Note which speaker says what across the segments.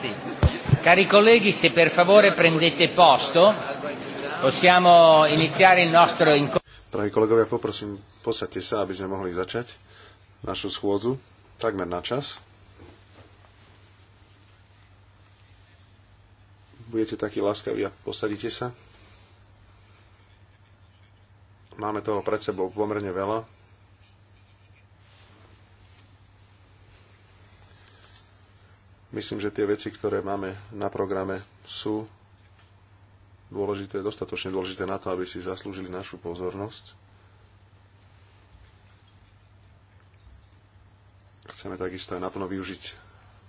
Speaker 1: Grazie. Cari colleghi, se per favore prendete posto, possiamo iniziare il nostro incontro.
Speaker 2: Drahí kolegovia, poprosím, posadte sa, aby sme mohli začať našu schôdzu takmer na čas. Budete takí láskaví a posadíte sa. Máme toho pred sebou pomerne veľa. Myslím, že tie veci, ktoré máme na programe, sú dôležité, dostatočne dôležité na to, aby si zaslúžili našu pozornosť. Chceme takisto aj naplno využiť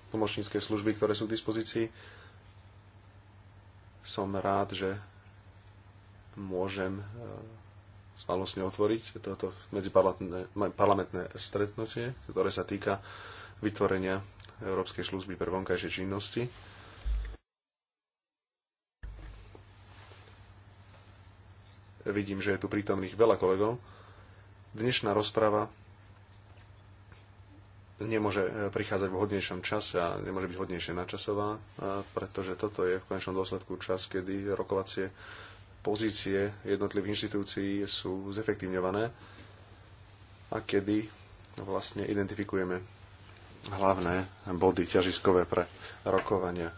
Speaker 2: pomočnícke služby, ktoré sú k dispozícii. Som rád, že môžem slavnostne e, otvoriť toto medziparlamentné stretnutie, ktoré sa týka vytvorenia Európskej služby pre vonkajšie činnosti. Vidím, že je tu prítomných veľa kolegov. Dnešná rozprava nemôže eh, prichádzať v hodnejšom čase a nemôže byť hodnejšie načasová, eh, pretože toto je v konečnom dôsledku čas, kedy rokovacie pozície jednotlivých inštitúcií sú zefektívňované a kedy vlastne identifikujeme hlavné body ťažiskové pre rokovania.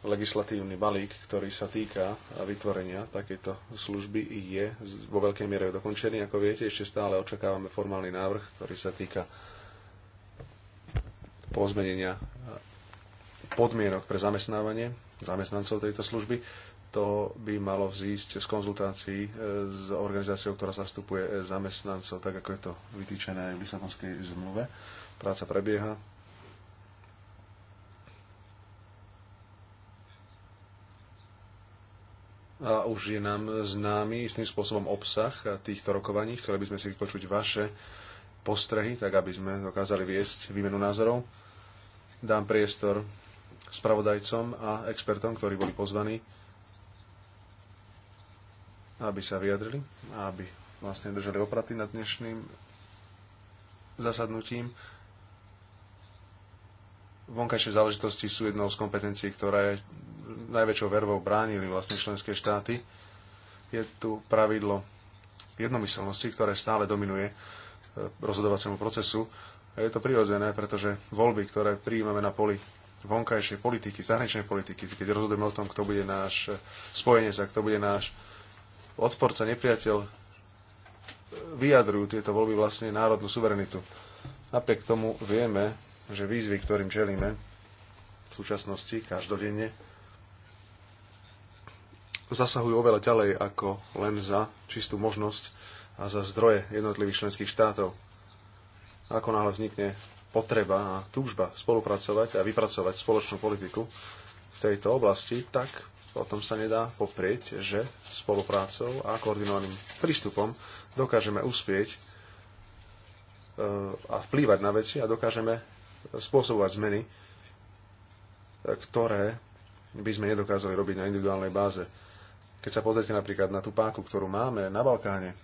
Speaker 2: Legislatívny balík, ktorý sa týka vytvorenia takejto služby, je vo veľkej miere dokončený. Ako viete, ešte stále očakávame formálny návrh, ktorý sa týka pozmenenia podmienok pre zamestnávanie zamestnancov tejto služby. To by malo vzísť z konzultácií e, s organizáciou, ktorá zastupuje zamestnancov, tak ako je to vytýčené v Lisabonskej zmluve Práca prebieha. A už je nám známy istým spôsobom obsah týchto rokovaní. Chceli by sme si vypočuť vaše postrehy, tak aby sme dokázali viesť výmenu názorov. Dám priestor spravodajcom a expertom, ktorí boli pozvaní, aby sa vyjadrili a aby vlastne držali opraty nad dnešným zasadnutím vonkajšie záležitosti sú jednou z kompetencií, ktoré najväčšou vervou bránili vlastne členské štáty. Je tu pravidlo jednomyselnosti, ktoré stále dominuje e, rozhodovaciemu procesu. A je to prirodzené, pretože voľby, ktoré prijímame na poli vonkajšej politiky, zahraničnej politiky, keď rozhodujeme o tom, kto bude náš e, spojenec a kto bude náš odporca, nepriateľ, e, vyjadrujú tieto voľby vlastne národnú suverenitu. Napriek tomu vieme, že výzvy, ktorým čelíme v súčasnosti každodenne, zasahujú oveľa ďalej ako len za čistú možnosť a za zdroje jednotlivých členských štátov. Ako náhle vznikne potreba a túžba spolupracovať a vypracovať spoločnú politiku v tejto oblasti, tak potom sa nedá poprieť, že spoluprácou a koordinovaným prístupom dokážeme uspieť e, a vplývať na veci a dokážeme spôsobovať zmeny, e, ktoré by sme nedokázali robiť na individuálnej báze. Keď sa pozrite napríklad na tú páku, ktorú máme na Balkáne,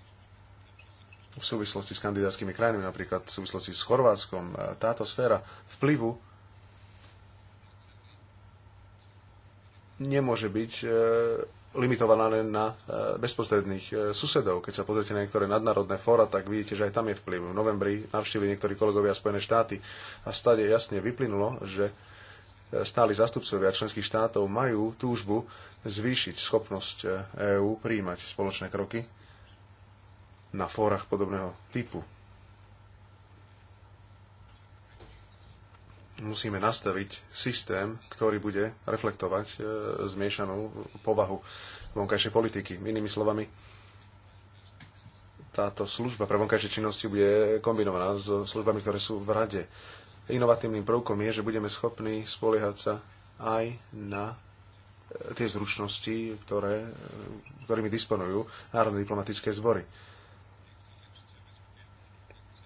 Speaker 2: v súvislosti s kandidátskymi krajinami, napríklad v súvislosti s Chorvátskom, e, táto sféra vplyvu nemôže byť e, limitovaná len na eh, bezprostredných eh, susedov. Keď sa pozrite na niektoré nadnárodné fóra, tak vidíte, že aj tam je vplyv. V novembri navštívili niektorí kolegovia Spojené štáty a stade jasne vyplynulo, že eh, stáli zastupcovia členských štátov majú túžbu zvýšiť schopnosť EÚ príjmať spoločné kroky na fórach podobného typu. musíme nastaviť systém, ktorý bude reflektovať e, zmiešanú povahu vonkajšej politiky. Inými slovami, táto služba pre vonkajšie činnosti bude kombinovaná so službami, ktoré sú v rade. Inovatívnym prvkom je, že budeme schopní spoliehať sa aj na e, tie zručnosti, ktoré, e, ktorými disponujú národné diplomatické zbory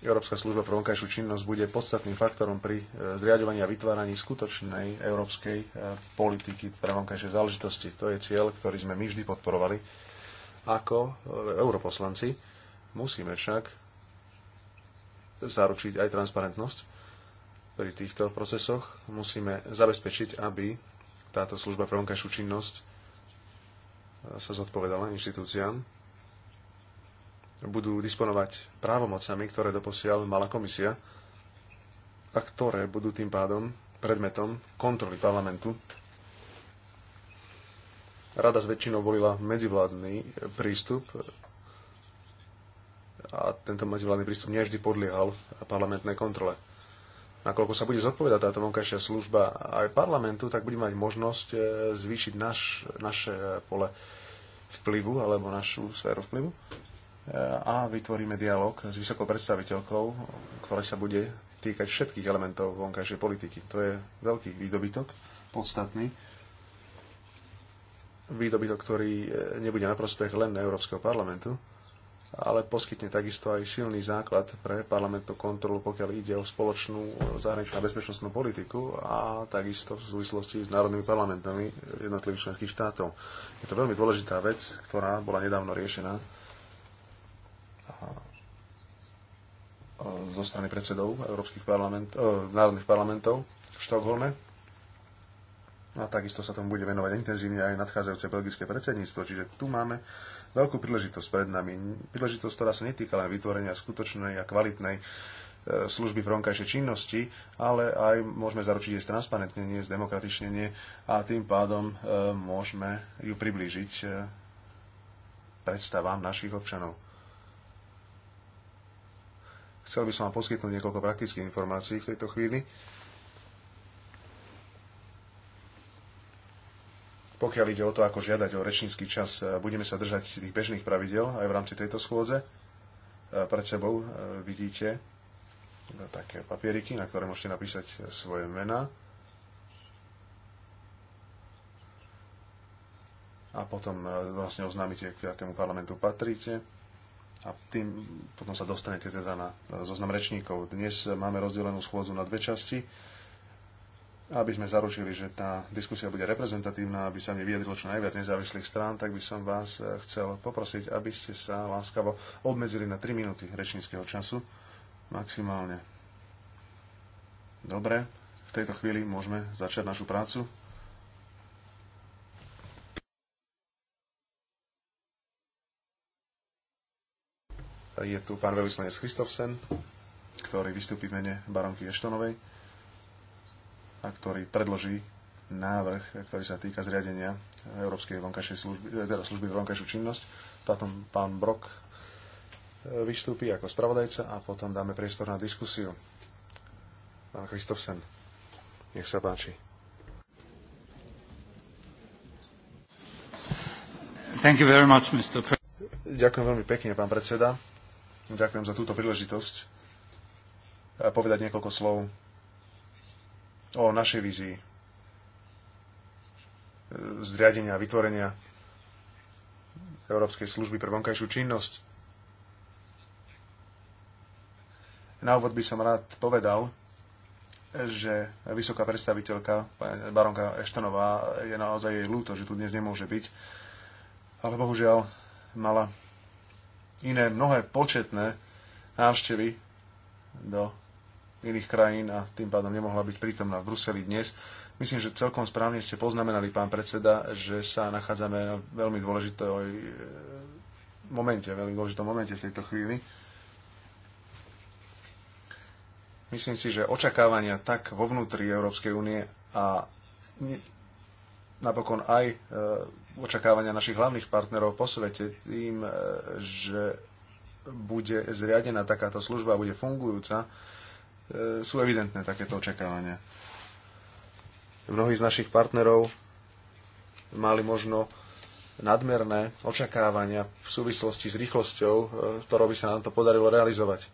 Speaker 2: Európska služba pre vonkajšiu činnosť bude podstatným faktorom pri e, zriadovaní a vytváraní skutočnej európskej e, politiky pre vonkajšie záležitosti. To je cieľ, ktorý sme my vždy podporovali ako e, europoslanci. Musíme však zaručiť aj transparentnosť pri týchto procesoch. Musíme zabezpečiť, aby táto služba pre vonkajšiu činnosť sa zodpovedala inštitúciám budú disponovať právomocami, ktoré doposiaľ mala komisia a ktoré budú tým pádom predmetom kontroly parlamentu. Rada s väčšinou volila medzivládny prístup a tento medzivládny prístup nevždy podliehal parlamentnej kontrole. Nakoľko sa bude zodpovedať táto vonkajšia služba aj parlamentu, tak bude mať možnosť e, zvýšiť naš, naše pole vplyvu alebo našu sféru vplyvu a vytvoríme dialog s vysokou predstaviteľkou, ktorá sa bude týkať všetkých elementov vonkajšej politiky. To je veľký výdobytok, podstatný. Výdobytok, ktorý e, nebude na prospech len Európskeho parlamentu, ale poskytne takisto aj silný základ pre parlamentnú kontrolu, pokiaľ ide o spoločnú zahraničnú a bezpečnostnú politiku a takisto v súvislosti s národnými parlamentami jednotlivých členských štátov. Je to veľmi dôležitá vec, ktorá bola nedávno riešená zo strany predsedov Európskych parlament, eh, národných parlamentov v Štokholme. A takisto sa tomu bude venovať intenzívne aj nadchádzajúce belgické predsedníctvo. Čiže tu máme veľkú príležitosť pred nami. Príležitosť, ktorá sa netýka len vytvorenia skutočnej a kvalitnej eh, služby vonkajšej činnosti, ale aj môžeme zaručiť jej transparentnenie, zdemokratičnenie a tým pádom eh, môžeme ju priblížiť predstavám našich občanov. Chcel by som vám poskytnúť niekoľko praktických informácií v tejto chvíli. Pokiaľ ide o to, ako žiadať o rečnícky čas, eh, budeme sa držať tých bežných pravidel aj v rámci tejto schôdze. Eh, pred sebou eh, vidíte také papieriky, na ktoré môžete napísať svoje mena. A potom vlastne oznámite, k akému parlamentu patríte a tým potom sa dostanete teda na zoznam rečníkov. Dnes máme rozdelenú schôdzu na dve časti, aby sme zaručili, že tá diskusia bude reprezentatívna, aby sa vyjadrilo čo najviac nezávislých strán, tak by som vás eh, chcel poprosiť, aby ste sa láskavo obmedzili na 3 minúty rečníckého času maximálne. Dobre, v tejto chvíli môžeme začať našu prácu. Je tu pán veľvyslanec Christofsen, ktorý vystúpi v mene baronky Eštonovej a ktorý predloží návrh, ktorý sa týka zriadenia Európskej vonkajšej služby, teda služby vonkajšiu činnosť. Potom pán Brok eh, vystúpi ako spravodajca a potom dáme priestor na diskusiu. Pán Christofsen, nech sa páči. Much, Ďakujem veľmi pekne, pán predseda. Ďakujem za túto príležitosť povedať niekoľko slov o našej vízii zriadenia a vytvorenia Európskej služby pre vonkajšiu činnosť. Na úvod by som rád povedal, že vysoká predstaviteľka, baronka Eštanová, je naozaj jej ľúto, že tu dnes nemôže byť, ale bohužiaľ mala iné mnohé početné návštevy do iných krajín a tým pádom nemohla byť prítomná v Bruseli dnes. Myslím, že celkom správne ste poznamenali, pán predseda, že sa nachádzame na veľmi dôležitej e, momente, veľmi dôležitom momente v tejto chvíli. Myslím si, že očakávania tak vo vnútri Európskej únie a napokon aj e, očakávania našich hlavných partnerov po svete tým, e, že bude zriadená takáto služba, bude fungujúca, e, sú evidentné takéto očakávania. Mnohí z našich partnerov mali možno nadmerné očakávania v súvislosti s rýchlosťou, e, ktorou by sa nám to podarilo realizovať.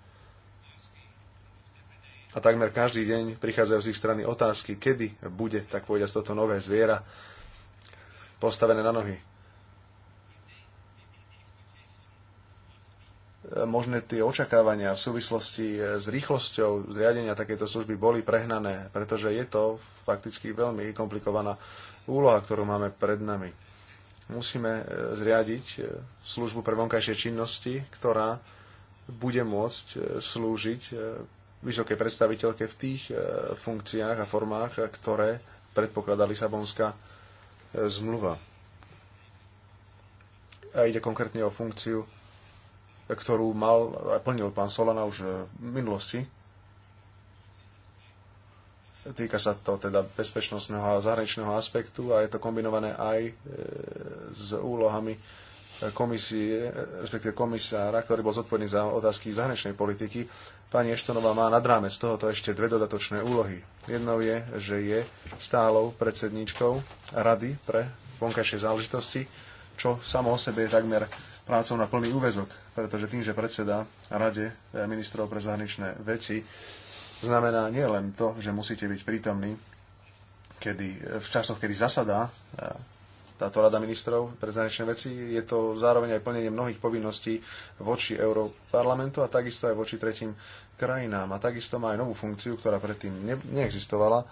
Speaker 2: A takmer každý deň prichádzajú z ich strany otázky, kedy bude, tak povedať, toto nové zviera postavené na nohy. E, možné tie očakávania v súvislosti e, s rýchlosťou zriadenia takejto služby boli prehnané, pretože je to fakticky veľmi komplikovaná úloha, ktorú máme pred nami. Musíme e, zriadiť službu pre vonkajšie činnosti, ktorá bude môcť slúžiť vysokej predstaviteľke v tých funkciách a formách, ktoré predpokladá Lisabonská zmluva. A ide konkrétne o funkciu, ktorú mal a plnil pán Solana už v minulosti. Týka sa to teda bezpečnostného a zahraničného aspektu a je to kombinované aj e, s úlohami komisie, respektíve komisára, ktorý bol zodpovedný za otázky zahraničnej politiky, pani Eštonová má nad rámec tohoto ešte dve dodatočné úlohy. Jednou je, že je stálou predsedníčkou Rady pre vonkajšie záležitosti, čo samo o sebe je takmer prácou na plný úvezok, pretože tým, že predseda Rade eh, ministrov pre zahraničné veci, znamená nielen to, že musíte byť prítomní, kedy, eh, v časoch, kedy zasadá eh, táto Rada ministrov pre zahraničné veci. Je to zároveň aj plnenie mnohých povinností voči Európarlamentu a takisto aj voči tretím krajinám. A takisto má aj novú funkciu, ktorá predtým ne- neexistovala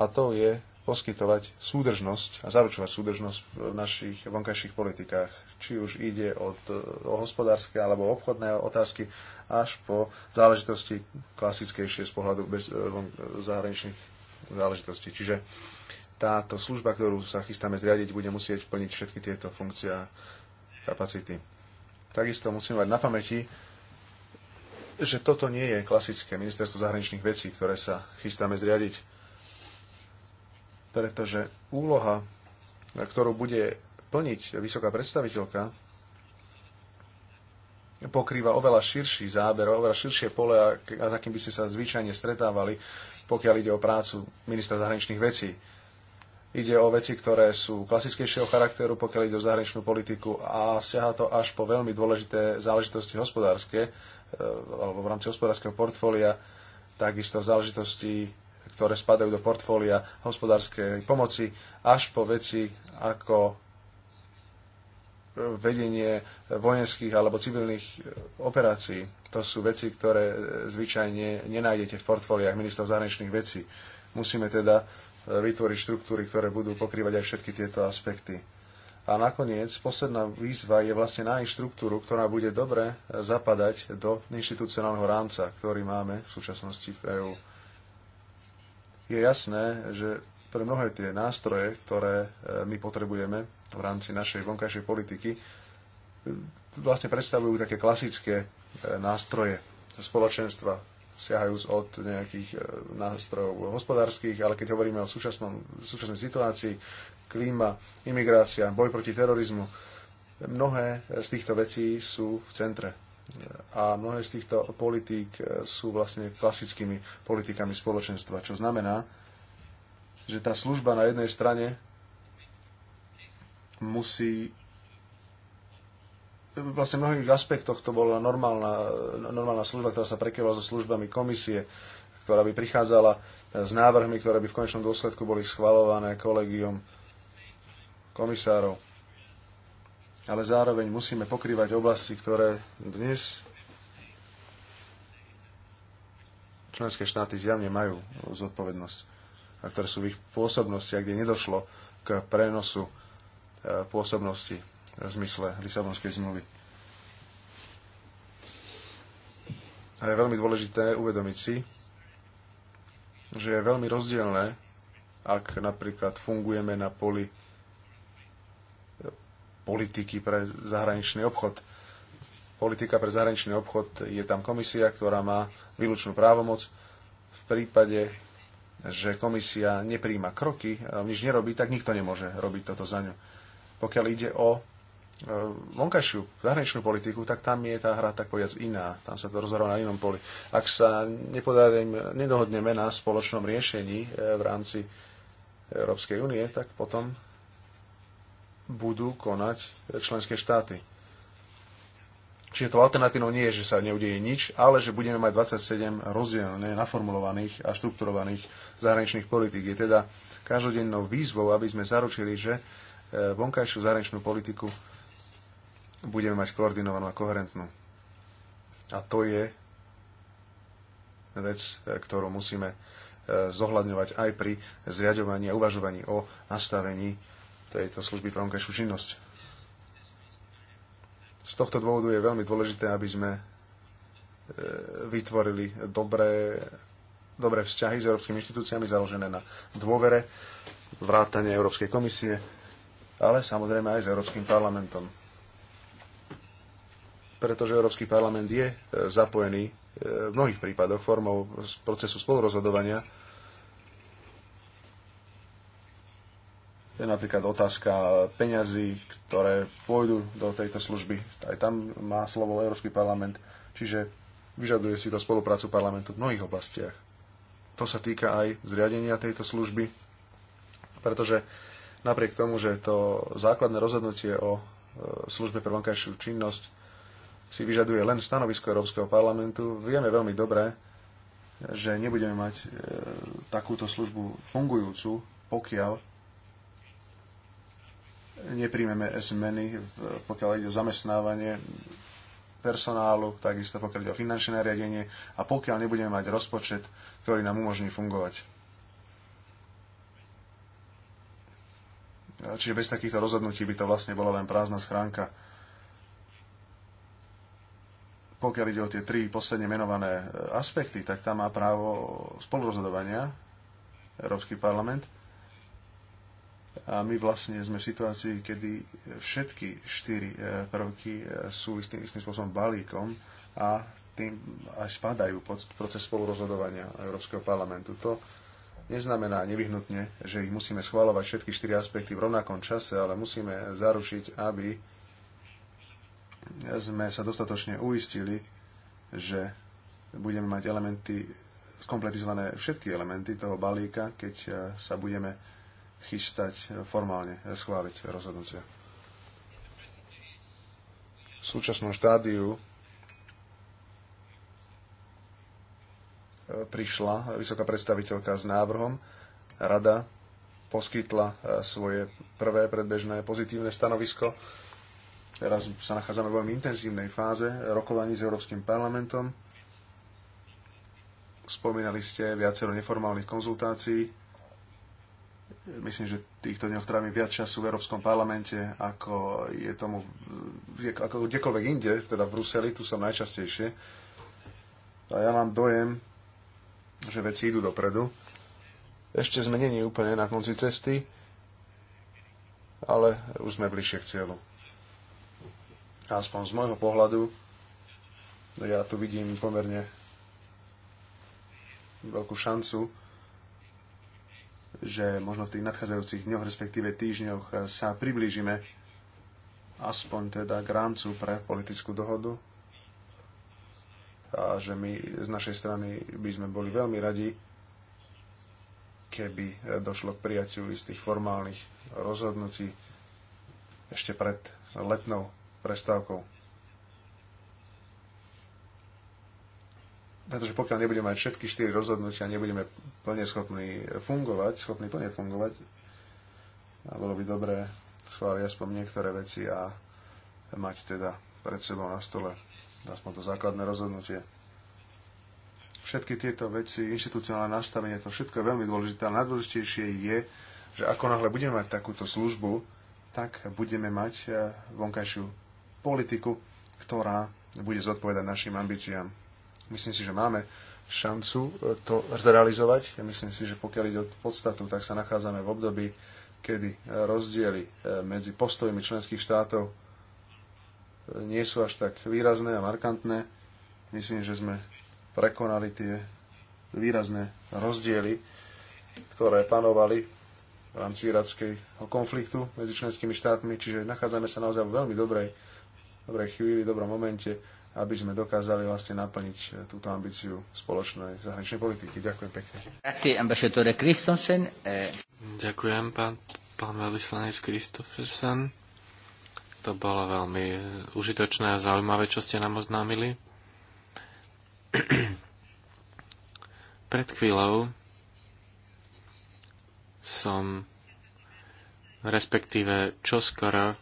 Speaker 2: a to je poskytovať súdržnosť a zaručovať súdržnosť v našich vonkajších politikách. Či už ide od, o hospodárske alebo obchodné otázky až po záležitosti klasickejšie z pohľadu bez, eh, zahraničných záležitostí. Čiže táto služba, ktorú sa chystáme zriadiť, bude musieť plniť všetky tieto funkcie a kapacity. Takisto musíme mať na pamäti, že toto nie je klasické ministerstvo zahraničných vecí, ktoré sa chystáme zriadiť. Pretože úloha, ktorú bude plniť vysoká predstaviteľka, pokrýva oveľa širší záber, oveľa širšie pole, a za kým by ste sa zvyčajne stretávali, pokiaľ ide o prácu ministra zahraničných vecí. Ide o veci, ktoré sú klasickejšieho charakteru, pokiaľ ide o zahraničnú politiku a siaha to až po veľmi dôležité záležitosti hospodárske, e, alebo v rámci hospodárskeho portfólia, takisto záležitosti, ktoré spadajú do portfólia hospodárskej pomoci, až po veci ako e, vedenie vojenských alebo civilných e, operácií. To sú veci, ktoré zvyčajne nenájdete v portfóliách ministrov zahraničných vecí. Musíme teda vytvoriť štruktúry, ktoré budú pokrývať aj všetky tieto aspekty. A nakoniec posledná výzva je vlastne nájsť štruktúru, ktorá bude dobre zapadať do inštitucionálneho rámca, ktorý máme v súčasnosti v EÚ. Je jasné, že pre mnohé tie nástroje, ktoré e, my potrebujeme v rámci našej vonkajšej politiky, e, vlastne predstavujú také klasické e, nástroje spoločenstva, siahajúc od nejakých e, nástrojov hospodárskych, ale keď hovoríme o súčasnom, súčasnej situácii, klíma, imigrácia, boj proti terorizmu, mnohé z týchto vecí sú v centre. A mnohé z týchto politík e, sú vlastne klasickými politikami spoločenstva, čo znamená, že tá služba na jednej strane musí vlastne v mnohých aspektoch to bola normálna, normálna služba, ktorá sa prekrývala so službami komisie, ktorá by prichádzala eh, s návrhmi, ktoré by v konečnom dôsledku boli schvalované kolegium komisárov. Ale zároveň musíme pokrývať oblasti, ktoré dnes členské štáty zjavne majú zodpovednosť a ktoré sú v ich pôsobnosti a kde nedošlo k prenosu eh, pôsobnosti v zmysle Lisabonskej zmluvy. A je veľmi dôležité uvedomiť si, že je veľmi rozdielne, ak napríklad fungujeme na poli politiky pre zahraničný obchod. Politika pre zahraničný obchod je tam komisia, ktorá má výlučnú právomoc. V prípade, že komisia nepríjma kroky, nič nerobí, tak nikto nemôže robiť toto za ňu. Pokiaľ ide o Eh, vonkajšiu zahraničnú politiku, tak tam je tá hra tak povedať iná. Tam sa to rozhráva na inom poli. Ak sa nepodarím, nedohodneme na spoločnom riešení eh, v rámci Európskej únie, tak potom budú konať členské štáty. Čiže to alternatívou nie je, že sa neudeje nič, ale že budeme mať 27 rozdielne naformulovaných a štrukturovaných zahraničných politik. Je teda každodennou výzvou, aby sme zaručili, že eh, vonkajšiu zahraničnú politiku budeme mať koordinovanú a koherentnú. A to je vec, e, ktorú musíme e, zohľadňovať aj pri zriadovaní a uvažovaní o nastavení tejto služby pre vonkajšiu činnosť. Z tohto dôvodu je veľmi dôležité, aby sme e, vytvorili dobré, dobré vzťahy s európskymi inštitúciami založené na dôvere, vrátanie Európskej komisie, ale samozrejme aj s Európskym parlamentom pretože Európsky parlament je e, zapojený e, v mnohých prípadoch formou procesu spolurozhodovania. Je napríklad otázka peňazí, ktoré pôjdu do tejto služby. Aj tam má slovo Európsky parlament, čiže vyžaduje si to spoluprácu parlamentu v mnohých oblastiach. To sa týka aj zriadenia tejto služby, pretože napriek tomu, že to základné rozhodnutie o e, službe pre vonkajšiu činnosť si vyžaduje len stanovisko Európskeho parlamentu. Vieme veľmi dobre, že nebudeme mať e, takúto službu fungujúcu, pokiaľ nepríjmeme zmeny, e, pokiaľ ide o zamestnávanie personálu, takisto pokiaľ ide o finančné nariadenie a pokiaľ nebudeme mať rozpočet, ktorý nám umožní fungovať. Čiže bez takýchto rozhodnutí by to vlastne bola len prázdna schránka pokiaľ ide o tie tri posledne menované e, aspekty, tak tam má právo spolurozhodovania Európsky parlament. A my vlastne sme v situácii, kedy všetky štyri e, prvky e, sú istým, istým spôsobom balíkom a tým aj spadajú pod proces spolurozhodovania Európskeho parlamentu. To neznamená nevyhnutne, že ich musíme schváľovať všetky štyri aspekty v rovnakom čase, ale musíme zarušiť, aby sme sa dostatočne uistili, že budeme mať elementy, skompletizované všetky elementy toho balíka, keď e, sa budeme chystať formálne schváliť rozhodnutia. V súčasnom štádiu e, prišla vysoká predstaviteľka s návrhom. Rada poskytla e, svoje prvé predbežné pozitívne stanovisko Teraz sa nachádzame v veľmi intenzívnej fáze rokovaní s Európskym parlamentom. Spomínali ste viacero neformálnych konzultácií. Myslím, že týchto dňoch trávim viac času v Európskom parlamente, ako je tomu ako kdekoľvek inde, teda v Bruseli, tu som najčastejšie. A ja mám dojem, že veci idú dopredu. Ešte sme není úplne na konci cesty, ale už sme bližšie k cieľu aspoň z môjho pohľadu, no ja tu vidím pomerne veľkú šancu, že možno v tých nadchádzajúcich dňoch, respektíve týždňoch eh, sa priblížime aspoň teda k rámcu pre politickú dohodu a že my z našej strany by sme boli veľmi radi, keby eh, došlo k prijaťu istých formálnych rozhodnutí ešte pred letnou prestávkou. Pretože pokiaľ nebudeme mať všetky štyri rozhodnutia, nebudeme plne schopní fungovať, schopní plne fungovať, a bolo by dobré schváliť aspoň niektoré veci a mať teda pred sebou na stole aspoň to základné rozhodnutie. Všetky tieto veci, inštitucionálne nastavenie, to všetko je veľmi dôležité, ale najdôležitejšie je, že ako náhle budeme mať takúto službu, tak budeme mať eh, vonkajšiu politiku, ktorá bude zodpovedať našim ambíciám. Myslím si, že máme šancu e, to zrealizovať. Ja myslím si, že pokiaľ ide o podstatu, tak sa nachádzame v období, kedy rozdiely e, medzi postojmi členských štátov e, nie sú až tak výrazné a markantné. Myslím, že sme prekonali tie výrazné rozdiely, ktoré panovali v rámci irackého konfliktu medzi členskými štátmi, čiže nachádzame sa naozaj v veľmi dobrej dobrej chvíli, dobrom momente, aby sme dokázali vlastne naplniť eh, túto ambíciu spoločnej zahraničnej politiky. Ďakujem pekne.
Speaker 1: Eh.
Speaker 3: Ďakujem, pán, pán veľvyslanec Kristoffersen. To bolo veľmi eh, užitočné a zaujímavé, čo ste nám oznámili. Pred chvíľou som respektíve čoskoro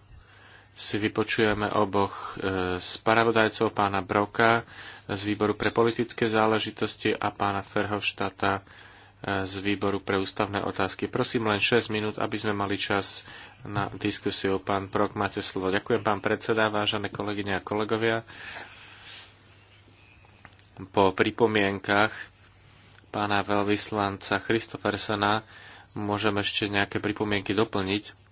Speaker 3: si vypočujeme oboch e, spravodajcov, pána Broka z výboru pre politické záležitosti a pána Ferhovštata e, z výboru pre ústavné otázky. Prosím len 6 minút, aby sme mali čas na diskusiu. Pán Brok, máte slovo. Ďakujem, pán predseda, vážené kolegyne a kolegovia. Po pripomienkach pána veľvyslanca Christofersena môžem ešte nejaké pripomienky doplniť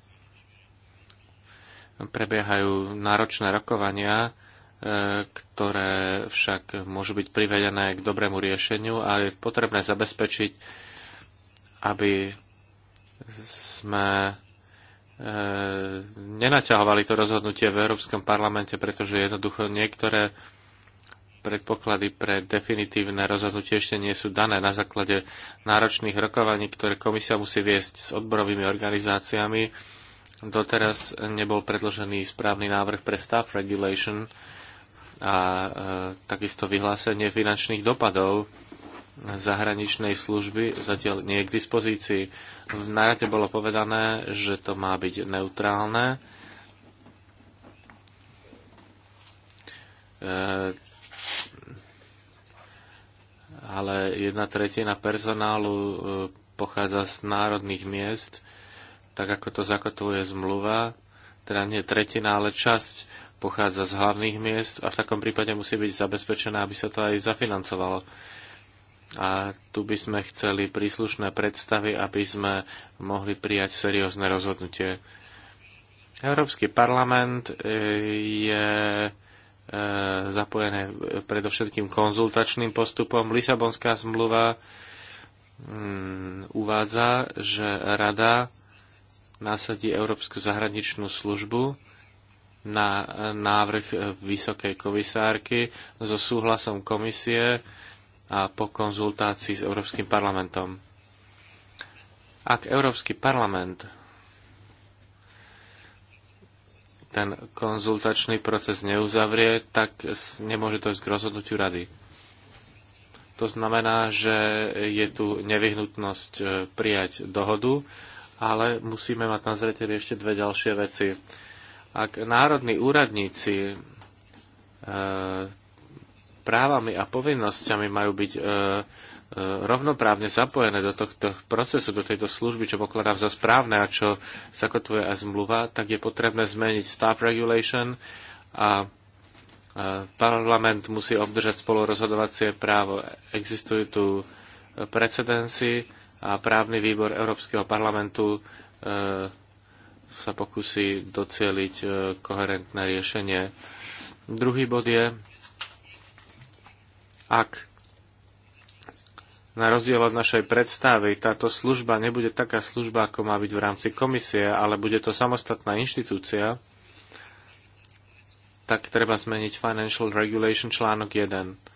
Speaker 3: prebiehajú náročné rokovania, e, ktoré však môžu byť privedené k dobrému riešeniu a je potrebné zabezpečiť, aby sme e, nenaťahovali to rozhodnutie v Európskom parlamente, pretože jednoducho niektoré predpoklady pre definitívne rozhodnutie ešte nie sú dané na základe náročných rokovaní, ktoré komisia musí viesť s odborovými organizáciami Doteraz nebol predložený správny návrh pre staff regulation a e, takisto vyhlásenie finančných dopadov zahraničnej služby zatiaľ nie je k dispozícii. V nárade bolo povedané, že to má byť neutrálne. E, ale jedna tretina personálu e, pochádza z národných miest tak ako to zakotvuje zmluva, teda nie tretina, ale časť pochádza z hlavných miest a v takom prípade musí byť zabezpečená, aby sa to aj zafinancovalo. A tu by sme chceli príslušné predstavy, aby sme mohli prijať seriózne rozhodnutie. Európsky parlament e, je e, zapojené predovšetkým konzultačným postupom. Lisabonská zmluva mm, uvádza, že rada nasadí Európsku zahraničnú službu na návrh vysokej komisárky so súhlasom komisie a po konzultácii s Európskym parlamentom. Ak Európsky parlament ten konzultačný proces neuzavrie, tak nemôže ísť k rozhodnutiu rady. To znamená, že je tu nevyhnutnosť e, prijať dohodu, ale musíme mať na zreteli ešte dve ďalšie veci. Ak národní úradníci e, právami a povinnosťami majú byť e, e, rovnoprávne zapojené do tohto procesu, do tejto služby, čo pokladám za správne a čo zakotvuje aj zmluva, tak je potrebné zmeniť staff regulation a e, parlament musí obdržať spolurozhodovacie právo. Existujú tu precedenci a právny výbor Európskeho parlamentu e, sa pokusí docieliť e, koherentné riešenie. Druhý bod je, ak na rozdiel od našej predstavy táto služba nebude taká služba, ako má byť v rámci komisie, ale bude to samostatná inštitúcia, tak treba zmeniť Financial Regulation článok 1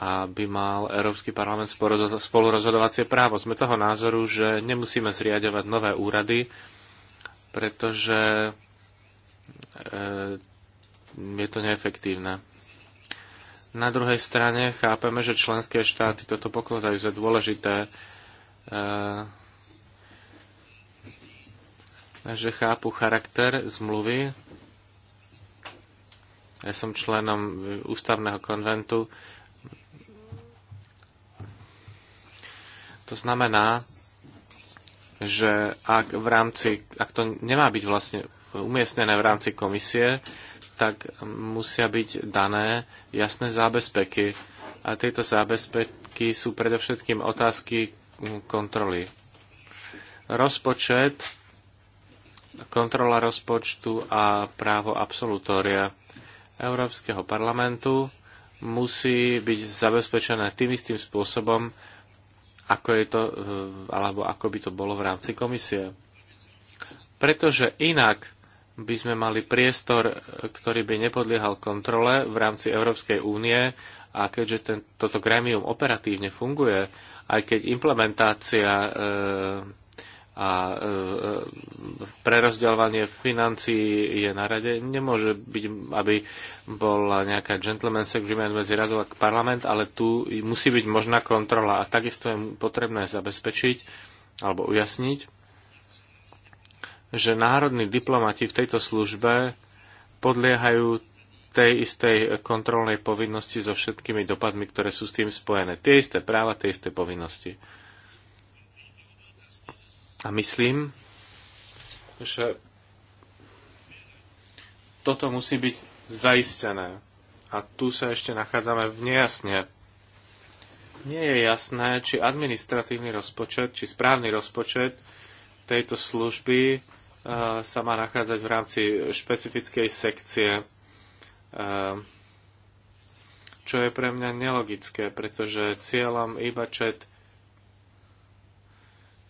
Speaker 3: aby mal Európsky parlament spolurozhodovacie právo. Sme toho názoru, že nemusíme zriadovať nové úrady, pretože e, je to neefektívne. Na druhej strane chápeme, že členské štáty toto pokladajú za dôležité, e, že chápu charakter zmluvy. Ja som členom ústavného konventu, To znamená, že ak, v rámci, ak to nemá byť vlastne umiestnené v rámci komisie, tak musia byť dané jasné zábezpeky. A tieto zábezpeky sú predovšetkým otázky kontroly. Rozpočet, kontrola rozpočtu a právo absolutória Európskeho parlamentu musí byť zabezpečené tým istým spôsobom, ako je to, e, alebo ako by to bolo v rámci komisie. Pretože inak by sme mali priestor, e, ktorý by nepodliehal kontrole v rámci Európskej únie a keďže ten, toto gremium operatívne funguje, aj keď implementácia e, a e, e, prerozdeľovanie financií je na rade. Nemôže byť, aby bola nejaká gentleman's agreement medzi radou a parlament, ale tu musí byť možná kontrola a takisto je potrebné zabezpečiť alebo ujasniť, že národní diplomati v tejto službe podliehajú tej istej kontrolnej povinnosti so všetkými dopadmi, ktoré sú s tým spojené. Tie isté práva, tie isté povinnosti. A myslím, že toto musí byť zaistené. A tu sa ešte nachádzame v nejasne. Nie je jasné, či administratívny rozpočet, či správny rozpočet tejto služby eh, sa má nachádzať v rámci špecifickej sekcie, eh, čo je pre mňa nelogické, pretože cieľom iba čet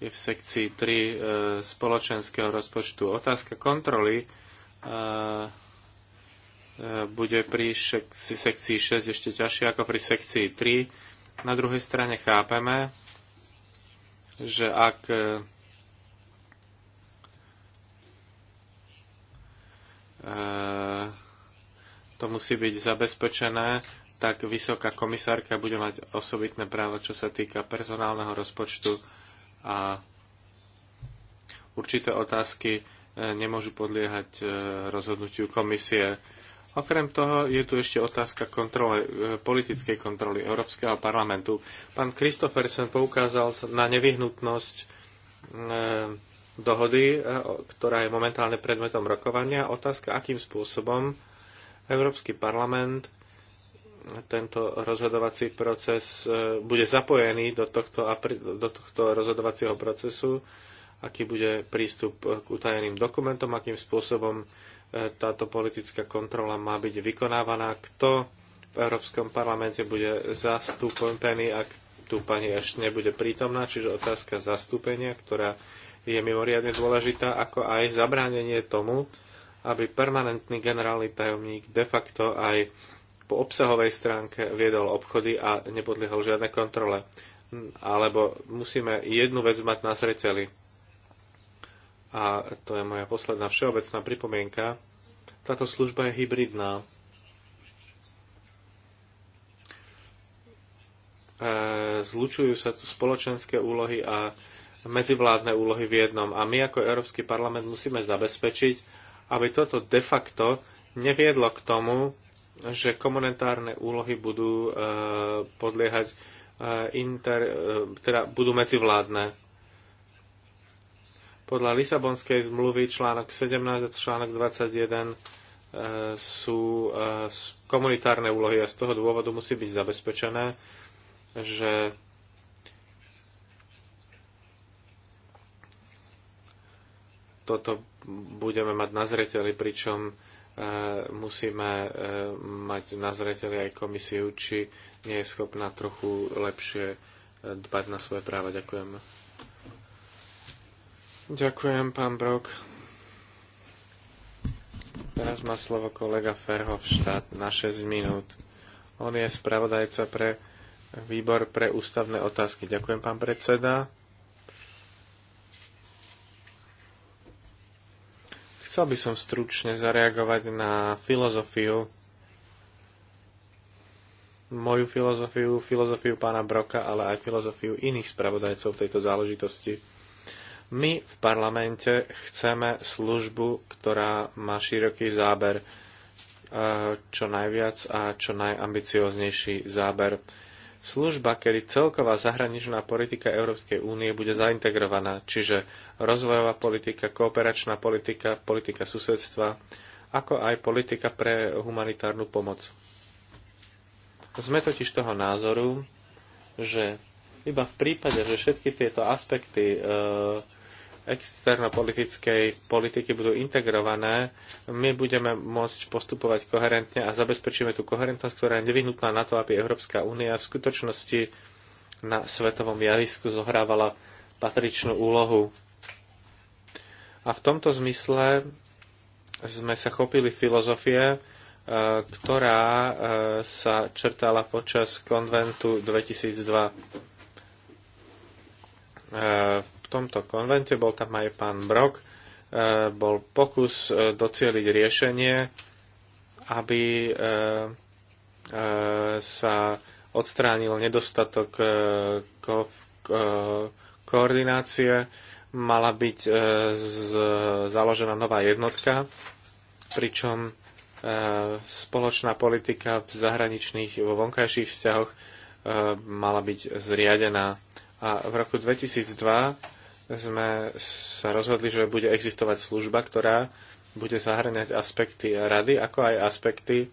Speaker 3: je v sekcii 3 e, spoločenského rozpočtu. Otázka kontroly e, e, bude pri sekcii 6 ešte ťažšie ako pri sekcii 3. Na druhej strane chápeme, že ak to musí byť zabezpečené, tak vysoká komisárka bude mať osobitné právo, čo sa týka personálneho rozpočtu a určité otázky e, nemôžu podliehať e, rozhodnutiu komisie. Okrem toho je tu ešte otázka kontrole, politickej kontroly Európskeho parlamentu. Pán Kristoffersen poukázal na nevyhnutnosť e, dohody, ktorá je momentálne predmetom rokovania. Otázka, akým spôsobom Európsky parlament tento rozhodovací proces e, bude zapojený do tohto, do tohto rozhodovacieho procesu, aký bude prístup k utajeným dokumentom, akým spôsobom e, táto politická kontrola má byť vykonávaná, kto v Európskom parlamente bude zastúpený, ak tu pani ešte nebude prítomná, čiže otázka zastúpenia, ktorá je mimoriadne dôležitá, ako aj zabránenie tomu, aby permanentný generálny tajomník de facto aj po obsahovej stránke viedol obchody a nepodliehol žiadne kontrole. Alebo musíme jednu vec mať na zreteli. A to je moja posledná všeobecná pripomienka. Táto služba je hybridná. E, zlučujú sa tu spoločenské úlohy a medzivládne úlohy v jednom. A my ako Európsky parlament musíme zabezpečiť, aby toto de facto neviedlo k tomu, že komunitárne úlohy budú e, podliehať e, inter, e, teda budú medzivládne. Podľa Lisabonskej zmluvy článok 17 a článok 21 sú komunitárne úlohy a z toho dôvodu musí byť zabezpečené, že toto budeme mať na zreteli, pričom E, musíme e, mať na zreteli aj komisiu, či nie je schopná trochu lepšie e, dbať na svoje práva. Ďakujem. Ďakujem, pán Brok. Teraz má slovo kolega Ferhofštát na 6 minút. On je spravodajca pre výbor pre ústavné otázky. Ďakujem, pán predseda. Chcel by som stručne zareagovať na filozofiu, moju filozofiu, filozofiu pána Broka, ale aj filozofiu iných spravodajcov tejto záležitosti. My v parlamente chceme službu, ktorá má široký záber, eh, čo najviac a čo najambicioznejší záber služba, kedy celková zahraničná politika Európskej únie bude zaintegrovaná, čiže rozvojová politika, kooperačná politika, politika susedstva, ako aj politika pre humanitárnu pomoc. Sme totiž toho názoru, že iba v prípade, že všetky tieto aspekty e, externopolitickej politiky budú integrované, my budeme môcť postupovať koherentne a zabezpečíme tú koherentnosť, ktorá je nevyhnutná na to, aby Európska únia v skutočnosti na svetovom javisku zohrávala patričnú úlohu. A v tomto zmysle sme sa chopili filozofie, e, ktorá e, sa črtala počas konventu 2002 tomto konvente, bol tam aj pán Brok, e, bol pokus e, docieliť riešenie, aby e, sa odstránil nedostatok koordinácie, mala byť založená nová jednotka, pričom spoločná politika v zahraničných, vo vonkajších vzťahoch mala byť zriadená. A v roku 2002 sme sa rozhodli, že bude existovať služba, ktorá bude zahrňať aspekty rady, ako aj aspekty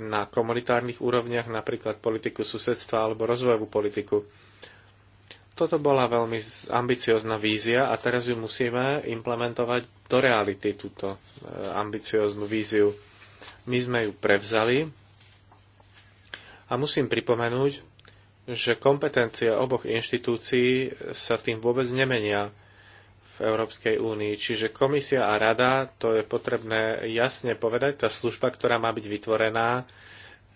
Speaker 3: na komunitárnych úrovniach, napríklad politiku susedstva alebo rozvojovú politiku. Toto bola veľmi ambiciozná vízia a teraz ju musíme implementovať do reality, túto e, ambicioznú víziu. My sme ju prevzali a musím pripomenúť, že kompetencie oboch inštitúcií sa tým vôbec nemenia v Európskej únii. Čiže komisia a rada, to je potrebné jasne povedať, tá služba, ktorá má byť vytvorená,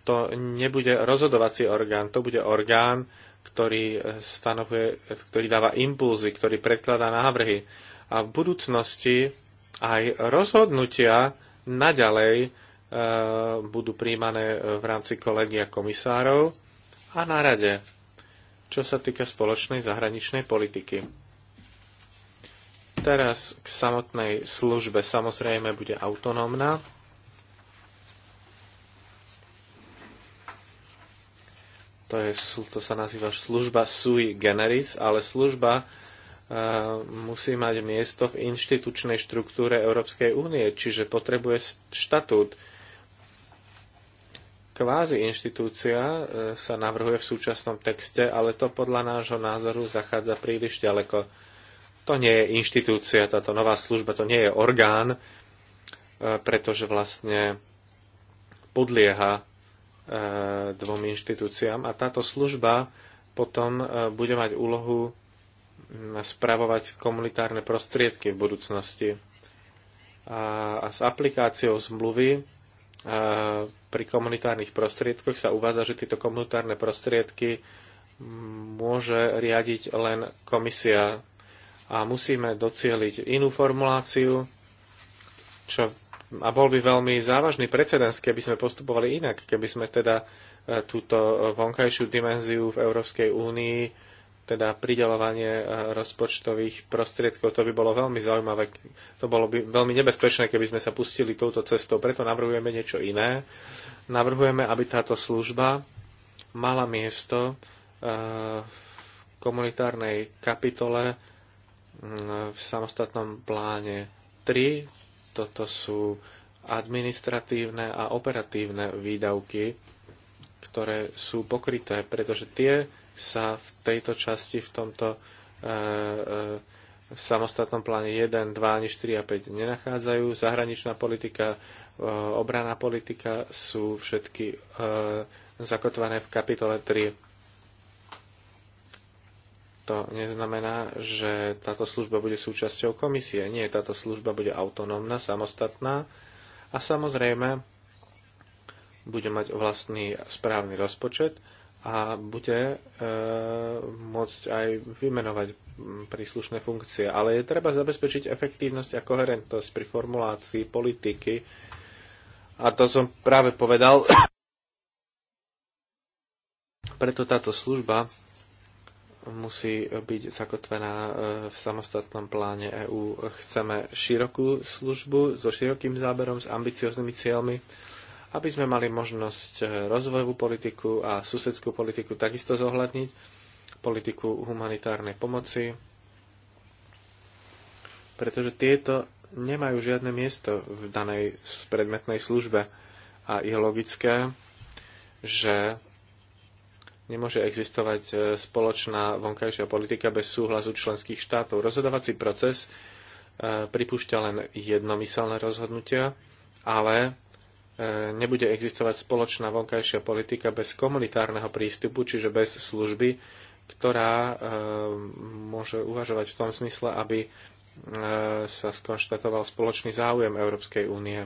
Speaker 3: to nebude rozhodovací orgán, to bude orgán, ktorý, stanovuje, ktorý dáva impulzy, ktorý predkladá návrhy. A v budúcnosti aj rozhodnutia naďalej e, budú príjmané v rámci kolegia komisárov a na rade, čo sa týka spoločnej zahraničnej politiky. Teraz k samotnej službe samozrejme bude autonómna. To, je, to sa nazýva služba sui generis, ale služba e, musí mať miesto v inštitučnej štruktúre Európskej únie, čiže potrebuje štatút kvázi inštitúcia e, sa navrhuje v súčasnom texte, ale to podľa nášho názoru zachádza príliš ďaleko. To nie je inštitúcia, táto nová služba, to nie je orgán, e, pretože vlastne podlieha e, dvom inštitúciám a táto služba potom bude mať úlohu spravovať komunitárne prostriedky v budúcnosti. A, a s aplikáciou zmluvy Eh, pri komunitárnych prostriedkoch sa uvádza, že tieto komunitárne prostriedky môže riadiť len komisia a musíme docieliť inú formuláciu, čo a bol by veľmi závažný precedens, keby sme postupovali inak, keby sme teda eh, túto eh, vonkajšiu dimenziu v Európskej únii teda pridelovanie eh, rozpočtových prostriedkov, to by bolo veľmi zaujímavé. To bolo by veľmi nebezpečné, keby sme sa pustili touto cestou. Preto navrhujeme niečo iné. Navrhujeme, aby táto služba mala miesto eh, v komunitárnej kapitole mm, v samostatnom pláne 3. Toto sú administratívne a operatívne výdavky, ktoré sú pokryté, pretože tie sa v tejto časti, v tomto e, e, v samostatnom pláne 1, 2, ani 4 a 5 nenachádzajú. Zahraničná politika, e, obraná politika sú všetky zakotvané v kapitole 3 to neznamená, že táto služba bude súčasťou komisie. Nie, táto služba bude autonómna, samostatná a samozrejme bude mať vlastný správny rozpočet a bude e, môcť aj vymenovať príslušné funkcie. Ale je treba zabezpečiť efektívnosť a koherentnosť pri formulácii politiky. A to som práve povedal. Preto táto služba musí byť zakotvená e, v samostatnom pláne EÚ. Chceme širokú službu so širokým záberom, s ambicioznými cieľmi aby sme mali možnosť e, rozvojovú politiku a susedskú politiku takisto zohľadniť, politiku humanitárnej pomoci, pretože tieto nemajú žiadne miesto v danej predmetnej službe a je logické, že nemôže existovať e, spoločná vonkajšia politika bez súhlasu členských štátov. Rozhodovací proces e, pripúšťa len jednomyselné rozhodnutia, ale E, nebude existovať spoločná vonkajšia politika bez komunitárneho prístupu, čiže bez služby, ktorá e, môže uvažovať v tom smysle, aby e, sa skonštatoval spoločný záujem Európskej únie.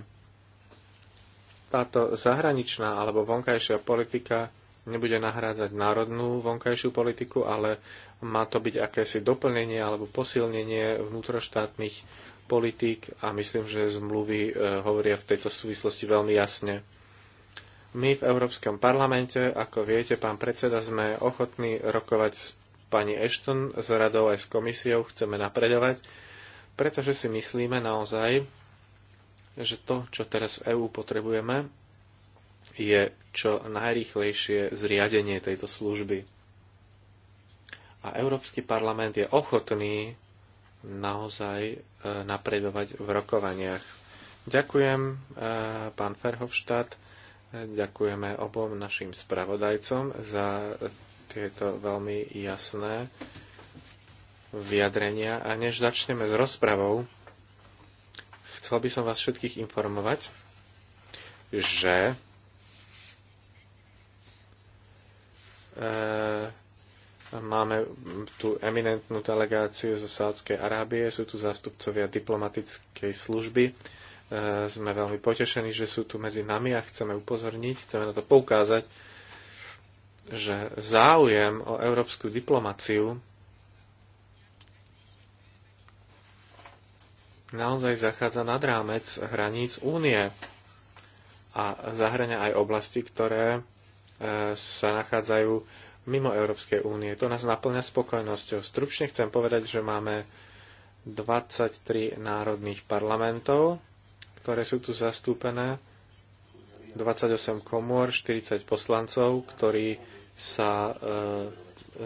Speaker 3: Táto zahraničná alebo vonkajšia politika nebude nahrádzať národnú vonkajšiu politiku, ale má to byť akési doplnenie alebo posilnenie vnútroštátnych politík a myslím, že zmluvy e, hovoria v tejto súvislosti veľmi jasne. My v Európskom parlamente, ako viete, pán predseda, sme ochotní rokovať s pani Ashton, s radou aj s komisiou, chceme napredovať, pretože si myslíme naozaj, že to, čo teraz v EÚ potrebujeme, je čo najrýchlejšie zriadenie tejto služby. A Európsky parlament je ochotný naozaj e, napredovať v rokovaniach. Ďakujem, e, pán Ferhovštát, e, ďakujeme obom našim spravodajcom za tieto veľmi jasné vyjadrenia. A než začneme s rozpravou, chcel by som vás všetkých informovať, že Máme tu eminentnú delegáciu zo Sádskej Arábie, sú tu zástupcovia diplomatickej služby. E, sme veľmi potešení, že sú tu medzi nami a chceme upozorniť, chceme na to poukázať, že záujem o európsku diplomáciu naozaj zachádza nad rámec hraníc únie a zahrania aj oblasti, ktoré e, sa nachádzajú mimo Európskej únie. To nás naplňa spokojnosťou. Stručne chcem povedať, že máme 23 národných parlamentov, ktoré sú tu zastúpené, 28 komôr, 40 poslancov, ktorí sa e,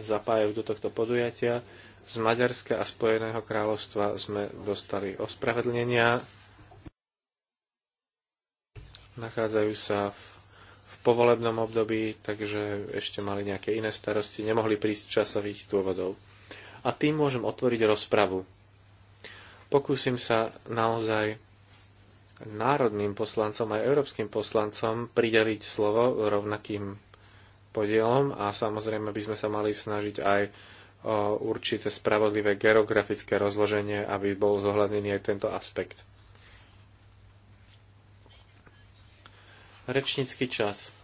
Speaker 3: zapájajú do tohto podujatia. Z Maďarska a Spojeného kráľovstva sme dostali ospravedlnenia. Nachádzajú sa v v povolebnom období, takže ešte mali nejaké iné starosti, nemohli prísť z časových dôvodov. A tým môžem otvoriť rozpravu. Pokúsim sa naozaj národným poslancom aj európskym poslancom prideliť slovo rovnakým podielom a samozrejme by sme sa mali snažiť aj o určité spravodlivé geografické rozloženie, aby bol zohľadnený aj tento aspekt. rečnícky čas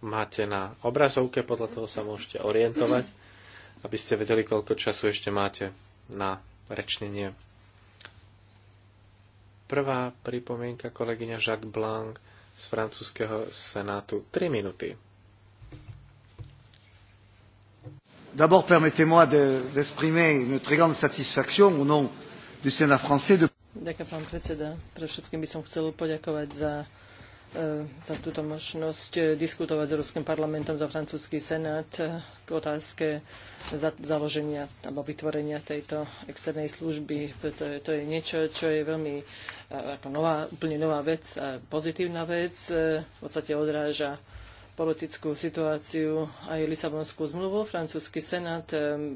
Speaker 3: máte na obrazovke, podľa toho sa môžete orientovať, aby ste vedeli, koľko času ešte máte na rečnenie. Prvá pripomienka kolegyňa Jacques Blanc z francúzského senátu. 3 minúty.
Speaker 2: D'abord, permettez-moi d'exprimer de, une très grande satisfaction au nom du Sénat français de...
Speaker 4: Ďakujem, pán predseda. Pre všetkým by som chcel poďakovať za E, za túto možnosť e, diskutovať s Európskym parlamentom za francúzsky senát e, k otázke založenia alebo vytvorenia tejto externej služby. To je, to je niečo, čo je veľmi ako nová, úplne nová vec, a pozitívna vec. V podstate odráža politickú situáciu aj Lisabonskú zmluvu. Francúzsky senát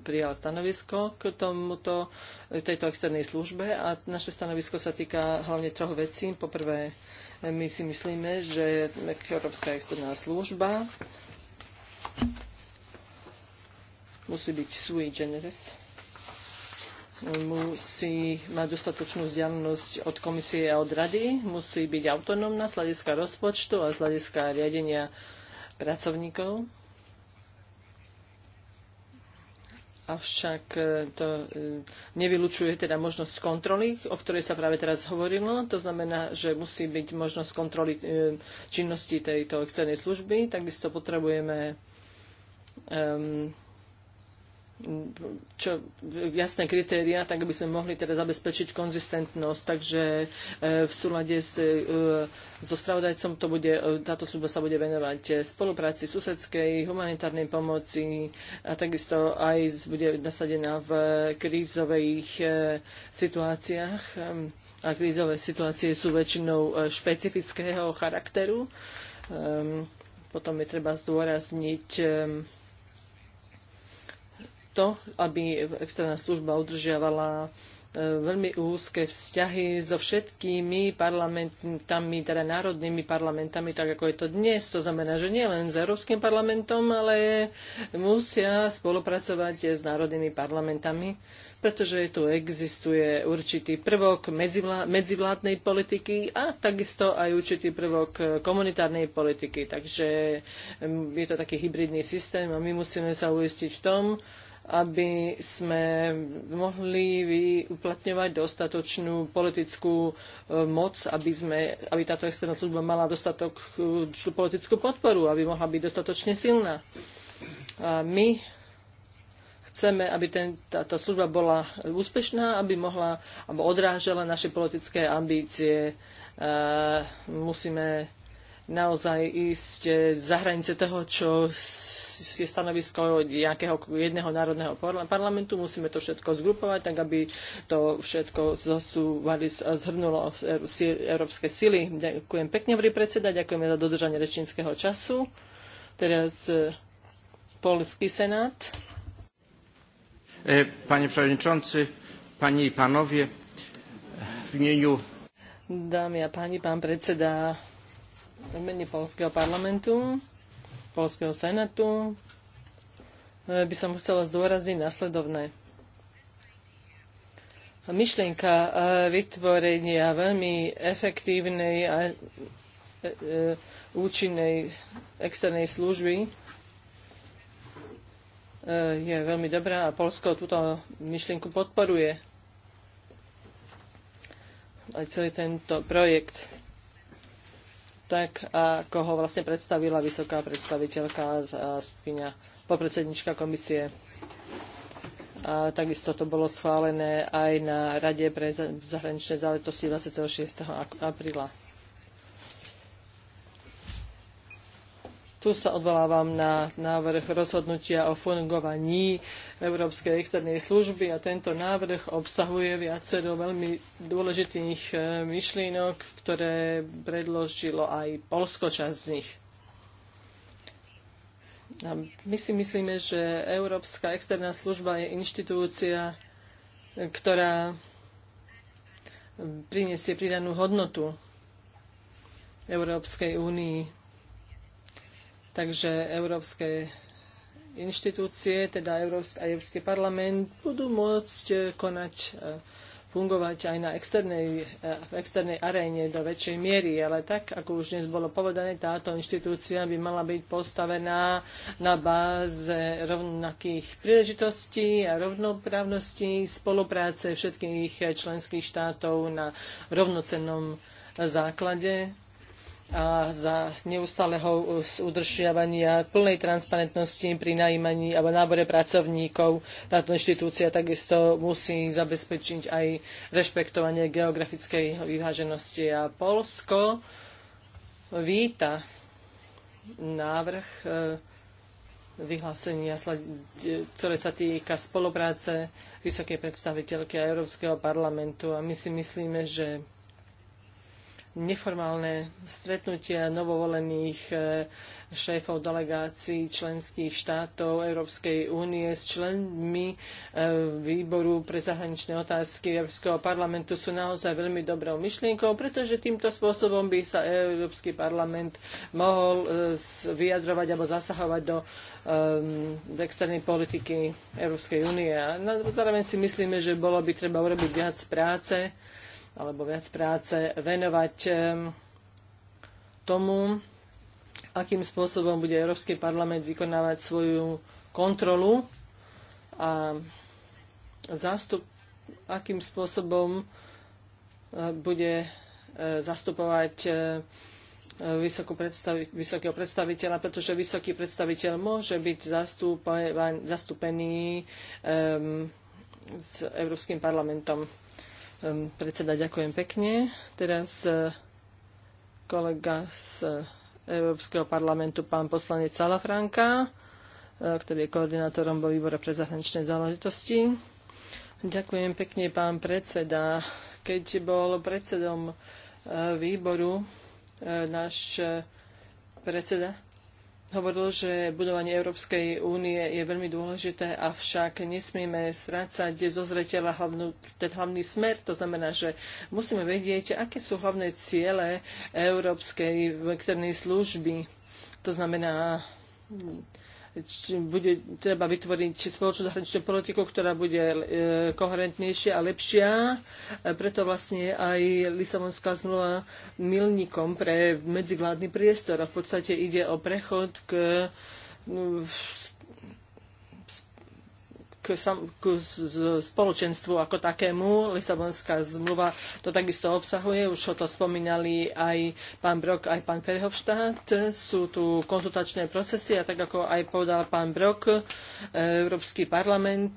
Speaker 4: prijal stanovisko k tomuto, tejto externej službe a naše stanovisko sa týka hlavne troch vecí. Poprvé, my si myslíme, že Európska externá služba musí byť sui generis musí mať dostatočnú vzdialenosť od komisie a od rady, musí byť autonómna z hľadiska rozpočtu a z hľadiska riadenia pracovníkov. avšak e, to e, nevylučuje teda možnosť kontroly, o ktorej sa práve teraz hovorilo. To znamená, že musí byť možnosť kontroly e, činnosti tejto externej služby. Takisto potrebujeme um, čo, jasné kritéria, tak aby sme mohli teda zabezpečiť konzistentnosť. Takže e, v súlade s, e, so spravodajcom to bude, e, táto služba sa bude venovať spolupráci susedskej, humanitárnej pomoci a takisto aj bude nasadená v krízových situáciách. A krízové situácie sú väčšinou špecifického charakteru. Potom je treba zdôrazniť to, aby externá služba udržiavala e, veľmi úzke vzťahy so všetkými parlamentami, teda národnými parlamentami, tak ako je to dnes. To znamená, že nie len s Európskym parlamentom, ale musia spolupracovať s národnými parlamentami, pretože tu existuje určitý prvok medzivlá, medzivládnej politiky a takisto aj určitý prvok komunitárnej politiky. Takže mm, je to taký hybridný systém a my musíme sa uistiť v tom, aby sme mohli uplatňovať dostatočnú politickú e, moc, aby, sme, aby táto externá služba mala dostatok e, politickú podporu, aby mohla byť dostatočne silná. A my chceme, aby ten, táto služba bola úspešná, aby mohla, aby odrážala naše politické ambície. E, musíme naozaj ísť eh, za hranice toho, čo je stanovisko nejakého jedného národného parlamentu. Musíme to všetko zgrupovať, tak aby to všetko zosúvali, zhrnulo e- európske sily. Ďakujem pekne, vrý predseda, ďakujeme za dodržanie rečníckého času. Teraz eh, Polský Senát.
Speaker 1: E, panie przewodniczący, panie i panowie, w imieniu...
Speaker 4: Dámy a páni, pán predseda, v mene Polského parlamentu, Polského senátu, e, by som chcela zdôrazniť nasledovné. Myšlienka e, vytvorenia veľmi efektívnej a e, účinnej externej služby je veľmi dobrá a Polsko túto myšlienku podporuje aj celý tento projekt tak ako ho vlastne predstavila vysoká predstaviteľka a spíňa podpredsednička komisie. A takisto to bolo schválené aj na Rade pre zahraničné záležitosti 26. apríla. Tu sa odvolávam na návrh rozhodnutia o fungovaní Európskej externej služby a tento návrh obsahuje viacero veľmi dôležitých eh, myšlienok, ktoré predložilo aj Polsko časť z nich. A my si myslíme, že Európska externá služba je inštitúcia, eh, ktorá prinesie pridanú hodnotu Európskej únii. Takže európske inštitúcie, teda Európsky, Európsky parlament, budú môcť e, konať e, fungovať aj na externej, e, v externej aréne do väčšej miery, ale tak, ako už dnes bolo povedané, táto inštitúcia by mala byť postavená na báze rovnakých príležitostí a rovnoprávnosti spolupráce všetkých členských štátov na rovnocennom základe a za neustáleho udržiavania plnej transparentnosti pri najímaní alebo nábore pracovníkov. Táto inštitúcia takisto musí zabezpečiť aj rešpektovanie geografickej vyváženosti. A Polsko víta návrh e, vyhlásenia, e, ktoré sa týka spolupráce vysokej predstaviteľky a Európskeho parlamentu. A my si myslíme, že neformálne stretnutia novovolených eh, šéfov delegácií členských štátov Európskej únie s členmi eh, výboru pre zahraničné otázky Európskeho parlamentu sú naozaj veľmi dobrou myšlienkou, pretože týmto spôsobom by sa Európsky parlament mohol eh, vyjadrovať alebo zasahovať do um, externej politiky Európskej únie. A zároveň si myslíme, že bolo by treba urobiť viac práce alebo viac práce venovať ehm, tomu, akým spôsobom bude Európsky parlament vykonávať svoju kontrolu a zástup, akým spôsobom eh, bude eh, zastupovať eh, predstavi, vysokého predstaviteľa, pretože vysoký predstaviteľ môže byť zastúpený um, ehm, s Európskym parlamentom. Ehm, predseda, ďakujem pekne. Teraz e, kolega z Európskeho parlamentu, pán poslanec Salafranka, e, ktorý je koordinátorom vo výbore pre zahraničné záležitosti. Ďakujem pekne, pán predseda. Keď bol predsedom e, výboru náš predseda hovoril, že budovanie Európskej únie je veľmi dôležité, avšak nesmieme strácať zo zreteľa hlavnú, ten hlavný smer. To znamená, že musíme vedieť, aké sú hlavné ciele Európskej vektornej služby. To znamená, bude treba vytvoriť spoločnú zahraničnú politiku, ktorá bude e, koherentnejšia a lepšia. E, preto vlastne aj Lisabonská zmluva milníkom pre medzivládny priestor. A v podstate ide o prechod k k, k spoločenstvu ako takému. Lisabonská zmluva to takisto obsahuje, už o to spomínali aj pán Brok, aj pán Ferhofštát. Sú tu konzultačné procesy a tak ako aj povedal pán Brok, Európsky parlament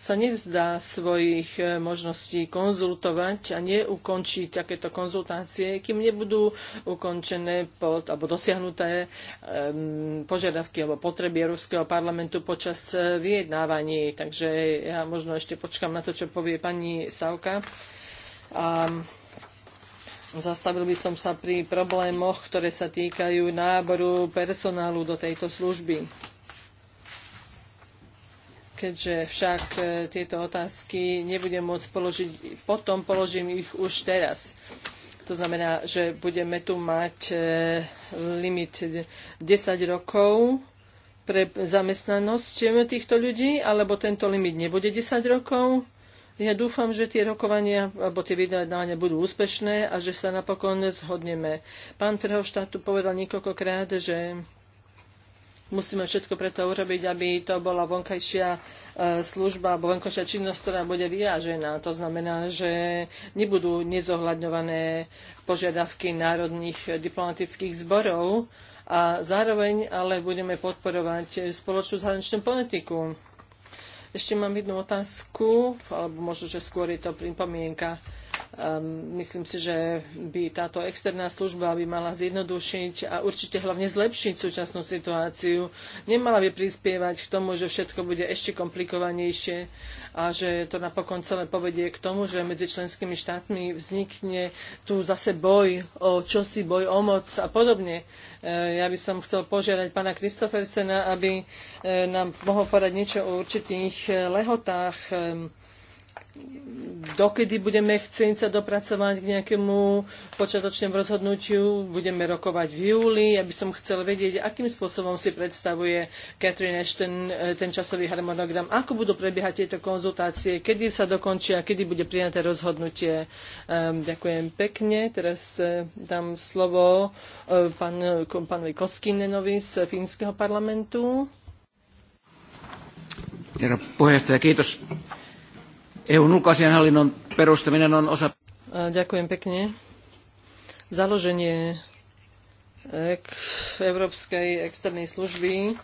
Speaker 4: sa nevzdá svojich e, možností konzultovať a neukončí takéto konzultácie, kým nebudú ukončené pod, alebo dosiahnuté um, požiadavky alebo potreby Európskeho parlamentu počas e, vyjednávaní. Takže ja možno ešte počkam na to, čo povie pani Savka. A zastavil by som sa pri problémoch, ktoré sa týkajú náboru personálu do tejto služby keďže však e, tieto otázky nebudem môcť položiť, potom položím ich už teraz. To znamená, že budeme tu mať e, limit 10 rokov pre zamestnanosť týchto ľudí, alebo tento limit nebude 10 rokov. Ja dúfam, že tie rokovania alebo tie vyjednávania budú úspešné a že sa napokon zhodneme. Pán Ferhovštát tu povedal niekoľkokrát, že musíme všetko preto urobiť, aby to bola vonkajšia e, služba alebo vonkajšia činnosť, ktorá bude vyvážená. To znamená, že nebudú nezohľadňované požiadavky národných diplomatických zborov a zároveň ale budeme podporovať spoločnú zahraničnú politiku. Ešte mám jednu otázku, alebo možno, že skôr je to pripomienka. Ehm, myslím si, že by táto externá služba by mala zjednodušiť a určite hlavne zlepšiť súčasnú situáciu. Nemala by prispievať k tomu, že všetko bude ešte komplikovanejšie a že to napokon celé povedie k tomu, že medzi členskými štátmi vznikne tu zase boj o čosi, boj o moc a podobne. Ehm, ja by som chcel požiadať pána Kristofersena, aby ehm, nám mohol povedať niečo o určitých eh, lehotách dokedy budeme chcieť sa dopracovať k nejakému počiatočnému rozhodnutiu, budeme rokovať v júli. Ja by som chcel vedieť, akým spôsobom si predstavuje Catherine Ashton e, ten časový harmonogram, ako budú prebiehať tieto konzultácie, kedy sa dokončia, kedy bude prijaté rozhodnutie. Ehm, ďakujem pekne. Teraz e, dám slovo e, pán, pánovi Koskinenovi z Fínskeho parlamentu.
Speaker 1: Herra puheenjohtaja, kiitos. EUn ulkoasianhallinnon perustaminen on osa...
Speaker 4: Ďakujem pekne. Založenie eh, Európskej externej služby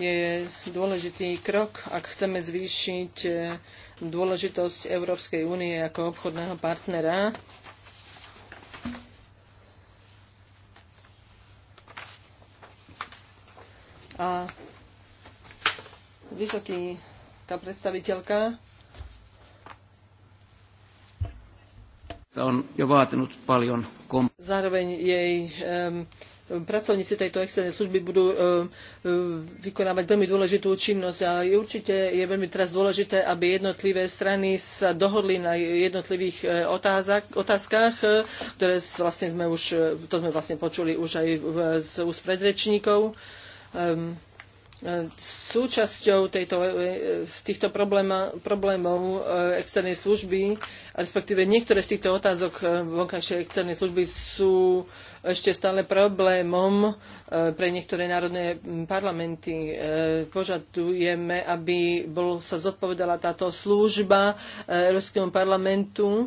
Speaker 4: je dôležitý krok, ak chceme zvýšiť eh, dôležitosť Európskej únie ako obchodného partnera. A vysoký predstaviteľka
Speaker 1: On jo vaatinut paljon kom-
Speaker 4: Zároveň jej um, pracovníci tejto externej služby budú vykonávať veľmi dôležitú činnosť, ale určite je veľmi teraz dôležité, aby jednotlivé strany sa dohodli na jednotlivých e, otázak, otázkach, e, ktoré vlastne sme už, e, to sme vlastne počuli už aj z úst predrečníkov. Um, súčasťou tejto, e, týchto problémov e, externej služby, respektíve niektoré z týchto otázok e, vonkajšej externej služby sú ešte stále problémom pre niektoré národné parlamenty. Požadujeme, aby bol, sa zodpovedala táto služba Európskemu parlamentu,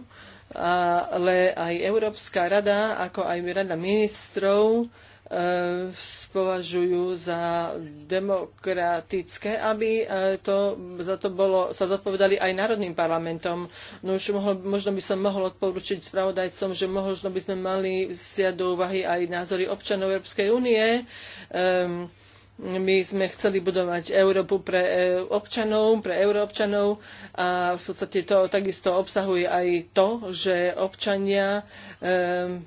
Speaker 4: ale aj Európska rada, ako aj Rada ministrov Eh, považujú za demokratické, aby eh, to, za to bolo, sa zodpovedali aj národným parlamentom. No už mohol, možno by som mohol odporučiť spravodajcom, že možno by sme mali vziať do úvahy aj názory občanov Európskej únie. Um, my sme chceli budovať Európu pre eh, občanov, pre euroobčanov a v podstate to takisto obsahuje aj to, že občania um,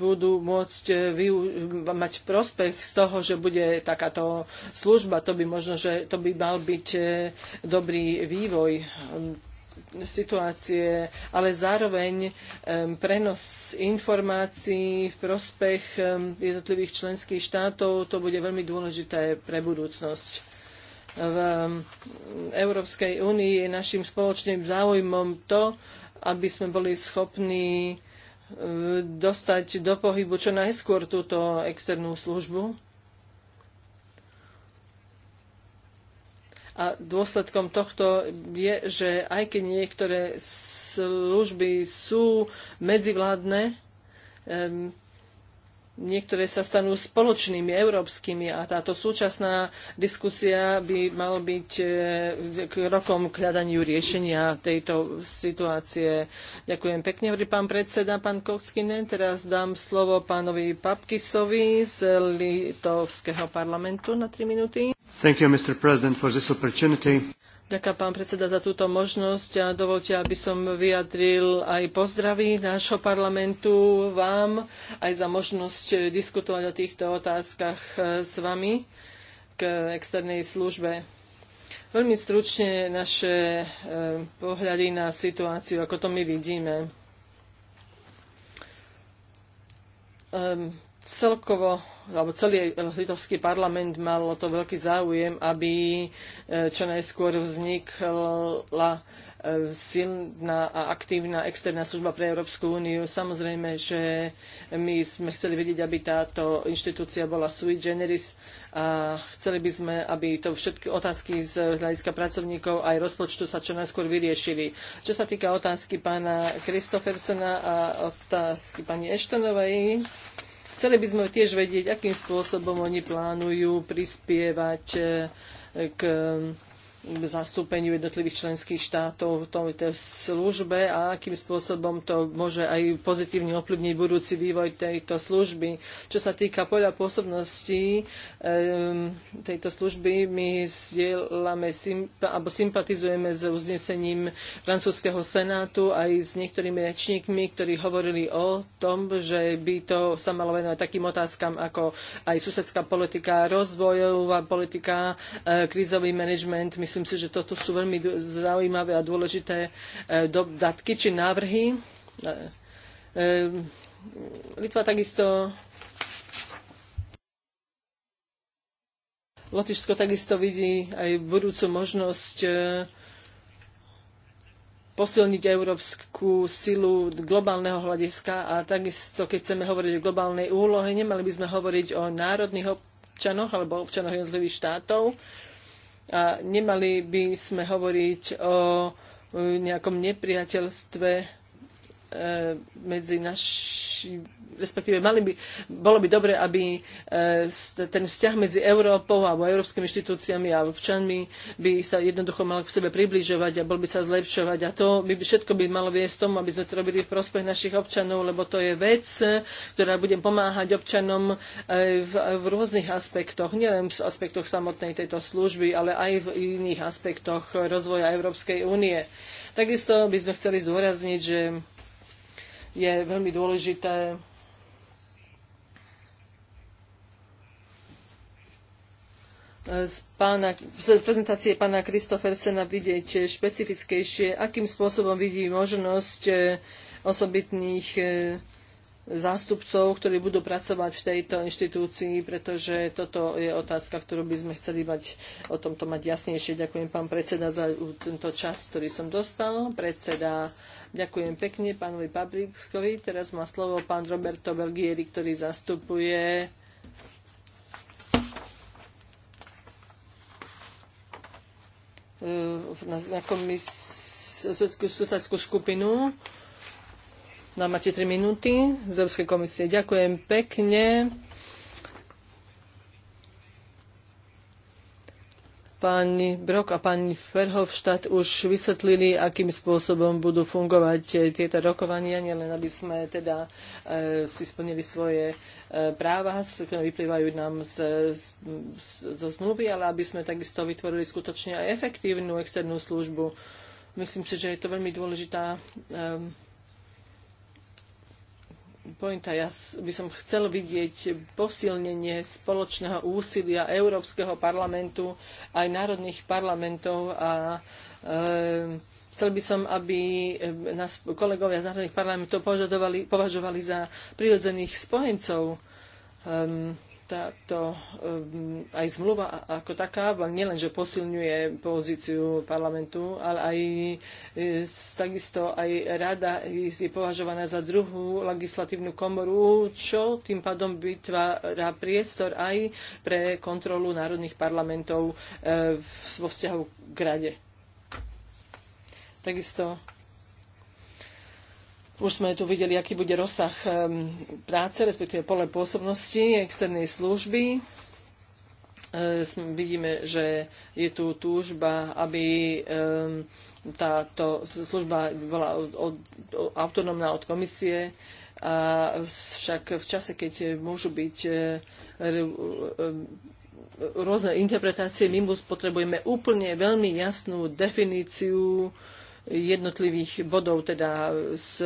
Speaker 4: budú môcť eh, mať prospech z toho, že bude takáto služba. To by možno, že to by mal byť eh, dobrý vývoj ehm, situácie, ale zároveň ehm, prenos informácií v prospech ehm, jednotlivých členských štátov, to bude veľmi dôležité pre budúcnosť v Európskej únii je našim spoločným záujmom to, aby sme boli schopní E, dostať do pohybu čo najskôr túto externú službu. A dôsledkom tohto je, že aj keď niektoré služby sú medzivládne, niektoré sa stanú spoločnými, európskymi a táto súčasná diskusia by mal byť e, krokom k hľadaniu riešenia tejto situácie. Ďakujem pekne, hovorí pán predseda, pán Kovskinen. Teraz dám slovo pánovi Papkisovi z Litovského parlamentu na 3 minúty.
Speaker 3: Thank you,
Speaker 2: Mr.
Speaker 1: President, for this opportunity.
Speaker 4: Ďakujem, pán predseda, za túto možnosť a dovolte, aby som vyjadril aj pozdravy nášho parlamentu vám, aj za možnosť diskutovať o týchto otázkach eh, s vami k externej službe. Veľmi stručne naše eh, pohľady na situáciu, ako to my vidíme ehm, celkovo, alebo celý litovský parlament mal o to veľký záujem, aby e, čo najskôr vznikla e, silná a aktívna externá služba pre Európsku úniu. Samozrejme, že my sme chceli vedieť, aby táto inštitúcia bola sui generis a chceli by sme, aby to všetky otázky z hľadiska pracovníkov aj rozpočtu sa čo najskôr vyriešili. Čo sa týka otázky pána Kristofersena a otázky pani Eštonovej, Chceli by sme tiež vedieť, akým spôsobom oni plánujú prispievať eh, k zastúpeniu jednotlivých členských štátov v tomto službe a akým spôsobom to môže aj pozitívne ovplyvniť budúci vývoj tejto služby. Čo sa týka poľa pôsobnosti tejto služby, my zdieľame alebo sympatizujeme s uznesením francúzského senátu aj s niektorými rečníkmi, ktorí hovorili o tom, že by to sa malo venovať takým otázkam ako aj susedská politika, rozvojová politika, e, krízový manažment. My Myslím si, že toto sú veľmi zaujímavé a dôležité e, dodatky či návrhy. E, e, Litva takisto Lotyšsko takisto vidí aj budúcu možnosť posilniť európsku silu globálneho hľadiska a takisto, keď chceme hovoriť o globálnej úlohe, nemali by sme hovoriť o národných občanoch alebo občanoch jednotlivých štátov, a nemali by sme hovoriť o nejakom nepriateľstve E, medzi naši, respektíve mali by, bolo by dobre, aby e, ten vzťah medzi Európou alebo európskymi inštitúciami a občanmi by sa jednoducho mal k sebe približovať a bol by sa zlepšovať. A to by všetko by malo viesť tomu, aby sme to robili v prospech našich občanov, lebo to je vec, ktorá bude pomáhať občanom e, v, v rôznych aspektoch, nielen v aspektoch samotnej tejto služby, ale aj v iných aspektoch rozvoja Európskej únie. Takisto by sme chceli zdôrazniť, že je veľmi dôležité z, pána, z prezentácie pána Kristofersena vidieť špecifickejšie, akým spôsobom vidí možnosť eh, osobitných eh, zástupcov, ktorí budú pracovať v tejto inštitúcii, pretože toto je otázka, ktorú by sme chceli mať, o tomto mať jasnejšie. Ďakujem pán predseda za tento čas, ktorý som dostal. Predseda Ďakujem pekne pánovi Pabrikovi. Teraz má slovo pán Roberto Belgieri, ktorý zastupuje eh, na, na komisárskú skupinu. Nám no, máte 3 minúty z Európskej komisie. Ďakujem pekne. Pani Brok a pani Verhofstadt už vysvetlili, akým spôsobom budú fungovať eh, tieto rokovania, nielen aby sme teda e, si splnili svoje e, práva, ktoré vyplývajú nám z, z, zo zmluvy, ale aby sme takisto vytvorili skutočne aj efektívnu externú službu. Myslím si, že je to veľmi dôležitá e, pointa. Ja by som chcel vidieť posilnenie spoločného úsilia Európskeho parlamentu, aj národných parlamentov a e, Chcel by som, aby nás kolegovia z národných parlamentov považovali, za prirodzených spojencov. Um, táto ehm, aj zmluva ako taká nielenže posilňuje pozíciu parlamentu, ale aj e, takisto aj rada je považovaná za druhú legislatívnu komoru, čo tým pádom vytvára priestor aj pre kontrolu národných parlamentov e, vo vzťahu k rade. Takisto už sme tu videli, aký bude rozsah ehm, práce, respektíve pole pôsobnosti externej služby ehm, vidíme, že je tu túžba, aby ehm, táto služba bola autonómna od komisie, a však v čase, keď môžu byť e, e, rôzne interpretácie, my potrebujeme úplne veľmi jasnú definíciu jednotlivých bodov, teda z,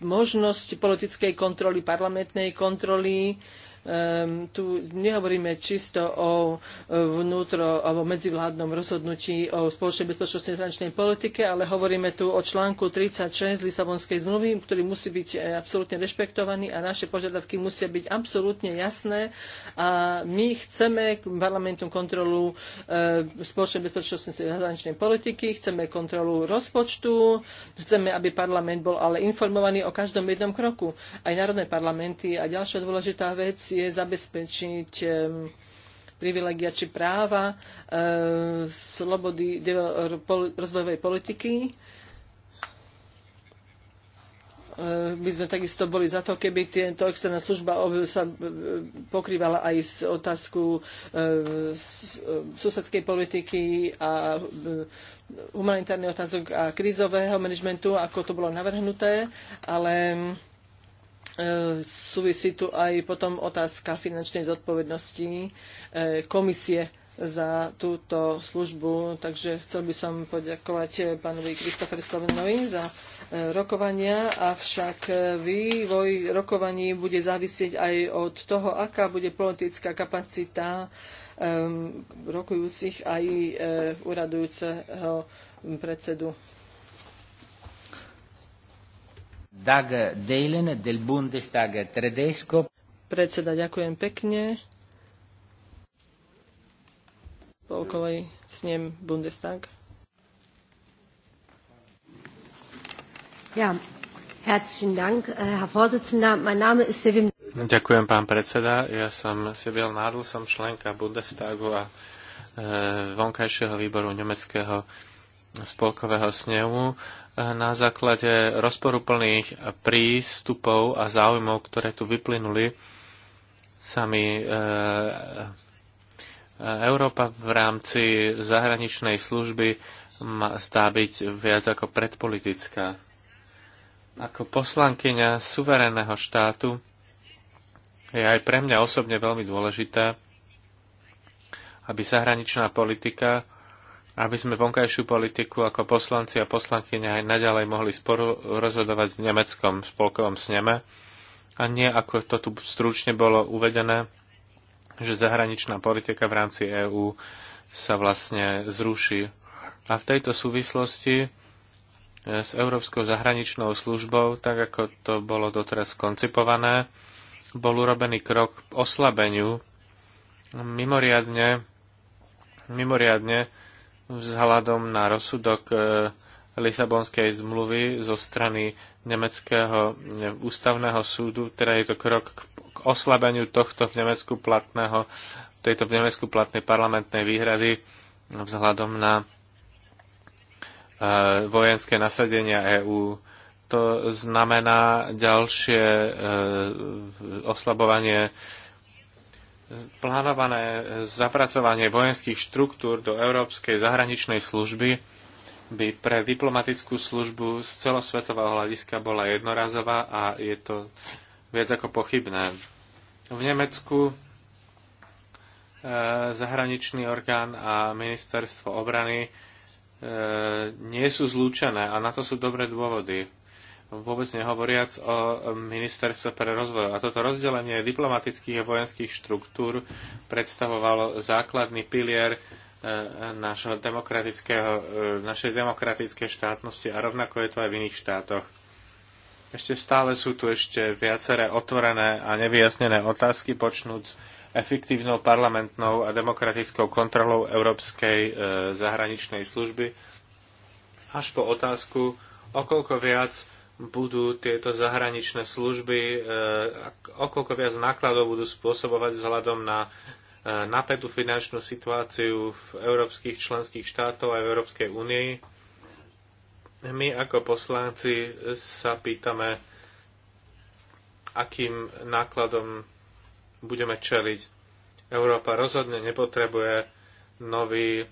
Speaker 4: možnosť politickej kontroly, parlamentnej kontroly, Ehm, tu nehovoríme čisto o e, vnútro alebo medzivládnom rozhodnutí o spoločnej bezpečnostnej finančnej politike, ale hovoríme tu o článku 36 Lisabonskej zmluvy, ktorý musí byť e, absolútne rešpektovaný a naše požiadavky musia byť absolútne jasné a my chceme parlamentu kontrolu e, spoločnej bezpečnostnej finančnej politiky, chceme kontrolu rozpočtu, chceme, aby parlament bol ale informovaný o každom jednom kroku. Aj národné parlamenty a ďalšia dôležitá vec ambície zabezpečiť privilegia či práva, slobody rozvojovej politiky by sme takisto boli za to, keby tento externá služba sa pokrývala aj s otázku susedskej politiky a humanitárnych otázok a krízového manažmentu, ako to bolo navrhnuté, ale E, súvisí tu aj potom otázka finančnej zodpovednosti e, komisie za túto službu. Takže chcel by som poďakovať e, pánovi Kristofer Slovenovi za rokovania, avšak vývoj rokovaní bude závisieť aj od toho, aká bude politická kapacita rokujúcich aj úradujúceho uradujúceho predsedu
Speaker 1: Dag Delen del Bundestag tedesco.
Speaker 4: Predseda, ďakujem pekne. Polkovej snem Bundestag. Ja, herzlichen Dank, äh, Herr Vorsitzender. Mein Name ist Sevim.
Speaker 3: Ďakujem, pán predseda. Ja som Sibyl Nádl, som členka Bundestagu a e, vonkajšieho výboru nemeckého spolkového snehu na základe rozporuplných prístupov a záujmov, ktoré tu vyplynuli, sami e, e, Európa v rámci zahraničnej služby má stá byť viac ako predpolitická. Ako poslankyňa suverénneho štátu je aj pre mňa osobne veľmi dôležité, aby zahraničná politika aby sme vonkajšiu politiku ako poslanci a poslankyňa aj naďalej mohli sporu rozhodovať v nemeckom spolkovom sneme a nie ako to tu stručne bolo uvedené, že zahraničná politika v rámci EÚ sa vlastne zruší. A v tejto súvislosti e, s Európskou zahraničnou službou, tak ako to bolo doteraz koncipované, bol urobený krok k oslabeniu mimoriadne, mimoriadne vzhľadom na rozsudok e, Lisabonskej zmluvy zo strany Nemeckého ústavného súdu, teda je to krok k oslabeniu tohto v Nemecku platného, tejto v Nemecku platnej parlamentnej výhrady vzhľadom na e, vojenské nasadenia EÚ. To znamená ďalšie e, oslabovanie plánované zapracovanie vojenských štruktúr do Európskej zahraničnej služby by pre diplomatickú službu z celosvetového hľadiska bola jednorazová a je to viac ako pochybné. V Nemecku e, zahraničný orgán a ministerstvo obrany e, nie sú zlúčené a na to sú dobré dôvody vôbec nehovoriac o ministerstve pre rozvoj. A toto rozdelenie diplomatických a vojenských štruktúr predstavovalo základný pilier e, našho demokratického, e, našej demokratickej štátnosti a rovnako je to aj v iných štátoch. Ešte stále sú tu ešte viaceré otvorené a nevyjasnené otázky, počnúc efektívnou parlamentnou a demokratickou kontrolou Európskej e, zahraničnej služby, až po otázku, okoľko viac budú tieto zahraničné služby, e, okoľko viac nákladov budú spôsobovať vzhľadom na e, napätú finančnú situáciu v európskych členských štátoch a v Európskej únii. My ako poslanci sa pýtame, akým nákladom budeme čeliť. Európa rozhodne nepotrebuje nový e,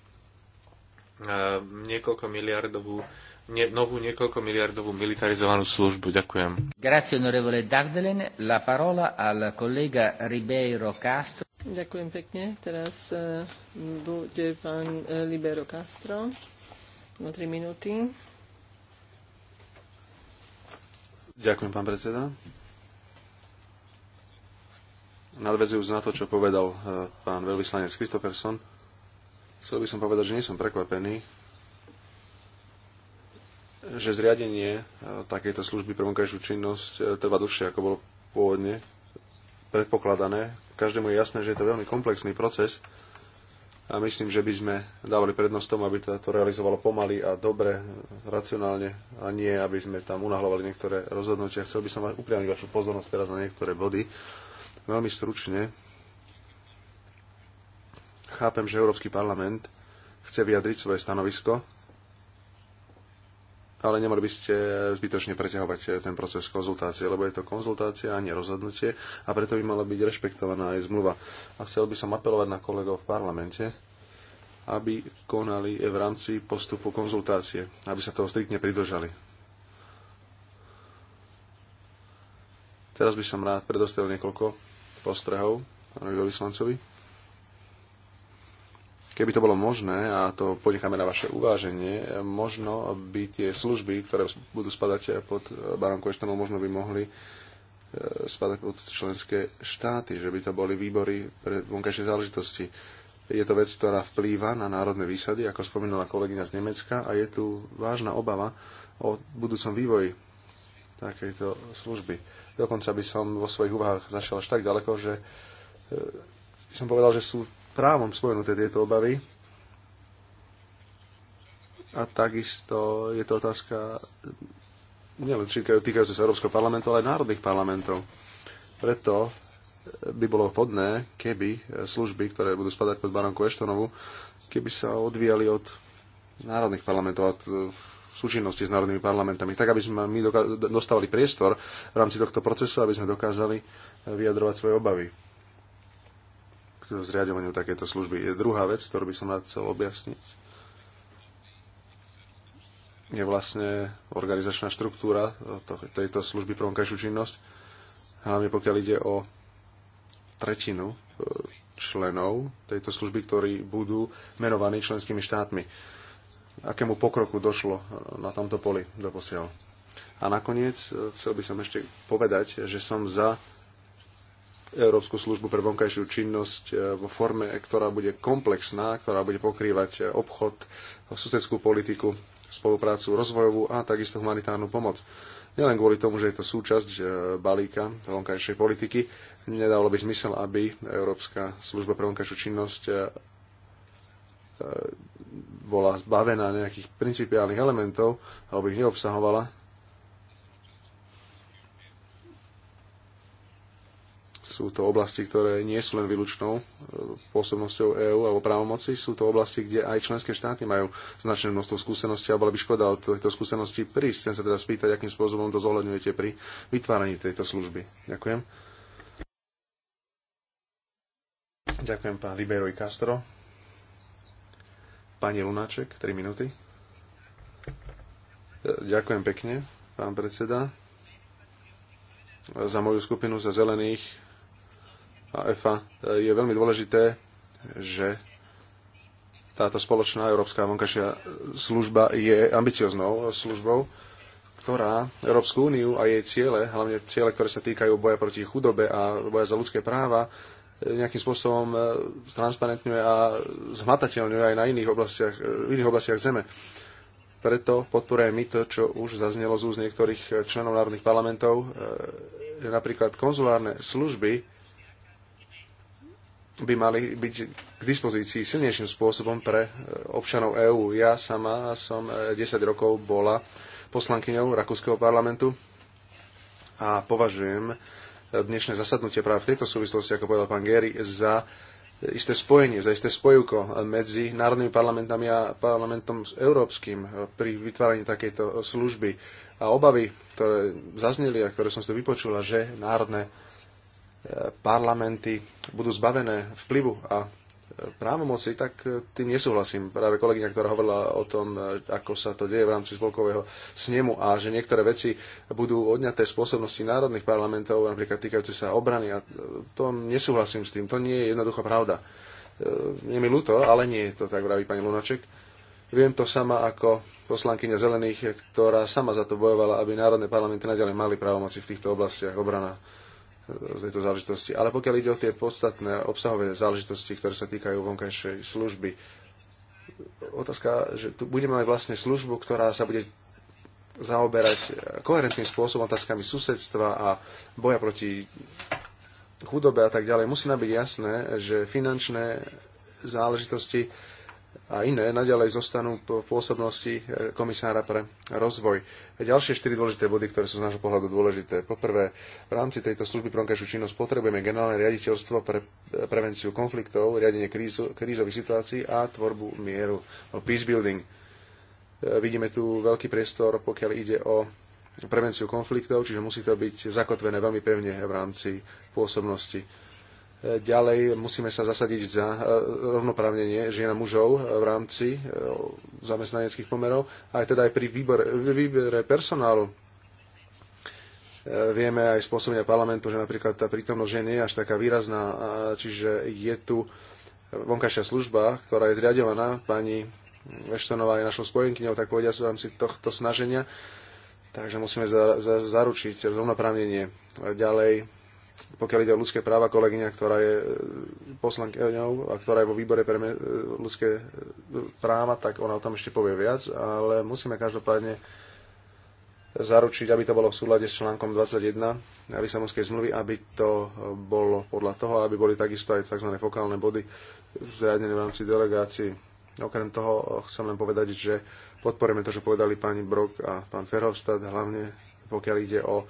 Speaker 3: niekoľko miliardovú ne, novú niekoľko miliardovú militarizovanú službu. Ďakujem.
Speaker 1: Grazie onorevole Dagdelen. La parola al collega Ribeiro Castro.
Speaker 4: Ďakujem pekne. Teraz uh, bude pán uh, eh, Libero Castro na 3 minúty.
Speaker 2: Ďakujem, pán predseda. Nadvezujúc na to, čo povedal uh, pán veľvyslanec Christopherson, chcel by som povedať, že nie som prekvapený že zriadenie e, takejto služby pre vonkajšiu činnosť e, trvá dlhšie, ako bolo pôvodne predpokladané. Každému je jasné, že je to veľmi komplexný proces a myslím, že by sme dávali prednosť tomu, aby to realizovalo pomaly a dobre, racionálne a nie, aby sme tam unahlovali niektoré rozhodnutia. Chcel by som upriamiť vašu pozornosť teraz na niektoré body. Veľmi stručne. Chápem, že Európsky parlament chce vyjadriť svoje stanovisko ale nemali by ste zbytočne preťahovať eh, ten proces konzultácie, lebo je to konzultácia a nie rozhodnutie a preto by mala byť rešpektovaná aj zmluva. A chcel by som apelovať na kolegov v parlamente, aby konali eh, v rámci postupu konzultácie, aby sa toho striktne pridržali. Teraz by som rád predostavil niekoľko postrehov pánovi vyslancovi. Keby to bolo možné, a to ponecháme na vaše uváženie, možno by tie služby, ktoré budú spadať pod baranku Eštonov, možno by mohli e, spadať pod členské štáty, že by to boli výbory pre vonkajšie záležitosti. Je to vec, ktorá vplýva na národné výsady, ako spomínala kolegyňa z Nemecka, a je tu vážna obava o budúcom vývoji takejto služby. Dokonca by som vo svojich úvahách zašiel až tak ďaleko, že e, som povedal, že sú právom spomenuté tieto obavy. A takisto je to otázka nielen týkajúce sa Európskeho parlamentu, ale aj národných parlamentov. Preto by bolo vhodné, keby služby, ktoré budú spadať pod baronku Eštonovu, keby sa odvíjali od národných parlamentov, a od e, súčinnosti s národnými parlamentami, tak aby sme my dostávali priestor v rámci tohto procesu, aby sme dokázali e, vyjadrovať svoje obavy zriadovaniu takéto služby. Druhá vec, ktorú by som rád chcel objasniť, je vlastne organizačná štruktúra tejto služby pre vonkajšiu činnosť, hlavne pokiaľ ide o tretinu e, členov tejto služby, ktorí budú menovaní členskými štátmi. Akému pokroku došlo e, na tomto poli doposiaľ? A nakoniec e, chcel by som ešte povedať, že som za Európsku službu pre vonkajšiu činnosť e, vo forme, ktorá bude komplexná, ktorá bude pokrývať e, obchod, susedskú politiku, spoluprácu rozvojovú a takisto humanitárnu pomoc. Nielen kvôli tomu, že je to súčasť e, balíka vonkajšej politiky, nedávalo by zmysel, aby Európska služba pre vonkajšiu činnosť bola zbavená nejakých principiálnych elementov, alebo ich neobsahovala, sú to oblasti, ktoré nie sú len výlučnou e, pôsobnosťou EÚ alebo právomoci, sú to oblasti, kde aj členské štáty majú značné množstvo skúseností a bola by škoda od tejto skúsenosti. prísť. Chcem sa teda spýtať, akým spôsobom to zohľadňujete pri vytváraní tejto služby. Ďakujem. Ďakujem pán Liberoj Castro. Pani Lunáček, 3 minúty. E, ďakujem pekne, pán predseda za moju skupinu za zelených a EFA, eh, je veľmi dôležité, že táto spoločná európska vonkašia služba je ambicioznou službou, ktorá Európsku úniu a jej ciele, hlavne ciele, ktoré sa týkajú boja proti chudobe a boja za ľudské práva, eh, nejakým spôsobom eh, transparentňuje a zhmatateľňuje aj na iných oblastiach, iných oblastiach zeme. Preto podporujeme my to, čo už zaznelo z úst niektorých členov národných parlamentov, napríklad konzulárne služby by mali byť k dispozícii silnejším spôsobom pre e, občanov EÚ. Ja sama som 10 e, rokov bola poslankyňou Rakúskeho parlamentu a považujem e, dnešné zasadnutie práve v tejto súvislosti, ako povedal pán Gery, za isté spojenie, za isté spojuko medzi národnými parlamentami a parlamentom s európskym pri vytváraní takejto služby. A obavy, ktoré zazneli a ktoré som si tu vypočula, že národné parlamenty budú zbavené vplyvu a e, právomoci, tak e, tým nesúhlasím. Práve kolegyňa, ktorá hovorila o tom, e, ako sa to deje v rámci spolkového snemu a že niektoré veci budú odňaté spôsobnosti národných parlamentov, napríklad týkajúce sa obrany, a to nesúhlasím s tým. To nie je jednoduchá pravda. Je mi ľúto, ale nie je to tak, vraví pani Lunaček. Viem to sama ako poslankyňa zelených, ktorá sama za to bojovala, aby národné parlamenty nadalej mali právomoci v týchto oblastiach obrana tejto záležitosti. Ale pokiaľ ide o tie podstatné obsahové záležitosti, ktoré sa týkajú vonkajšej služby, otázka, že tu budeme mať vlastne službu, ktorá sa bude zaoberať koherentným spôsobom otázkami susedstva a boja proti chudobe a tak ďalej. Musí nám byť jasné, že finančné záležitosti a iné naďalej zostanú v pôsobnosti e, komisára pre rozvoj. A ďalšie štyri dôležité body, ktoré sú z nášho pohľadu dôležité. Poprvé, v rámci tejto služby pre vonkajšiu činnosť potrebujeme generálne riaditeľstvo pre e, prevenciu konfliktov, riadenie krízo, krízových situácií a tvorbu mieru, no, peace building. E, vidíme tu veľký priestor, pokiaľ ide o prevenciu konfliktov, čiže musí to byť zakotvené veľmi pevne v rámci pôsobnosti Ďalej musíme sa zasadiť za e, rovnoprávnenie žien a mužov v rámci e, zamestnaneckých pomerov, aj teda aj pri výbere, výbere personálu. E, vieme aj z parlamentu, že napríklad tá prítomnosť žien nie je až taká výrazná, čiže je tu vonkajšia služba, ktorá je zriadovaná. Pani Veštanová je našou spojenkyňou, tak povediať v rámci tohto snaženia. Takže musíme za, za, zaručiť rovnoprávnenie. Ďalej pokiaľ ide o ľudské práva, kolegyňa, ktorá je e, poslankyňou a ktorá je vo výbore pre e, ľudské e, práva, tak ona o tom ešte povie viac, ale musíme každopádne zaručiť, aby to bolo v súlade s článkom 21 Lisabonskej zmluvy, aby to bolo podľa toho, aby boli takisto aj tzv. fokálne body zriadené v rámci delegácií. Okrem toho chcem len povedať, že podporujeme to, čo povedali pani Brok a pán Ferhovstad, hlavne pokiaľ ide o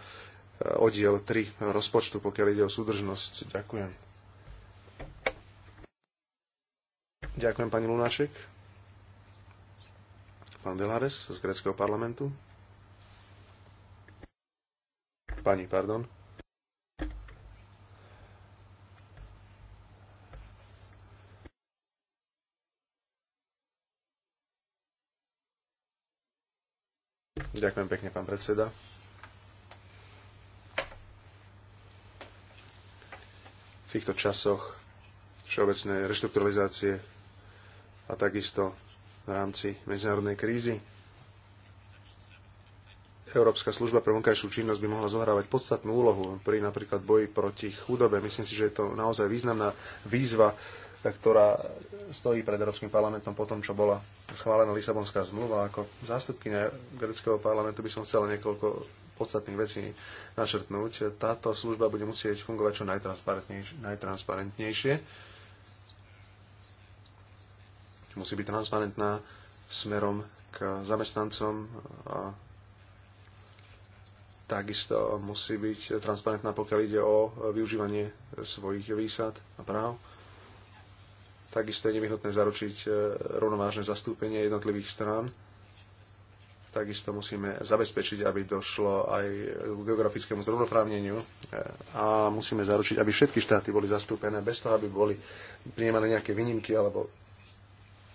Speaker 2: Eh, oddiel 3 rozpočtu, pokiaľ ide o súdržnosť. Ďakujem. Ďakujem, pani Lunášek. Pán Delares z greckého parlamentu. Pani, pardon. Ďakujem pekne, pán predseda. v týchto časoch všeobecnej reštrukturalizácie a takisto v rámci medzinárodnej krízy. Európska služba pre vonkajšiu činnosť by mohla zohrávať podstatnú úlohu pri napríklad boji proti chudobe. Myslím si, že je to naozaj významná výzva, ktorá stojí pred Európskym parlamentom po tom, čo bola schválená Lisabonská zmluva. Ako zástupkynia greckého parlamentu by som chcela niekoľko podstatných vecí našrtnúť. Táto služba bude musieť fungovať čo najtransparentnejšie. Musí byť transparentná smerom k zamestnancom a takisto musí byť transparentná, pokiaľ ide o využívanie svojich výsad a práv. Takisto je nevyhnutné zaručiť eh, rovnovážne zastúpenie jednotlivých strán takisto musíme zabezpečiť, aby došlo aj k geografickému zrovnoprávneniu e, a musíme zaručiť, aby všetky štáty boli zastúpené bez toho, aby boli prijímané nejaké výnimky alebo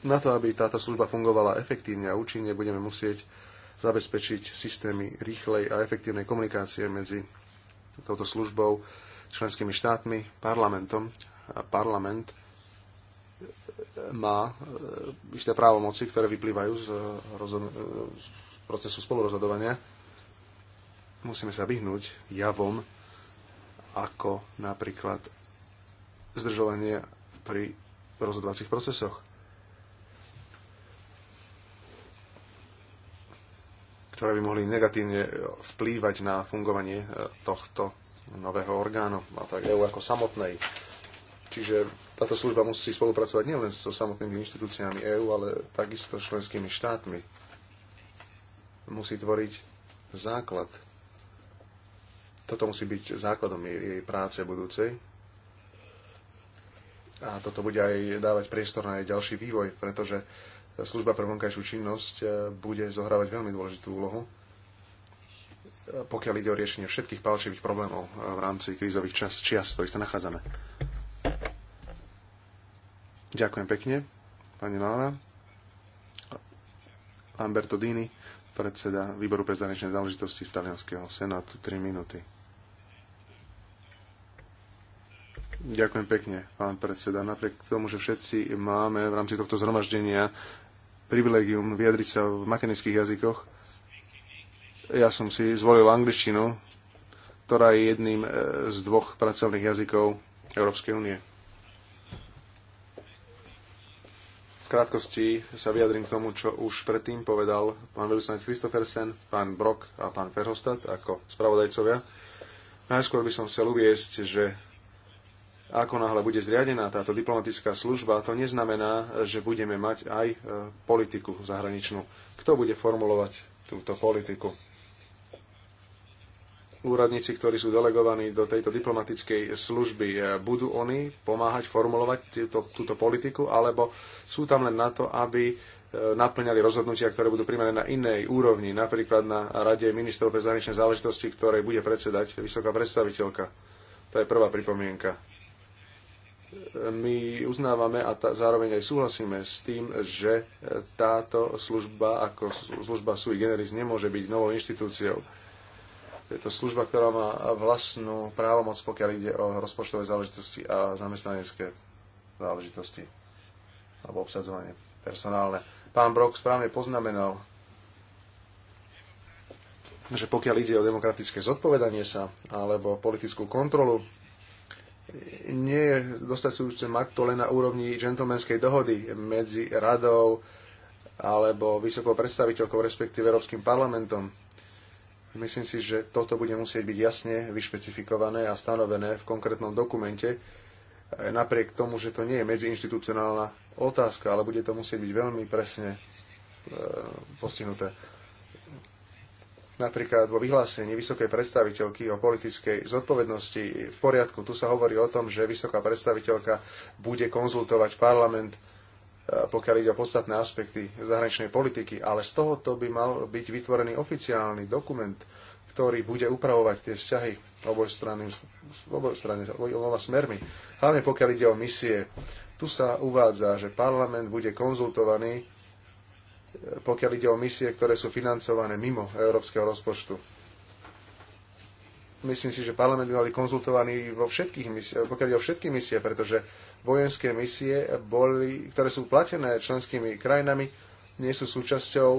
Speaker 2: na to, aby táto služba fungovala efektívne a účinne, budeme musieť zabezpečiť systémy rýchlej a efektívnej komunikácie medzi touto službou, členskými štátmi, parlamentom. A parlament e, má e, isté právomoci, ktoré vyplývajú z, rozhodn- z procesu spolurozhodovania, musíme sa vyhnúť javom, ako napríklad zdržovanie pri rozhodovacích procesoch. ktoré by mohli negatívne vplývať na fungovanie e, tohto nového orgánu, a tak EU ako samotnej. Čiže táto služba musí spolupracovať nielen so samotnými inštitúciami EÚ, ale takisto členskými štátmi musí tvoriť základ. Toto musí byť základom jej práce budúcej. A toto bude aj dávať priestor na jej ďalší vývoj, pretože služba pre vonkajšiu činnosť e, bude zohrávať veľmi dôležitú úlohu, e, pokiaľ ide o riešenie všetkých palčivých problémov e, v rámci krízových čas, čias, ktorých sa nachádzame. Ďakujem pekne, pani Laura. Lamberto Dini predseda výboru pre zahraničné záležitosti z Talianského senátu. 3 minúty. Ďakujem pekne, pán predseda. Napriek tomu, že všetci máme v rámci tohto zhromaždenia privilegium vyjadriť sa v materinských jazykoch, ja som si zvolil angličtinu, ktorá je jedným e, z dvoch pracovných jazykov Európskej únie. krátkosti sa vyjadrím k tomu, čo už predtým povedal pán veľvyslanec Kristoffersen, pán Brock a pán Ferhostad ako spravodajcovia. Najskôr by som chcel uviesť, že ako náhle bude zriadená táto diplomatická služba, to neznamená, že budeme mať aj e, politiku zahraničnú. Kto bude formulovať túto politiku? úradníci, ktorí sú delegovaní do tejto diplomatickej služby, e, budú oni pomáhať formulovať túto, túto politiku, alebo sú tam len na to, aby e, naplňali rozhodnutia, ktoré budú príjmané na inej úrovni, napríklad na Rade ministrov pre zahraničné záležitosti, ktorej bude predsedať vysoká predstaviteľka. To je prvá pripomienka. My uznávame a zároveň aj súhlasíme s tým, že e, táto služba ako služba sui generis nemôže byť novou inštitúciou je to služba, ktorá má vlastnú právomoc, pokiaľ ide o rozpočtové záležitosti a zamestnanecké záležitosti alebo obsadzovanie personálne. Pán Brok správne poznamenal, že pokiaľ ide o demokratické zodpovedanie sa alebo politickú kontrolu, nie je dostačujúce mať to len na úrovni džentlmenskej dohody medzi radou alebo vysokou predstaviteľkou, respektíve Európskym parlamentom Myslím si, že toto bude musieť byť jasne vyšpecifikované a stanovené v konkrétnom dokumente, e, napriek tomu, že to nie je medziinstitucionálna otázka, ale bude to musieť byť veľmi presne e, postihnuté. Napríklad vo vyhlásení vysokej predstaviteľky o politickej zodpovednosti v poriadku, tu sa hovorí o tom, že vysoká predstaviteľka bude konzultovať parlament E, pokiaľ ide o podstatné aspekty zahraničnej politiky, ale z tohoto by mal byť vytvorený oficiálny dokument, ktorý bude upravovať tie vzťahy obojstranným, strany oboma smermi, hlavne pokiaľ ide o misie. Tu sa uvádza, že parlament bude konzultovaný, e, pokiaľ ide o misie, ktoré sú financované mimo európskeho rozpočtu. Myslím si, že parlament by mali konzultovaný vo všetkých misie, pokiaľ je o všetky misie, pretože vojenské misie, boli, ktoré sú platené členskými krajinami, nie sú súčasťou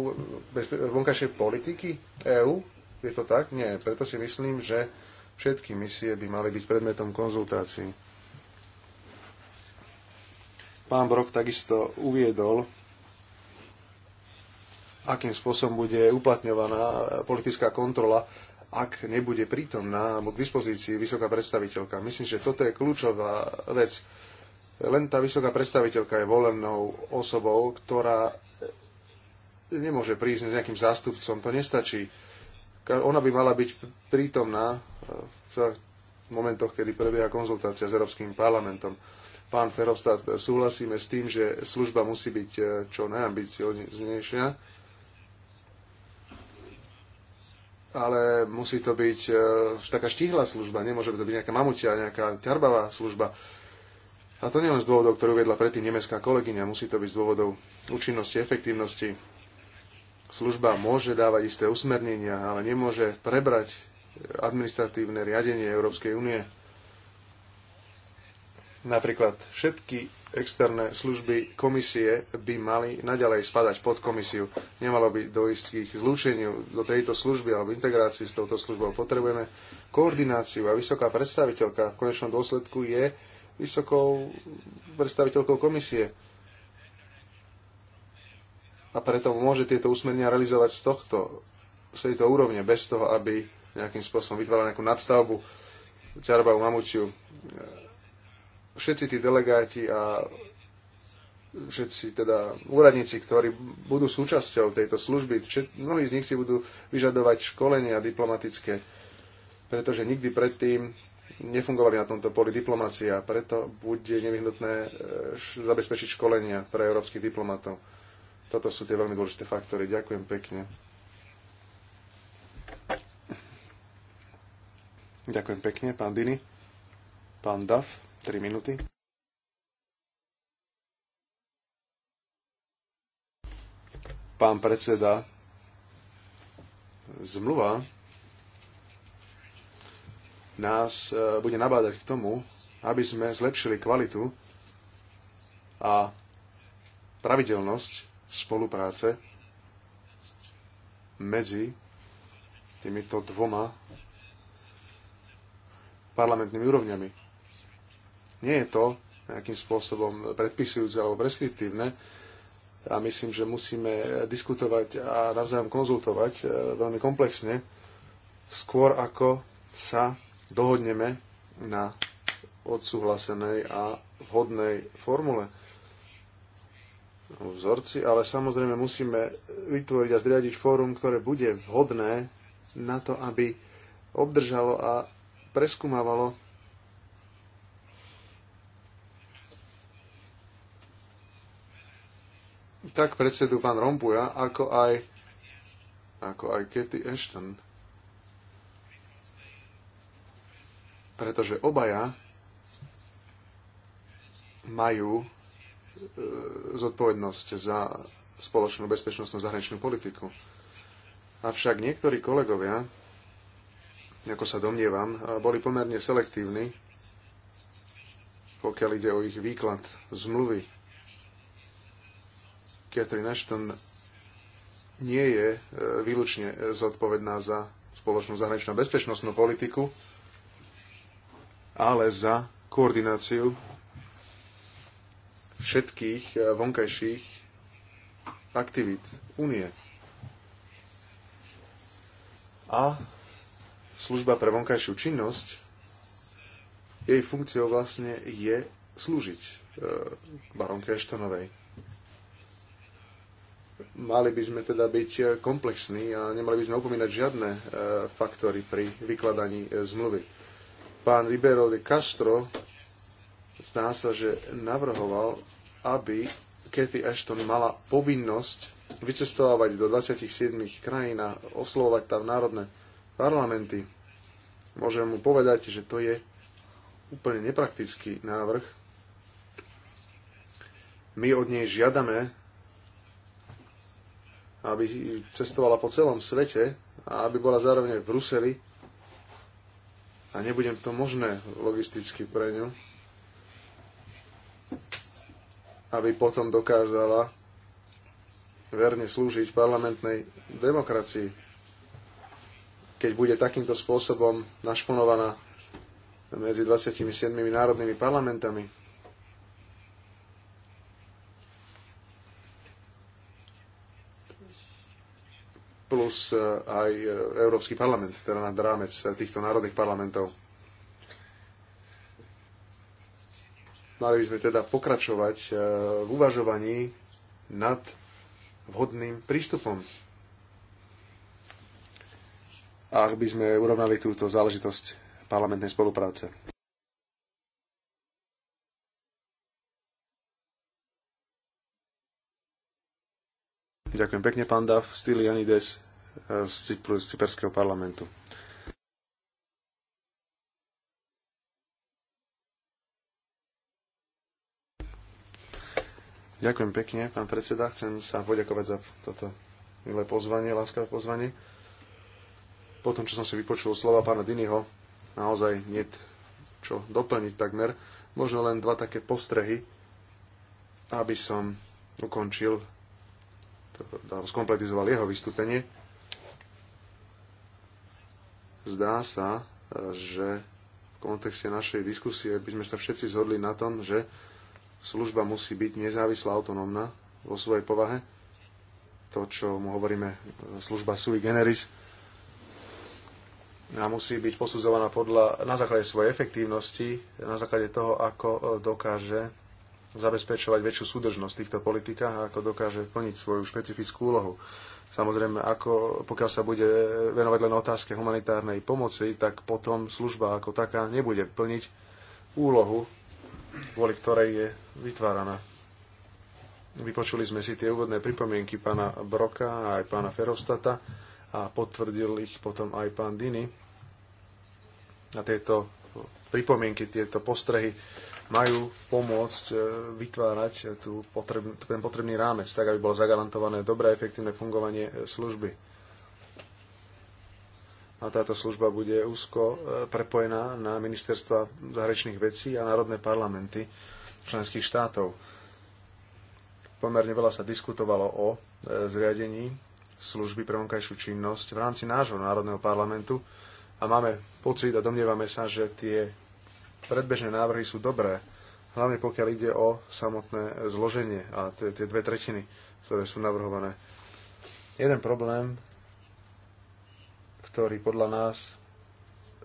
Speaker 2: vonkajšej politiky EÚ. Je to tak? Nie. Preto si myslím, že všetky misie by mali byť predmetom konzultácií. Pán Brok takisto uviedol, akým spôsobom bude uplatňovaná politická kontrola ak nebude prítomná alebo k dispozícii vysoká predstaviteľka. Myslím, že toto je kľúčová vec. Len tá vysoká predstaviteľka je volenou osobou, ktorá nemôže prísť s nejakým zástupcom, to nestačí. Ona by mala byť prítomná e, v momentoch, kedy prebieha konzultácia s Európskym parlamentom. Pán Ferostat, súhlasíme s tým, že služba musí byť e, čo najambicioznejšia ale musí to byť e, taká štíhla služba, nemôže to byť nejaká mamutia, nejaká ťarbavá služba. A to nielen z dôvodov, ktorú vedla predtým nemecká kolegyňa, musí to byť z dôvodov účinnosti, efektívnosti. Služba môže dávať isté usmernenia, ale nemôže prebrať e, administratívne riadenie Európskej únie. Napríklad všetky externé služby komisie by mali naďalej spadať pod komisiu. Nemalo by dojsť k ich zlúčeniu do tejto služby alebo integrácii s touto službou. Potrebujeme koordináciu a vysoká predstaviteľka v konečnom dôsledku je vysokou predstaviteľkou komisie. A preto môže tieto usmernia realizovať z tohto, z tejto úrovne, bez toho, aby nejakým spôsobom vytvárala nejakú nadstavbu, ťarbavú u mamučiu všetci tí delegáti a všetci teda úradníci, ktorí budú súčasťou tejto služby, všet, mnohí z nich si budú vyžadovať školenia diplomatické, pretože nikdy predtým nefungovali na tomto poli diplomácia, a preto bude nevyhnutné e, zabezpečiť školenia pre európskych diplomatov. Toto sú tie veľmi dôležité faktory. Ďakujem pekne. Ďakujem pekne, pán Dini. pán Duff. 3 minúty. Pán predseda, zmluva nás e, bude nabádať k tomu, aby sme zlepšili kvalitu a pravidelnosť spolupráce medzi týmito dvoma parlamentnými úrovňami nie je to nejakým spôsobom predpisujúce alebo preskriptívne a myslím, že musíme diskutovať a navzájom konzultovať e, veľmi komplexne, skôr ako sa dohodneme na odsúhlasenej a vhodnej formule vzorci, ale samozrejme musíme vytvoriť a zriadiť fórum, ktoré bude vhodné na to, aby obdržalo a preskúmavalo tak predsedu Van Rompuja, ako aj, ako aj Kathy Ashton. Pretože obaja majú e, zodpovednosť za spoločnú bezpečnostnú zahraničnú politiku. Avšak niektorí kolegovia, ako sa domnievam, e, boli pomerne selektívni, pokiaľ ide o ich výklad zmluvy Catherine Ashton nie je e, výlučne e, zodpovedná za spoločnú zahraničnú bezpečnostnú politiku, ale za koordináciu všetkých e, vonkajších aktivít únie. A služba pre vonkajšiu činnosť, jej funkciou vlastne je slúžiť baronke Eštonovej mali by sme teda byť komplexní a nemali by sme upomínať žiadne e, faktory pri vykladaní e, zmluvy. Pán Ribeiro de Castro zná sa, že navrhoval, aby Cathy Ashton mala povinnosť vycestovať do 27 krajín a oslovovať tam národné parlamenty. Môžem mu povedať, že to je úplne nepraktický návrh. My od nej žiadame aby cestovala po celom svete a aby bola zároveň aj v Bruseli. A nebudem to možné logisticky pre ňu, aby potom dokázala verne slúžiť parlamentnej demokracii, keď bude takýmto spôsobom našponovaná medzi 27 národnými parlamentami. plus e, aj e, Európsky parlament, teda nad rámec e, týchto národných parlamentov. Mali by sme teda pokračovať v uvažovaní nad vhodným prístupom. Ak by sme urovnali túto záležitosť parlamentnej spolupráce. Ďakujem pekne, pán Dav, Stylianides z, cyperského parlamentu. Ďakujem pekne, pán predseda. Chcem sa poďakovať za toto milé pozvanie, láskavé pozvanie. Po tom, čo som si vypočul slova pána Dinyho, naozaj nie čo doplniť takmer. Možno len dva také postrehy, aby som ukončil, skompletizoval jeho vystúpenie. Zdá sa, e, že v kontexte našej diskusie by sme sa všetci zhodli na tom, že služba musí byť nezávislá, autonómna vo svojej povahe. To, čo mu hovoríme e, služba sui generis, a musí byť posudzovaná podľa, na základe svojej efektívnosti, na základe toho, ako e, dokáže zabezpečovať väčšiu súdržnosť v týchto politikách a ako dokáže plniť svoju špecifickú úlohu. Samozrejme, ako, pokiaľ sa bude venovať len otázke humanitárnej pomoci, tak potom služba ako taká nebude plniť úlohu, kvôli ktorej je vytváraná. Vypočuli sme si tie úvodné pripomienky pána Broka a aj pána Ferostata a potvrdil ich potom aj pán Dini. A tieto pripomienky, tieto postrehy majú pomôcť e, vytvárať e, tú potrebn- ten potrebný rámec, tak aby bolo zagarantované dobré efektívne fungovanie e, služby. A táto služba bude úzko prepojená na ministerstva zahraničných vecí a národné parlamenty členských štátov. Pomerne veľa sa diskutovalo o zriadení služby pre vonkajšiu činnosť v rámci nášho národného parlamentu a máme pocit a domnievame sa, že tie predbežné návrhy sú dobré, hlavne pokiaľ ide o samotné zloženie a tie dve tretiny, ktoré sú navrhované. Jeden problém, ktorý podľa nás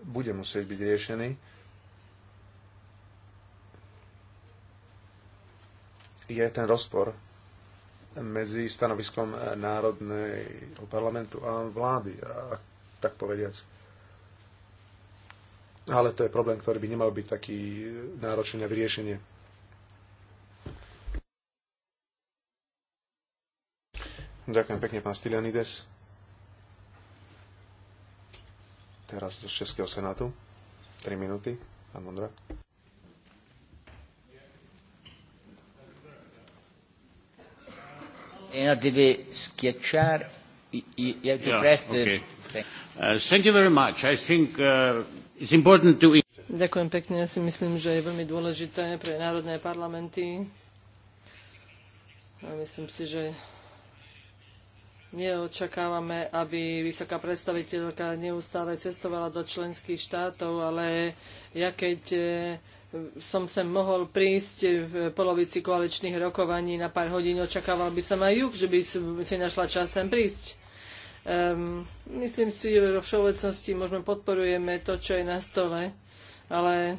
Speaker 2: bude musieť byť riešený, je ten rozpor medzi stanoviskom Národného parlamentu a vlády, a tak povediať ale to je problém, ktorý by nemal byť taký náročný na vyriešenie. Ďakujem pekne, pán Stylianides. Teraz zo Českého senátu. 3 minúty, pán Mondra.
Speaker 1: No, deve schiacciare. You have to yeah, press the... Okay. Uh, thank you very much. I think uh, Ďakujem
Speaker 4: pekne. Ja si myslím, že je veľmi dôležité pre národné parlamenty. A myslím si, že neočakávame, aby vysoká predstaviteľka neustále cestovala do členských štátov, ale ja keď e, som sem mohol prísť v polovici koaličných rokovaní na pár hodín, očakával by som aj ju, že by si našla čas sem prísť. Um, myslím si, že vo všeobecnosti možno podporujeme to, čo je na stole, ale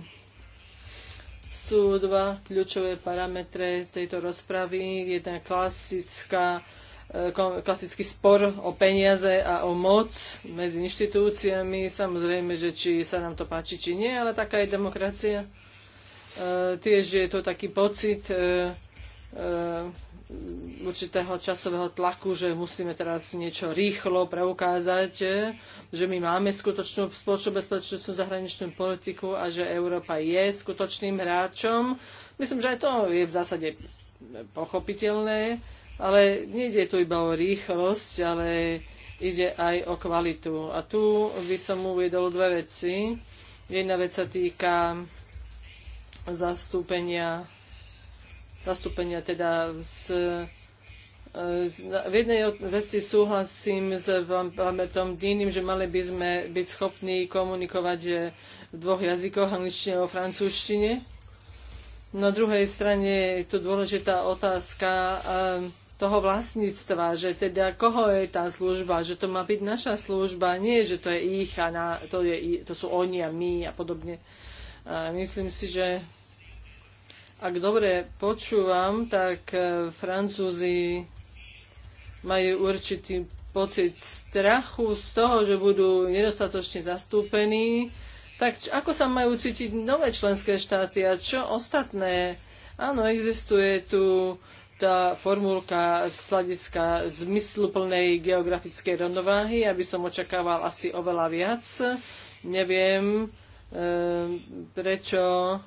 Speaker 4: sú dva kľúčové parametre tejto rozpravy. Jedna klasická e, klasický spor o peniaze a o moc medzi inštitúciami. Samozrejme, že či sa nám to páči, či nie, ale taká je demokracia. E, tiež je to taký pocit e, e, určitého časového tlaku, že musíme teraz niečo rýchlo preukázať, že my máme skutočnú spoločnú bezpečnostnú zahraničnú politiku a že Európa je skutočným hráčom. Myslím, že aj to je v zásade pochopiteľné, ale nejde tu iba o rýchlosť, ale ide aj o kvalitu. A tu by som uviedol dve veci. Jedna vec sa týka zastúpenia zastúpenia teda e, z v jednej veci súhlasím s Lambertom Dýnim, že mali by sme byť schopní komunikovať e, v dvoch jazykoch, angličtine a francúzštine. Na druhej strane je tu dôležitá otázka e, toho vlastníctva, že teda koho je tá služba, že to má byť naša služba, nie že to je ich a na, to, je, to sú oni a my a podobne. A myslím si, že ak dobre počúvam, tak e, Francúzi majú určitý pocit strachu z toho, že budú nedostatočne zastúpení. Tak ako sa majú cítiť nové členské štáty a čo ostatné? Áno, existuje tu tá formulka z hľadiska zmysluplnej geografickej rovnováhy, aby som očakával asi oveľa viac. Neviem, e, prečo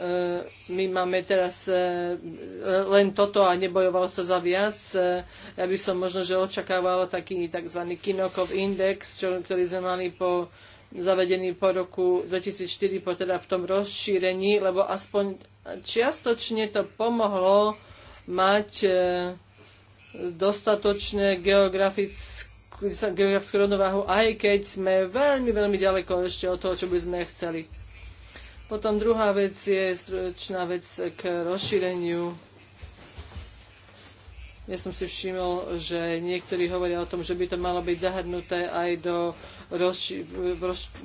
Speaker 4: E, my máme teraz e, len toto a nebojovalo sa za viac. E, ja by som možno, že očakávala taký tzv. Kinokov index, čo, ktorý sme mali po zavedený po roku 2004, po teda v tom rozšírení, lebo aspoň čiastočne to pomohlo mať dostatočné geografické geografickú rovnováhu, aj keď sme veľmi, veľmi ďaleko ešte od toho, čo by sme chceli. Potom druhá vec je stručná vec k rozšíreniu. Ja som si všimol, že niektorí hovoria o tom, že by to malo byť zahrnuté aj do rozši-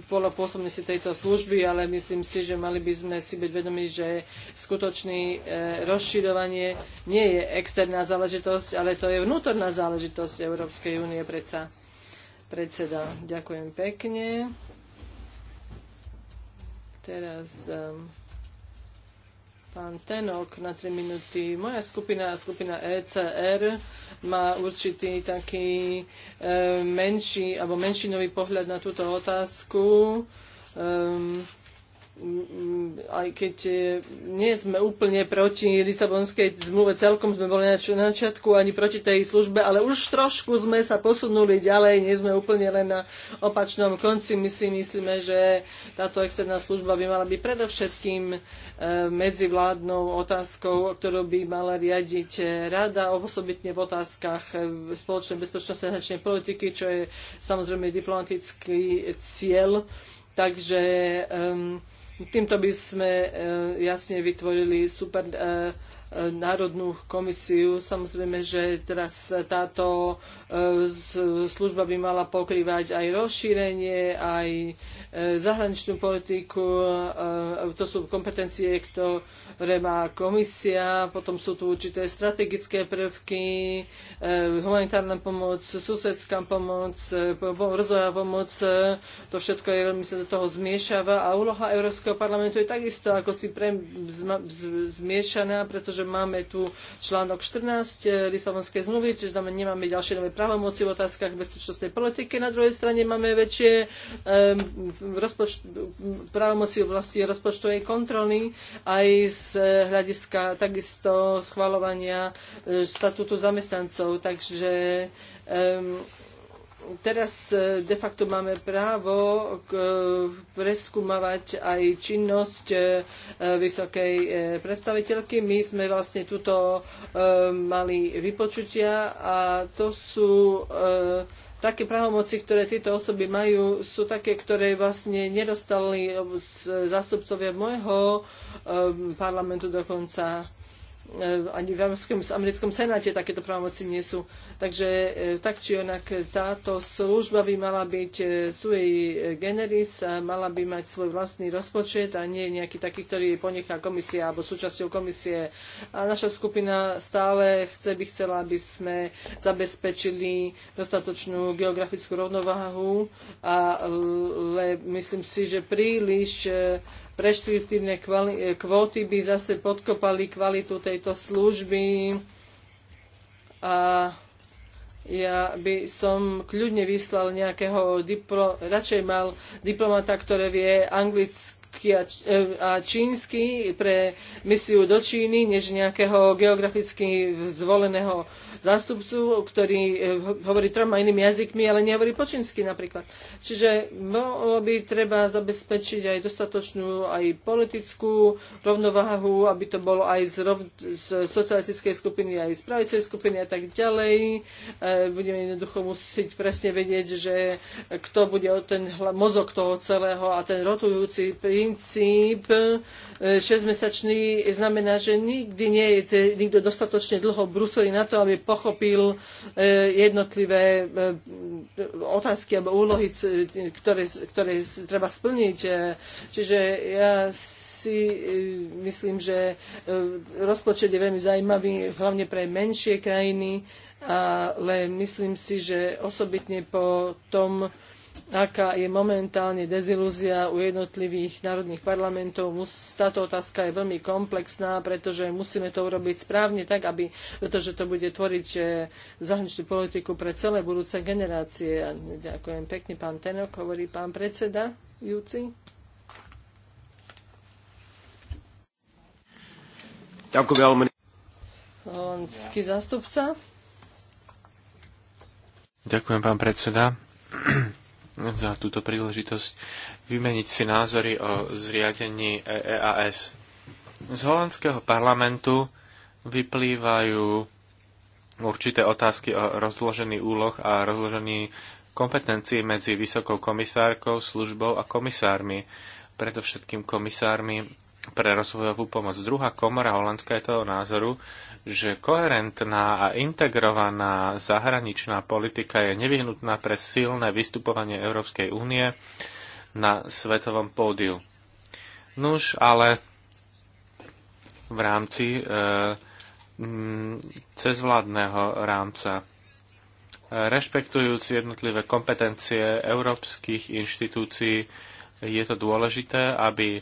Speaker 4: polopôsobnosti tejto služby, ale myslím si, že mali by sme si byť vedomi, že skutočný e, rozširovanie nie je externá záležitosť, ale to je vnútorná záležitosť Európskej únie predsa. Predseda, ďakujem pekne. Teraz um, pán Tenok na 3 minúty. Moja skupina, skupina ECR, má určitý taký um, menší alebo menšinový pohľad na túto otázku. Um, aj keď e, nie sme úplne proti Lisabonskej zmluve, celkom sme boli na začiatku ani proti tej službe, ale už trošku sme sa posunuli ďalej, nie sme úplne len na opačnom konci. My si myslíme, že táto externá služba by mala byť predovšetkým e, medzivládnou otázkou, ktorú by mala riadiť rada, osobitne v otázkach e, spoločnej bezpečnosti a politiky, čo je samozrejme diplomatický cieľ. Takže um, Týmto by sme eh, jasne vytvorili super eh, Národnú komisiu. Samozrejme, že teraz táto e, služba by mala pokrývať aj rozšírenie, aj e, zahraničnú politiku. E, to sú kompetencie, ktoré má komisia. Potom sú tu určité strategické prvky, humanitárna pomoc, susedská pomoc, rozvojová pomoc. To všetko je veľmi sa do toho zmiešava. A úloha Európskeho parlamentu je takisto ako si pre, zmiešaná, pretože pretože máme tu článok 14 eh, Lisabonskej zmluvy, čiže tam nemáme ďalšie nové právomoci v otázkach bezpečnostnej politiky. Na druhej strane máme väčšie um, právomoci v oblasti rozpočtovej kontroly aj z eh, hľadiska takisto schvalovania eh, štatútu zamestnancov. Takže um, teraz e, de facto máme právo e, preskúmavať aj činnosť e, vysokej predstaviteľky. My sme vlastne tuto mali vypočutia a to sú také právomoci, ktoré tieto osoby majú, sú také, ktoré vlastne nedostali zástupcovia môjho parlamentu dokonca. E, ani v v americkom senáte takéto právomoci nie sú. Takže e, tak či onak táto služba by mala byť e, sui generis, a mala by mať svoj vlastný rozpočet a nie nejaký taký, ktorý ponechá komisia alebo súčasťou komisie. A naša skupina stále chce, by chcela, aby sme zabezpečili dostatočnú geografickú rovnováhu, ale myslím si, že príliš preštriktívne e, kvóty by zase podkopali kvalitu tejto služby a ja by som kľudne vyslal nejakého, diplo, radšej mal diplomata, ktorý vie anglicky, E, a, čínsky pre misiu do Číny, než nejakého geograficky zvoleného zástupcu, ktorý e, hovorí troma inými jazykmi, ale nehovorí po čínsky napríklad. Čiže bolo by treba zabezpečiť aj dostatočnú aj politickú rovnováhu, aby to bolo aj z, rov, z socialistickej skupiny, aj z pravicej skupiny a tak ďalej. E, budeme jednoducho musieť presne vedieť, že kto bude ten mozog toho celého a ten rotujúci prí princíp 6-mesačný e, znamená, že nikdy nie je nikto dostatočne dlho v Bruseli na to, aby pochopil e, jednotlivé e, otázky alebo úlohy, ktoré, ktoré treba splniť. Čiže ja si myslím, že rozpočet je veľmi zaujímavý, hlavne pre menšie krajiny, ale myslím si, že osobitne po tom, aká je momentálne dezilúzia u jednotlivých národných parlamentov. Táto otázka je veľmi komplexná, pretože musíme to urobiť správne tak, aby, pretože to bude tvoriť eh, zahraničnú politiku pre celé budúce generácie. ďakujem pekne, pán Tenok, hovorí pán predseda Júci. Ďakujem veľmi. Holandský zástupca.
Speaker 3: Ďakujem, pán predseda za túto príležitosť vymeniť si názory o zriadení EEAS. Z holandského parlamentu vyplývajú určité otázky o rozložený úloh a rozložený kompetencií medzi vysokou komisárkou, službou a komisármi, predovšetkým komisármi pre rozvojovú pomoc. Druhá komora holandská je toho názoru, že koherentná a integrovaná zahraničná politika je nevyhnutná pre silné vystupovanie Európskej únie na svetovom pódiu. Nuž, ale v rámci e, cezvládneho rámca, e, rešpektujúc jednotlivé kompetencie európskych inštitúcií, je to dôležité, aby e,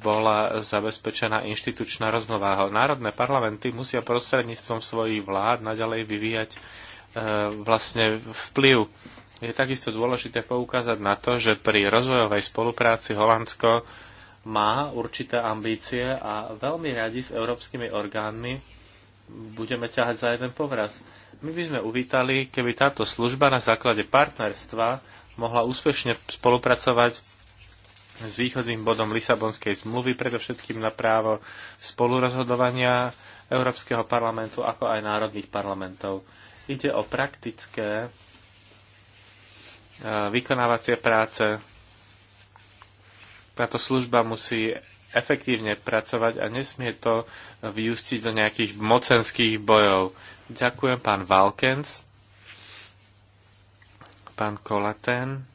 Speaker 3: bola zabezpečená inštitučná roznováha. Národné parlamenty musia prostredníctvom svojich vlád naďalej vyvíjať e, vlastne vplyv. Je takisto dôležité poukázať na to, že pri rozvojovej spolupráci Holandsko má určité ambície a veľmi radi s európskymi orgánmi budeme ťahať za jeden povraz. My by sme uvítali, keby táto služba na základe partnerstva mohla úspešne spolupracovať s východným bodom Lisabonskej zmluvy, predovšetkým na právo spolurozhodovania Európskeho parlamentu, ako aj národných parlamentov. Ide o praktické e, vykonávacie práce. Táto služba musí efektívne pracovať a nesmie to vyústiť do nejakých mocenských bojov. Ďakujem pán Valkens pán Kolaten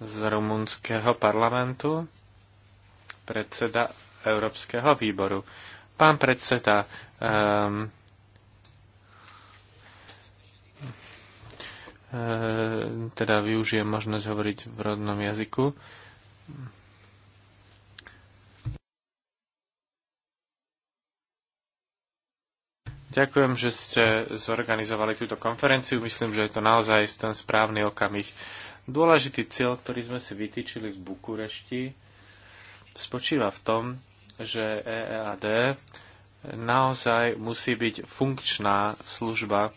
Speaker 3: z rumunského parlamentu, predseda Európskeho výboru. Pán predseda, um, teda využijem možnosť hovoriť v rodnom jazyku. Ďakujem, že ste zorganizovali túto konferenciu. Myslím, že je to naozaj ten správny okamih. Dôležitý cieľ, ktorý sme si vytýčili v Bukurešti, spočíva v tom, že EEAD naozaj musí byť funkčná služba,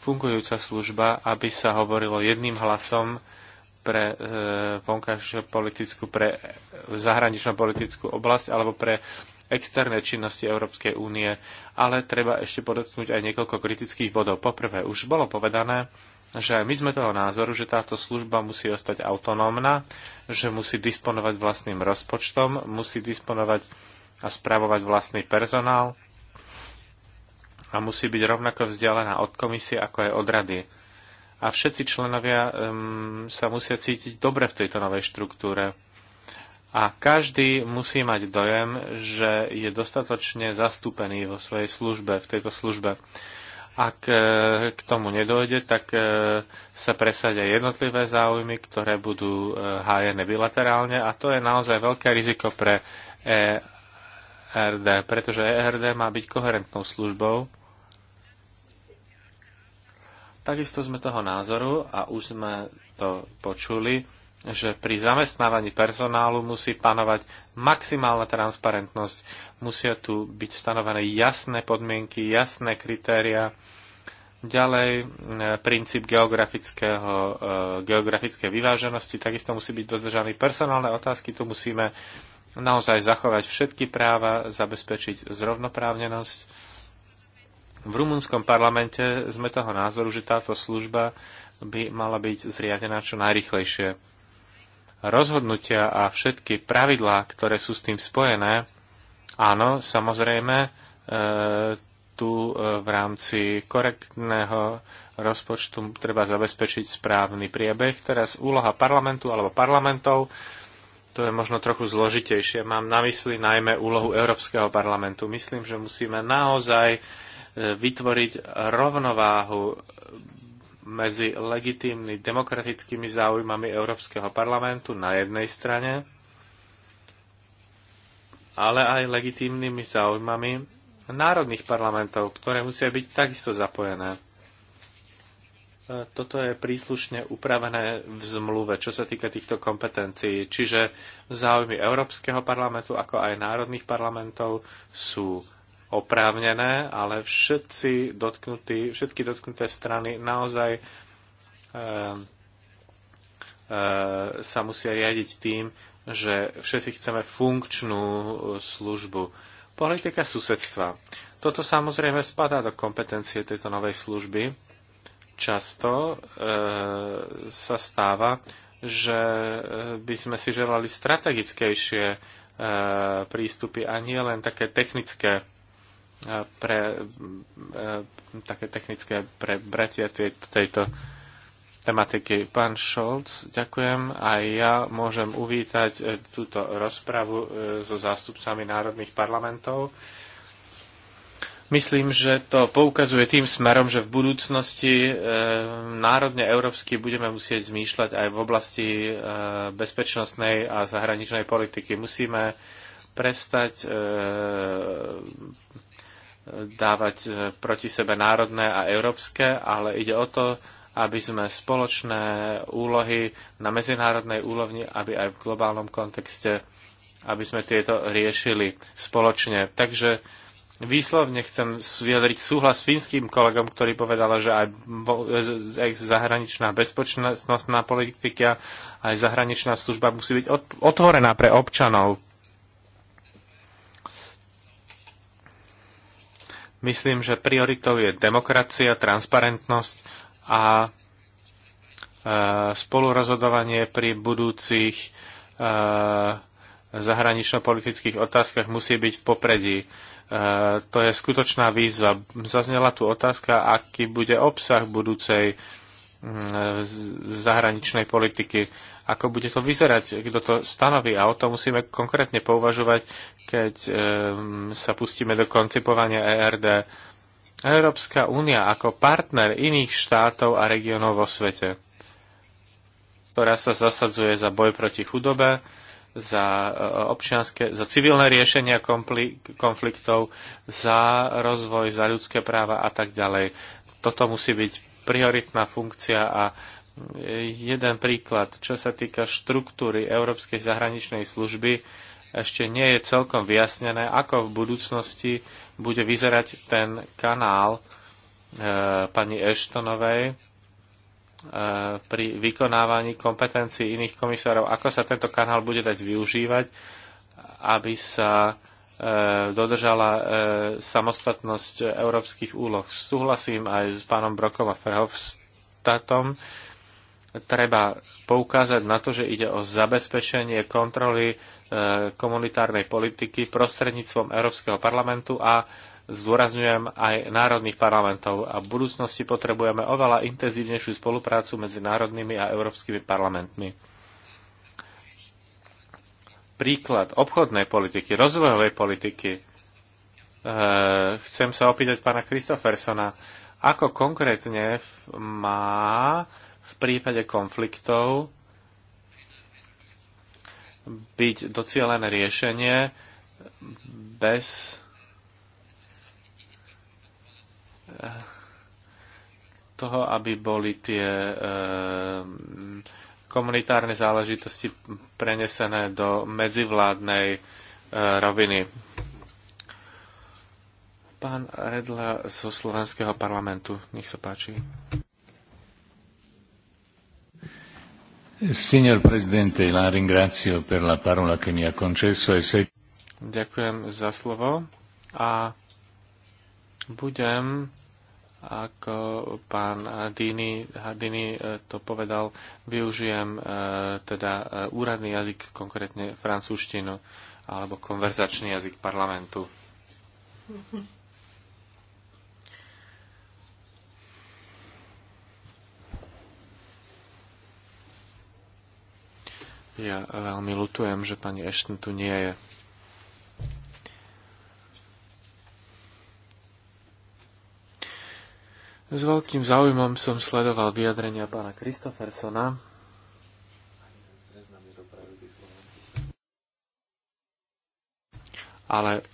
Speaker 3: fungujúca služba, aby sa hovorilo jedným hlasom pre e, vonkajšiu politickú, pre zahraničnú politickú oblasť alebo pre externé činnosti Európskej únie, ale treba ešte podotknúť aj niekoľko kritických bodov. Poprvé, už bolo povedané, že my sme toho názoru, že táto služba musí ostať autonómna, že musí disponovať vlastným rozpočtom, musí disponovať a spravovať vlastný personál a musí byť rovnako vzdialená od komisie ako aj od rady. A všetci členovia um, sa musia cítiť dobre v tejto novej štruktúre a každý musí mať dojem, že je dostatočne zastúpený vo svojej službe, v tejto službe. Ak e, k tomu nedojde, tak e, sa presadia jednotlivé záujmy, ktoré budú e, hájené bilaterálne a to je naozaj veľké riziko pre ERD, pretože ERD má byť koherentnou službou. Takisto sme toho názoru a už sme to počuli, že pri zamestnávaní personálu musí panovať maximálna transparentnosť. Musia tu byť stanovené jasné podmienky, jasné kritéria. Ďalej e, princíp geografického, e, geografickej vyváženosti takisto musí byť dodržaný. Personálne otázky tu musíme naozaj zachovať všetky práva, zabezpečiť zrovnoprávnenosť. V rumunskom parlamente sme toho názoru, že táto služba by mala byť zriadená čo najrychlejšie rozhodnutia a všetky pravidlá, ktoré sú s tým spojené, áno, samozrejme, e, tu e, v rámci korektného rozpočtu treba zabezpečiť správny priebeh. Teraz úloha parlamentu alebo parlamentov, to je možno trochu zložitejšie. Mám na mysli najmä úlohu Európskeho parlamentu. Myslím, že musíme naozaj e, vytvoriť rovnováhu medzi legitímny demokratickými záujmami Európskeho parlamentu na jednej strane, ale aj legitímnymi záujmami národných parlamentov, ktoré musia byť takisto zapojené. E, toto je príslušne upravené v zmluve, čo sa týka týchto kompetencií. Čiže záujmy Európskeho parlamentu, ako aj národných parlamentov sú oprávnené, ale všetci dotknutí, všetky dotknuté strany naozaj e, e, sa musia riadiť tým, že všetci chceme funkčnú eh, službu. Politika susedstva. Toto samozrejme spadá do kompetencie tejto novej služby. Často e, sa stáva, že by sme si želali strategickejšie e, prístupy a nie len také technické pre také technické pre bratia tejto tematiky. Pán Šolc, ďakujem. A ja môžem uvítať e, túto rozpravu e, so zástupcami národných parlamentov. Myslím, že to poukazuje tým smerom, že v budúcnosti e, národne európsky budeme musieť zmýšľať aj v oblasti e, bezpečnostnej a zahraničnej politiky. Musíme prestať e, dávať e, proti sebe národné a európske, ale ide o to, aby sme spoločné úlohy na medzinárodnej úrovni, aby aj v globálnom kontexte, aby sme tieto riešili spoločne. Takže výslovne chcem vyjadriť súhlas s fínským kolegom, ktorý povedal, že aj zahraničná bezpečnostná politika, aj zahraničná služba musí byť otvorená pre občanov, Myslím, že prioritou je demokracia, transparentnosť a e, spolurozhodovanie pri budúcich e, zahranično-politických otázkach musí byť v popredí. E, to je skutočná výzva. Zaznela tu otázka, aký bude obsah budúcej Mm, zahraničnej politiky. Ako bude to vyzerať, kto to stanoví a o tom musíme konkrétne pouvažovať, keď sa pustíme do koncipovania ERD. Európska únia ako partner iných štátov a regiónov vo svete, ktorá sa zasadzuje za boj proti chudobe, za e, občianske, za civilné riešenia konfliktov, za rozvoj, za ľudské práva a tak ďalej. Toto musí byť prioritná funkcia a jeden príklad, čo sa týka štruktúry Európskej zahraničnej služby, ešte nie je celkom vyjasnené, ako v budúcnosti bude vyzerať ten kanál e, pani Eštonovej e, pri vykonávaní kompetencií iných komisárov, ako sa tento kanál bude dať využívať, aby sa E, dodržala e, samostatnosť európskych úloh. Súhlasím aj s pánom Brokom a Ferhofstadtom. Treba poukázať na to, že ide o zabezpečenie kontroly e, komunitárnej politiky prostredníctvom Európskeho parlamentu a zdôrazňujem aj národných parlamentov a v budúcnosti potrebujeme oveľa intenzívnejšiu spoluprácu medzi národnými a európskymi parlamentmi príklad obchodnej politiky, rozvojovej politiky. E, chcem sa opýtať pána Kristofersona, ako konkrétne má v prípade konfliktov byť docielené riešenie bez e, toho, aby boli tie e, komunitárne záležitosti prenesené do medzivládnej e, roviny. Pán Redla zo Slovenského parlamentu, nech sa páči. Signor Presidente, la ringrazio per la parola che mi ha concesso e se... Ďakujem za slovo a budem ako pán Dini, Dini eh, to povedal, využijem eh, teda eh, úradný jazyk, konkrétne francúzštinu alebo konverzačný jazyk parlamentu. Ja veľmi lutujem, že pani Ashton tu nie je. S veľkým záujmom som sledoval vyjadrenia pána Kristofersona. Ale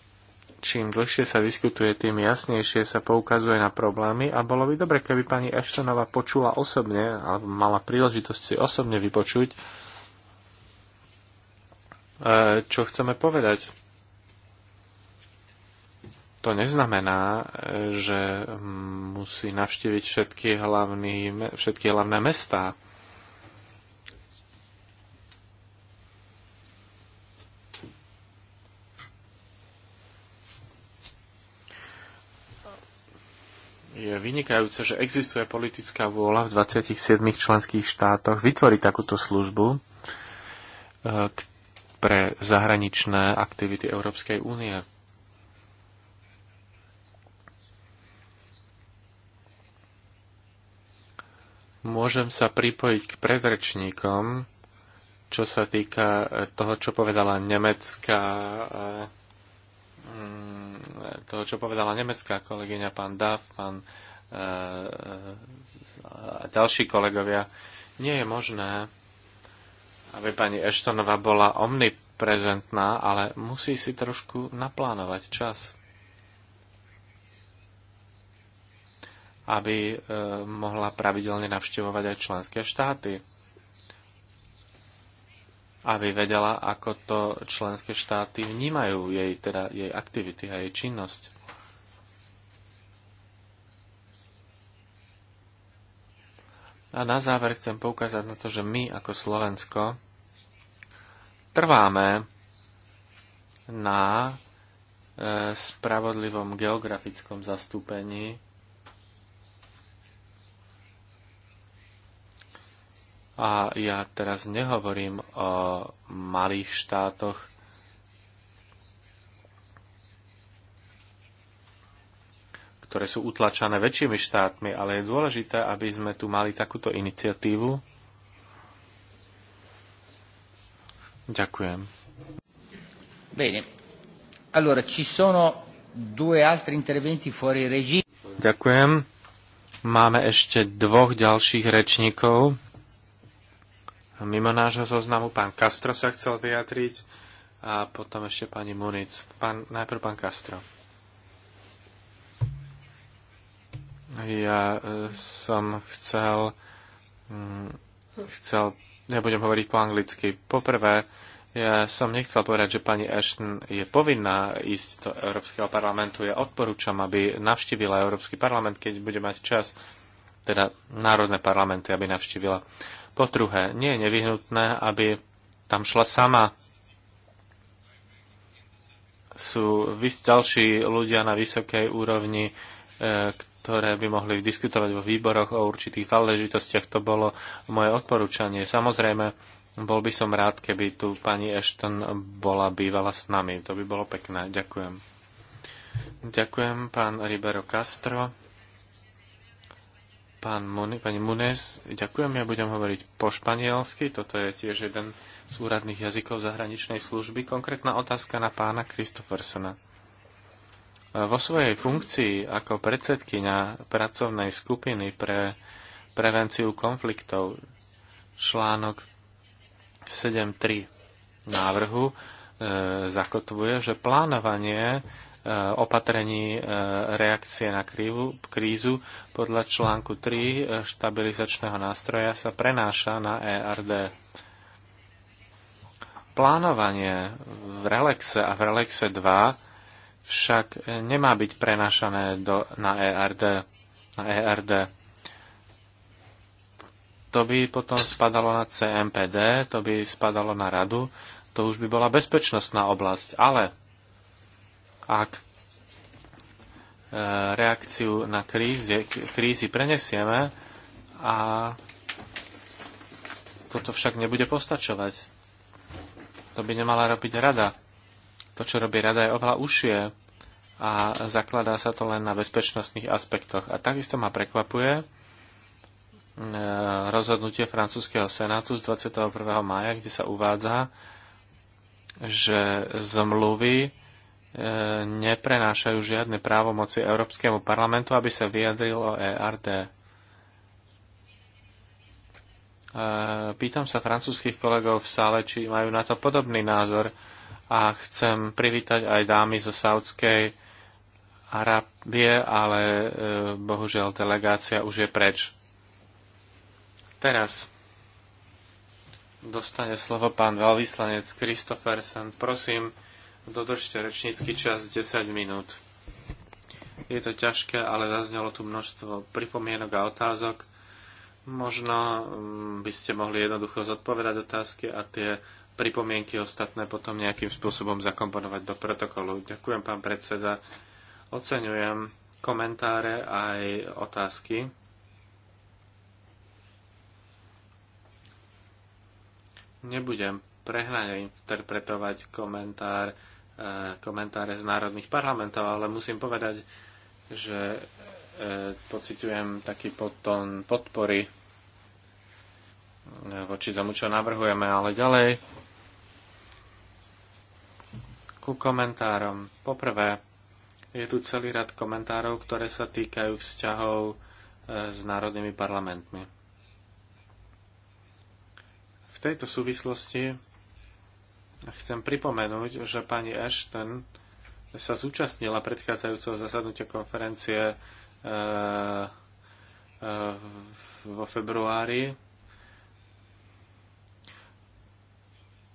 Speaker 3: čím dlhšie sa diskutuje, tým jasnejšie sa poukazuje na problémy a bolo by dobre, keby pani Ashtonová počula osobne, alebo mala príležitosť si osobne vypočuť, e, čo chceme povedať to neznamená, že musí navštíviť všetky, hlavný, všetky hlavné mestá. Je vynikajúce, že existuje politická vôľa v 27 členských štátoch vytvoriť takúto službu eh, pre zahraničné aktivity Európskej únie. Môžem sa pripojiť k predrečníkom, čo sa týka eh, toho, čo povedala nemecká eh, mm, toho, čo povedala nemecká kolegyňa, pán Duff, pán eh, a ďalší kolegovia, nie je možné, aby pani Eštonová bola omniprezentná, ale musí si trošku naplánovať čas. aby e, mohla pravidelne navštevovať aj členské štáty. Aby vedela, ako to členské štáty vnímajú jej, teda jej aktivity a jej činnosť. A na záver chcem poukázať na to, že my ako Slovensko trváme na e, spravodlivom geografickom zastúpení A ja teraz nehovorím o malých štátoch, ktoré sú utlačané väčšími štátmi, ale je dôležité, aby sme tu mali takúto iniciatívu. Ďakujem.
Speaker 1: Bene. Allora, ci sono due altri interventi fuori regi.
Speaker 3: Ďakujem. Máme ešte dvoch ďalších rečníkov mimo nášho zoznamu. Pán Castro sa chcel vyjadriť a potom ešte pani Munic. Pán, najprv pán Castro. Ja e, som chcel, mm, chcel, nebudem hovoriť po anglicky. Poprvé, ja som nechcel povedať, že pani Ashton je povinná ísť do Európskeho parlamentu. Ja odporúčam, aby navštívila Európsky parlament, keď bude mať čas, teda národné parlamenty, aby navštívila. Po druhé, nie je nevyhnutné, aby tam šla sama. Sú ďalší ľudia na vysokej úrovni, e, ktoré by mohli diskutovať vo výboroch o určitých záležitostiach. To bolo moje odporúčanie. Samozrejme, bol by som rád, keby tu pani Ashton bola bývala s nami. To by bolo pekné. Ďakujem. Ďakujem, pán Ribero Castro. Pán Mune, pani Munes, ďakujem, ja budem hovoriť po španielsky, toto je tiež jeden z úradných jazykov zahraničnej služby. Konkrétna otázka na pána Kristoffersena. Vo svojej funkcii ako predsedkynia pracovnej skupiny pre prevenciu konfliktov článok 7.3 návrhu e, zakotvuje, že plánovanie Eh, opatrení eh, reakcie na krízu podľa článku 3 eh, štabilizačného nástroja sa prenáša na ERD. Plánovanie v Relexe a v Relexe 2 však nemá byť prenášané do, na, ERD, na ERD. To by potom spadalo na CMPD, to by spadalo na radu, to už by bola bezpečnostná oblasť. Ale ak e, reakciu na krízy, krízy prenesieme a toto však nebude postačovať. To by nemala robiť rada. To, čo robí rada, je oveľa užšie a zakladá sa to len na bezpečnostných aspektoch. A takisto ma prekvapuje e, rozhodnutie francúzského senátu z 21. mája, kde sa uvádza, že zmluvy neprenášajú žiadne právomoci Európskemu parlamentu, aby sa vyjadril o ERD. E, pýtam sa francúzských kolegov v sále, či majú na to podobný názor a chcem privítať aj dámy zo Saudskej Arábie, ale e, bohužiaľ delegácia už je preč. Teraz dostane slovo pán veľvyslanec Christophersen. Prosím, Dodržte rečnícky čas 10 minút. Je to ťažké, ale zaznelo tu množstvo pripomienok a otázok. Možno mm, by ste mohli jednoducho zodpovedať otázky a tie pripomienky ostatné potom nejakým spôsobom zakomponovať do protokolu. Ďakujem, pán predseda. Oceňujem komentáre aj otázky. Nebudem prehnane interpretovať komentár E, komentáre z národných parlamentov, ale musím povedať, že e, pociťujem taký potom podpory e, voči tomu, čo navrhujeme, ale ďalej ku komentárom. Poprvé, je tu celý rad komentárov, ktoré sa týkajú vzťahov s národnými parlamentmi. V tejto súvislosti Chcem pripomenúť, že pani Ashton sa zúčastnila predchádzajúceho zasadnutia konferencie e, e, vo februári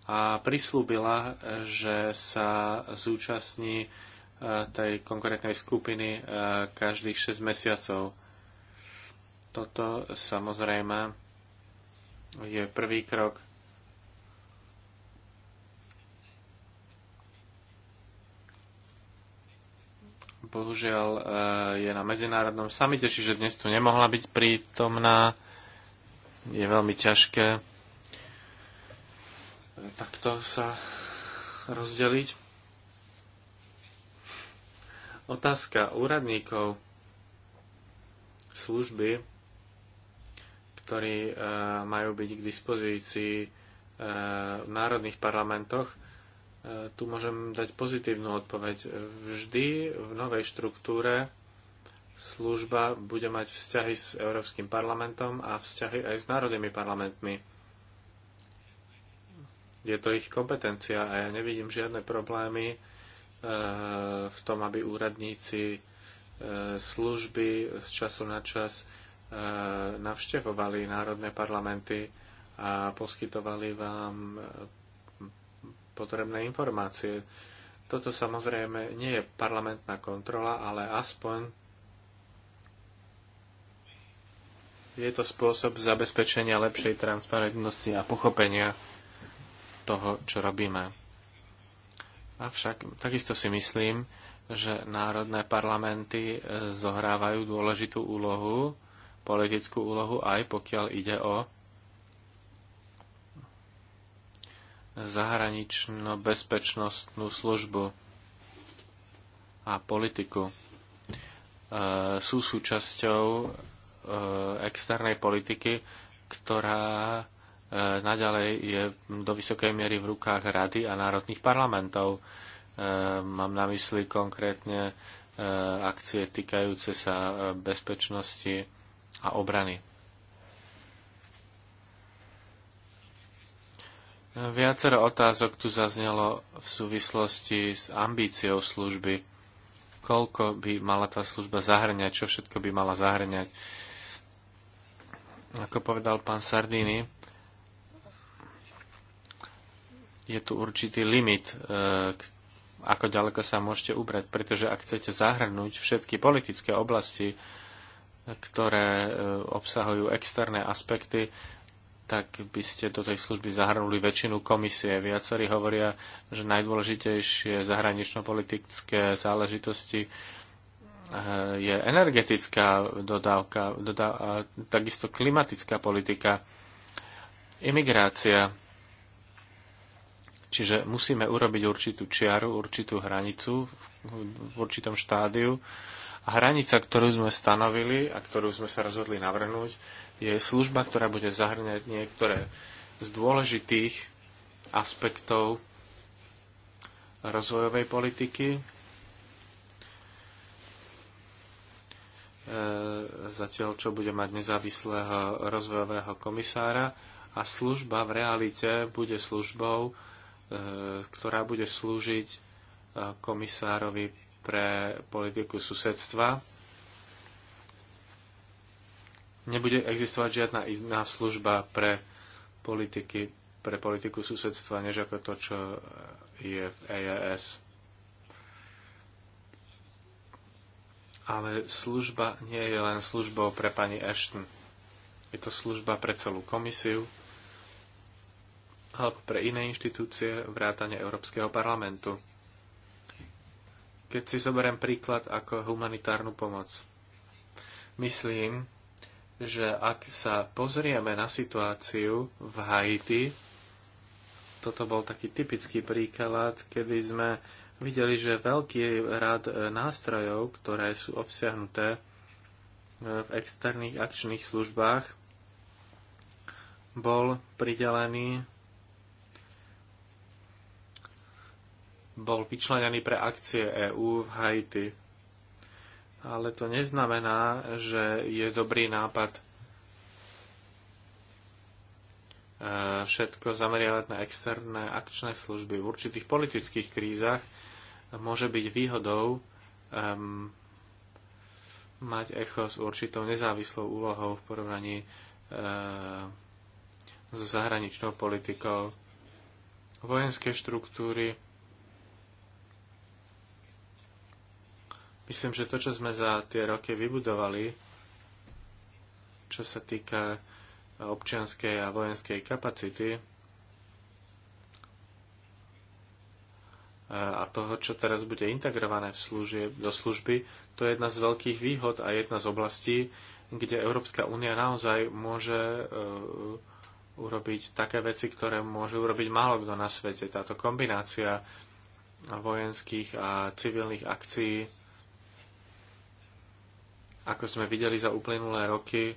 Speaker 3: a prislúbila, že sa zúčastní e, tej konkrétnej skupiny každých 6 mesiacov. Toto samozrejme je prvý krok bohužiaľ e, je na medzinárodnom samite, čiže dnes tu nemohla byť prítomná. Je veľmi ťažké e, takto sa rozdeliť. Otázka úradníkov služby, ktorí e, majú byť k dispozícii v národných parlamentoch, E, tu môžem dať pozitívnu odpoveď. Vždy v novej štruktúre služba bude mať vzťahy s Európskym parlamentom a vzťahy aj s národnými parlamentmi. Je to ich kompetencia a ja nevidím žiadne problémy e, v tom, aby úradníci e, služby z času na čas navštevovali národné parlamenty a poskytovali vám potrebné informácie. Toto samozrejme nie je parlamentná kontrola, ale aspoň je to spôsob zabezpečenia lepšej transparentnosti a pochopenia toho, čo robíme. Avšak takisto si myslím, že národné parlamenty e, zohrávajú dôležitú úlohu, politickú úlohu, aj pokiaľ ide o zahranično-bezpečnostnú službu a politiku e, sú súčasťou e, externej politiky, ktorá e, naďalej je do vysokej miery v rukách rady a národných parlamentov. Mám na mysli konkrétne akcie týkajúce sa bezpečnosti a obrany. Viacero otázok tu zaznelo v súvislosti s ambíciou služby. Koľko by mala tá služba zahrňať, čo všetko by mala zahrňať. Ako povedal pán Sardini, je tu určitý limit, e, ako ďaleko sa môžete ubrať, pretože ak chcete zahrnúť všetky politické oblasti, ktoré e, obsahujú externé aspekty, tak by ste do tej služby zahrnuli väčšinu komisie. Viacerí hovoria, že najdôležitejšie zahranično-politické záležitosti eh, je energetická dodávka, dodávka a takisto klimatická politika, imigrácia. Čiže musíme urobiť určitú čiaru, určitú hranicu v určitom štádiu. A hranica, ktorú sme stanovili a ktorú sme sa rozhodli navrhnúť, je služba, ktorá bude zahrňať niektoré z dôležitých aspektov rozvojovej politiky. E, zatiaľ, čo bude mať nezávislého rozvojového komisára. A služba v realite bude službou, e, ktorá bude slúžiť e, komisárovi pre politiku susedstva nebude existovať žiadna iná služba pre politiky, pre politiku susedstva, než ako to, čo e, je v EAS. Ale služba nie je len službou pre pani Ashton. Je to služba pre celú komisiu alebo pre iné inštitúcie vrátane Európskeho parlamentu. Keď si zoberiem príklad ako humanitárnu pomoc, myslím, že ak sa pozrieme na situáciu v Haiti, toto bol taký typický príklad, kedy sme videli, že veľký rád e, nástrojov, ktoré sú obsiahnuté e, v externých akčných službách, bol pridelený bol vyčlenený pre akcie EÚ v Haiti ale to neznamená, že je dobrý nápad e, všetko zameriavať na externé akčné služby. V určitých politických krízach môže byť výhodou um, mať echo s určitou nezávislou úlohou v porovnaní um, so zahraničnou politikou. Vojenské štruktúry Myslím, že to, čo sme za tie roky vybudovali, čo sa týka občianskej a vojenskej kapacity a toho, čo teraz bude integrované v služie, do služby, to je jedna z veľkých výhod a jedna z oblastí, kde Európska únia naozaj môže e, urobiť také veci, ktoré môže urobiť málo kto na svete. Táto kombinácia vojenských a civilných akcií ako sme videli za uplynulé roky, e,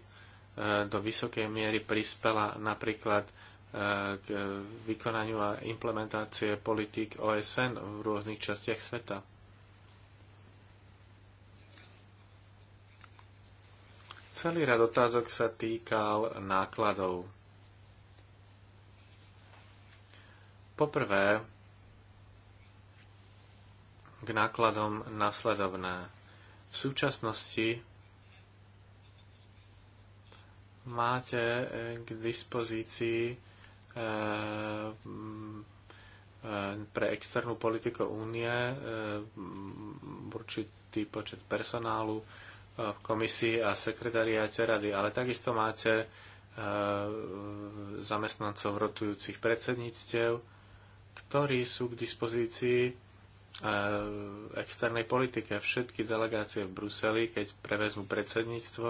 Speaker 3: do vysokej miery prispela napríklad e, k vykonaniu a implementácie politík OSN v rôznych častiach sveta. Celý rad otázok sa týkal nákladov. Poprvé, k nákladom nasledovné. V súčasnosti máte eh, k dispozícii eh, eh, pre externú politiku únie určitý počet personálu v komisii a sekretariáte rady, ale takisto máte zamestnancov rotujúcich predsedníctiev, ktorí sú k dispozícii externej politike. Všetky delegácie v Bruseli, keď prevezmú predsedníctvo,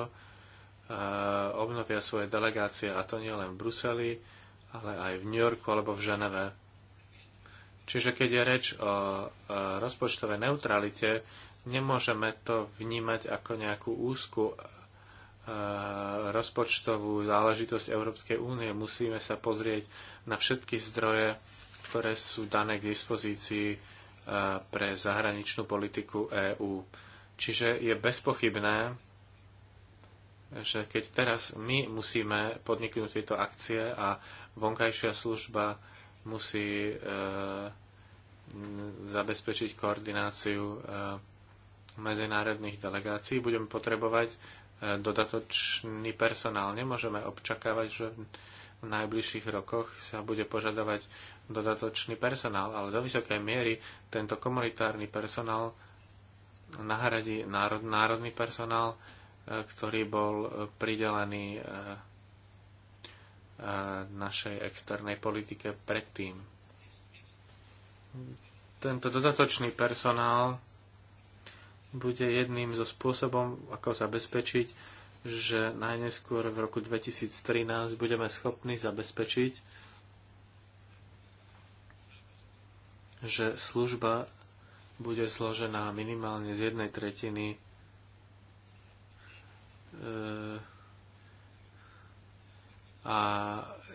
Speaker 3: obnovia svoje delegácie, a to nie len v Bruseli, ale aj v New Yorku alebo v Ženeve. Čiže keď je reč o rozpočtovej neutralite, nemôžeme to vnímať ako nejakú úzku rozpočtovú záležitosť Európskej únie. Musíme sa pozrieť na všetky zdroje, ktoré sú dané k dispozícii pre zahraničnú politiku EÚ. Čiže je bezpochybné, že keď teraz my musíme podniknúť tieto akcie a vonkajšia služba musí e, zabezpečiť koordináciu e, medzinárodných delegácií, budeme potrebovať e, dodatočný personál. Nemôžeme občakávať, že v najbližších rokoch sa bude požadovať dodatočný personál, ale do vysokej miery tento komunitárny personál nahradí národ, národný personál, e, ktorý bol eh, pridelený eh, eh, našej externej politike predtým. Tento dodatočný personál bude jedným zo spôsobom, ako zabezpečiť, že najneskôr v roku 2013 budeme schopní zabezpečiť, že služba bude zložená minimálne z jednej tretiny E, a e,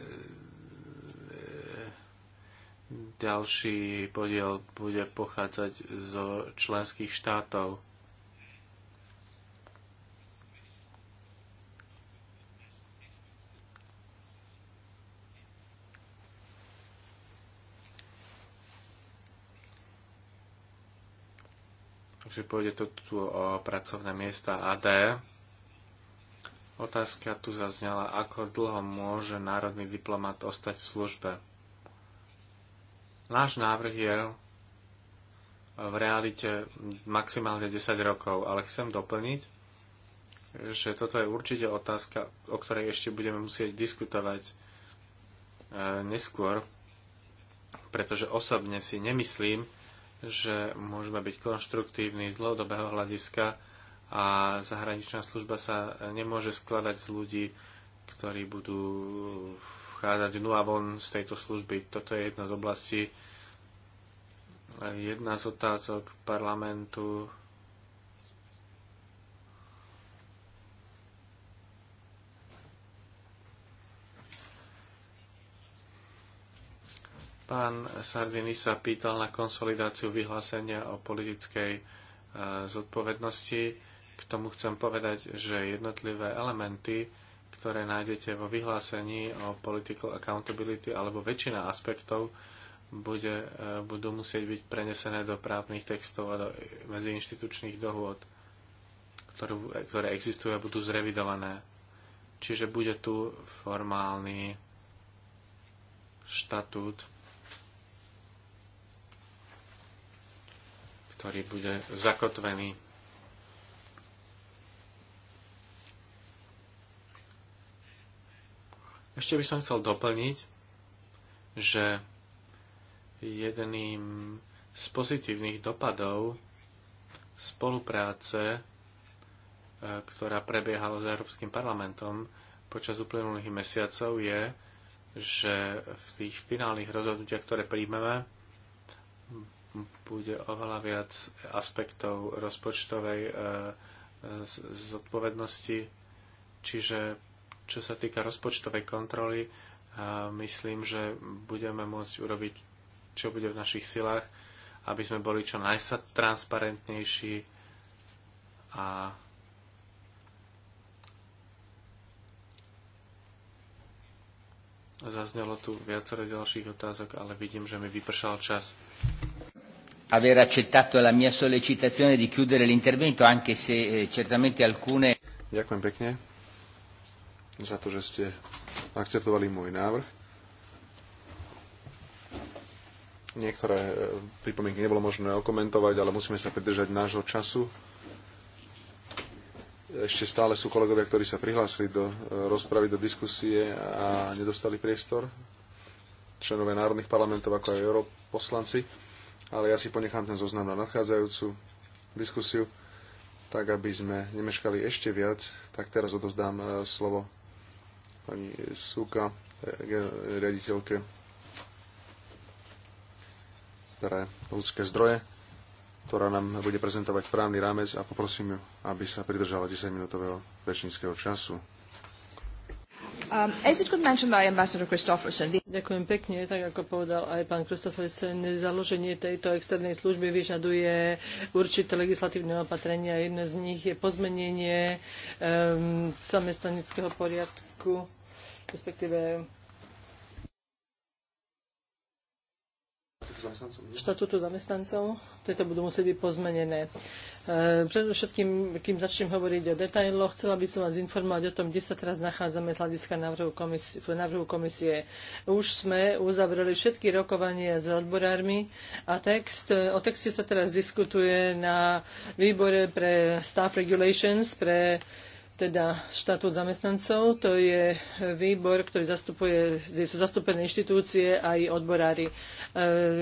Speaker 3: ďalší podiel bude pochádzať zo členských štátov. Takže pôjde to tu o pracovné miesta AD. Otázka tu zaznela, ako dlho môže národný diplomat ostať v službe. Náš návrh je v realite maximálne 10 rokov, ale chcem doplniť, že toto je určite otázka, o ktorej ešte budeme musieť diskutovať e, neskôr, pretože osobne si nemyslím, že môžeme byť konštruktívni z dlhodobého hľadiska a zahraničná služba sa nemôže skladať z ľudí, ktorí budú vchádzať dnu a von z tejto služby. Toto je jedna z oblastí, jedna z otázok parlamentu. Pán Sardini sa pýtal na konsolidáciu vyhlásenia o politickej eh, zodpovednosti k tomu chcem povedať, že jednotlivé elementy, ktoré nájdete vo vyhlásení o political accountability alebo väčšina aspektov, bude, e, budú musieť byť prenesené do právnych textov a do medziinštitučných dohôd, ktorú, ktoré existujú a budú zrevidované. Čiže bude tu formálny štatút ktorý bude zakotvený Ešte by som chcel doplniť, že jedným z pozitívnych dopadov spolupráce, e, ktorá prebiehala s Európskym parlamentom počas uplynulých mesiacov, je, že v tých finálnych rozhodnutiach, ktoré príjmeme, bude oveľa viac aspektov rozpočtovej e, e, zodpovednosti, čiže čo sa týka rozpočtovej kontroly, myslím, že budeme môcť urobiť, čo bude v našich silách, aby sme boli čo najtransparentnejší a Zaznelo tu viacero ďalších otázok, ale vidím, že mi
Speaker 1: vypršal čas. Aver accettato la mia sollecitazione di chiudere l'intervento, anche se eh, certamente alcune... Ďakujem pekne za to, že ste akceptovali môj návrh.
Speaker 2: Niektoré e, pripomienky nebolo možné okomentovať, ale musíme sa pridržať nášho času. Ešte stále sú kolegovia, ktorí sa prihlásili do e, rozpravy, do diskusie a nedostali priestor. Členové národných parlamentov, ako aj europoslanci. Ale ja si ponechám ten zoznam na nadchádzajúcu diskusiu tak aby sme nemeškali ešte viac, tak teraz odozdám e, slovo pani Suka, eh, riaditeľke pre ľudské zdroje, ktorá nám bude prezentovať právny rámec a poprosím ju, aby sa pridržala 10-minútového väčšinského času.
Speaker 4: Um, Ďakujem pekne, tak ako povedal aj pán Christopherson, založenie tejto externej služby vyžaduje určité legislatívne opatrenia. Jedno z nich je pozmenenie um, samestanického poriadku respektíve štatútu zamestnancov. Tieto budú musieť byť pozmenené. E, predovšetkým, kým začnem hovoriť o detailoch, chcela by som vás informovať o tom, kde sa teraz nachádzame z hľadiska návrhu komisie. Návrhu komisie. Už sme uzavreli všetky rokovania s odborármi a text, e, o texte sa teraz diskutuje na výbore pre staff regulations, pre teda štatút zamestnancov. To je výbor, ktorý zastupuje, kde sú zastúpené inštitúcie aj odborári. E,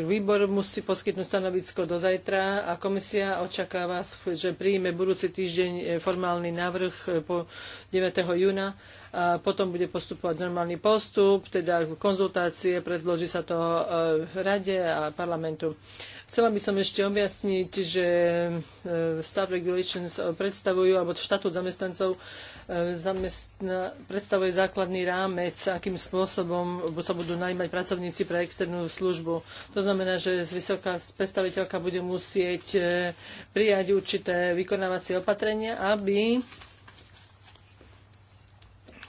Speaker 4: výbor musí poskytnúť stanovisko do zajtra a komisia očakáva, že príjme budúci týždeň e, formálny návrh e, po 9. júna a potom bude postupovať normálny postup, teda konzultácie, predloží sa to rade a parlamentu. Chcela by som ešte objasniť, že e, staff regulations predstavujú, alebo štatút zamestnancov e, zamestna, predstavuje základný rámec, akým spôsobom sa budú najímať pracovníci pre externú službu. To znamená, že vysoká predstaviteľka bude musieť e, prijať určité vykonávacie opatrenia, aby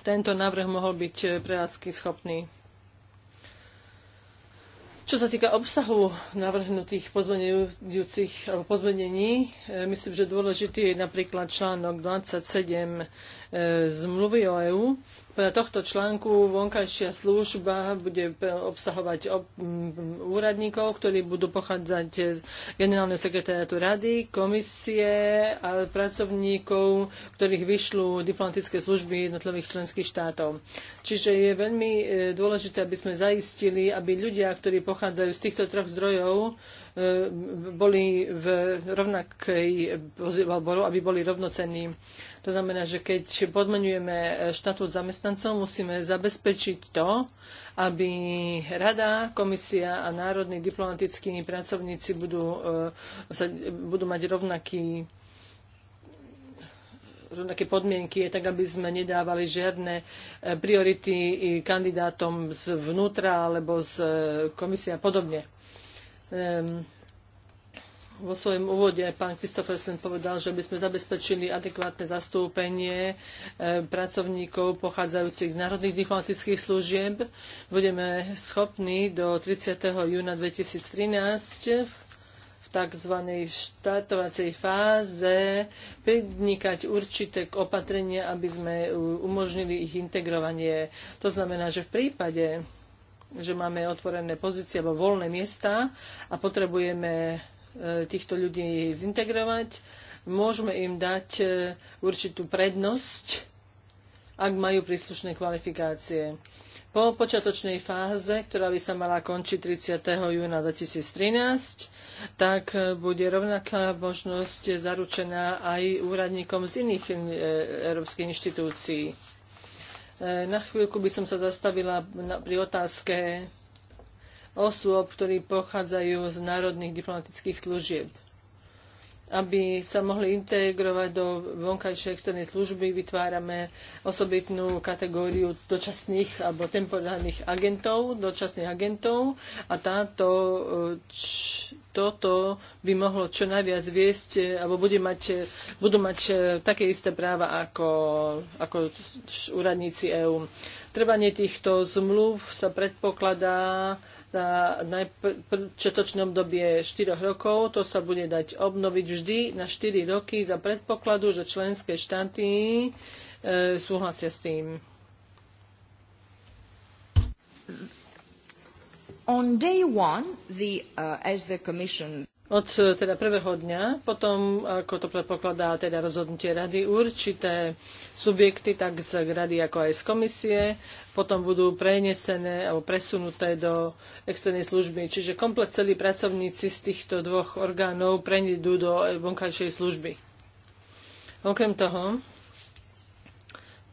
Speaker 4: tento návrh mohol byť prevádzky schopný. Čo sa týka obsahu navrhnutých pozmenujúcich alebo pozmenení, e, myslím, že dôležitý je napríklad článok 27 E, zmluvy o EÚ. Podľa tohto článku vonkajšia služba bude obsahovať úradníkov, ktorí budú pochádzať z generálneho sekretariatu rady, komisie a pracovníkov, ktorých vyšľú diplomatické služby jednotlivých členských štátov. Čiže je veľmi e, dôležité, aby sme zaistili, aby ľudia, ktorí pochádzajú z týchto troch zdrojov, e, boli v rovnakej, alebo aby boli rovnocenní. To znamená, že keď podmenujeme eh, štatút zamestnancov, musíme zabezpečiť to, aby rada, komisia a národní diplomatickí pracovníci budú, eh, budú mať rovnaký rovnaké podmienky, je tak aby sme nedávali žiadne eh, priority kandidátom zvnútra alebo z komisie a podobne. Um, vo svojom úvode pán Kristofersen povedal, že by sme zabezpečili adekvátne zastúpenie e, pracovníkov pochádzajúcich z národných diplomatických služieb. Budeme schopní do 30. júna 2013 v tzv. štartovacej fáze podnikať určité opatrenia, aby sme umožnili ich integrovanie. To znamená, že v prípade že máme otvorené pozície alebo voľné miesta a potrebujeme E, týchto ľudí zintegrovať. Môžeme im dať e, určitú prednosť, ak majú príslušné kvalifikácie. Po počiatočnej fáze, ktorá by sa mala končiť 30. júna 2013, tak e, bude rovnaká možnosť zaručená aj úradníkom z iných európskych inštitúcií. Na chvíľku by som sa zastavila pri otázke osôb, ktorí pochádzajú z národných diplomatických služieb aby sa mohli integrovať do vonkajšej externej služby, vytvárame osobitnú kategóriu dočasných alebo temporárnych agentov, dočasných agentov a táto, č, toto by mohlo čo najviac viesť, e, alebo bude mať, e, budú mať e, také isté práva ako, ako úradníci EÚ. Trvanie týchto zmluv sa predpokladá na najpočiatočnom dobie 4 rokov. To sa bude dať obnoviť vždy na 4 roky za predpokladu, že členské štáty e, súhlasia s tým. On day one, the, uh, as the commission od e, teda prvého dňa, potom, ako to predpokladá teda rozhodnutie rady, určité subjekty, tak z rady ako aj z komisie, potom budú prenesené alebo presunuté do externej služby. Čiže komplet celí pracovníci z týchto dvoch orgánov prejdú do vonkajšej služby. Okrem toho,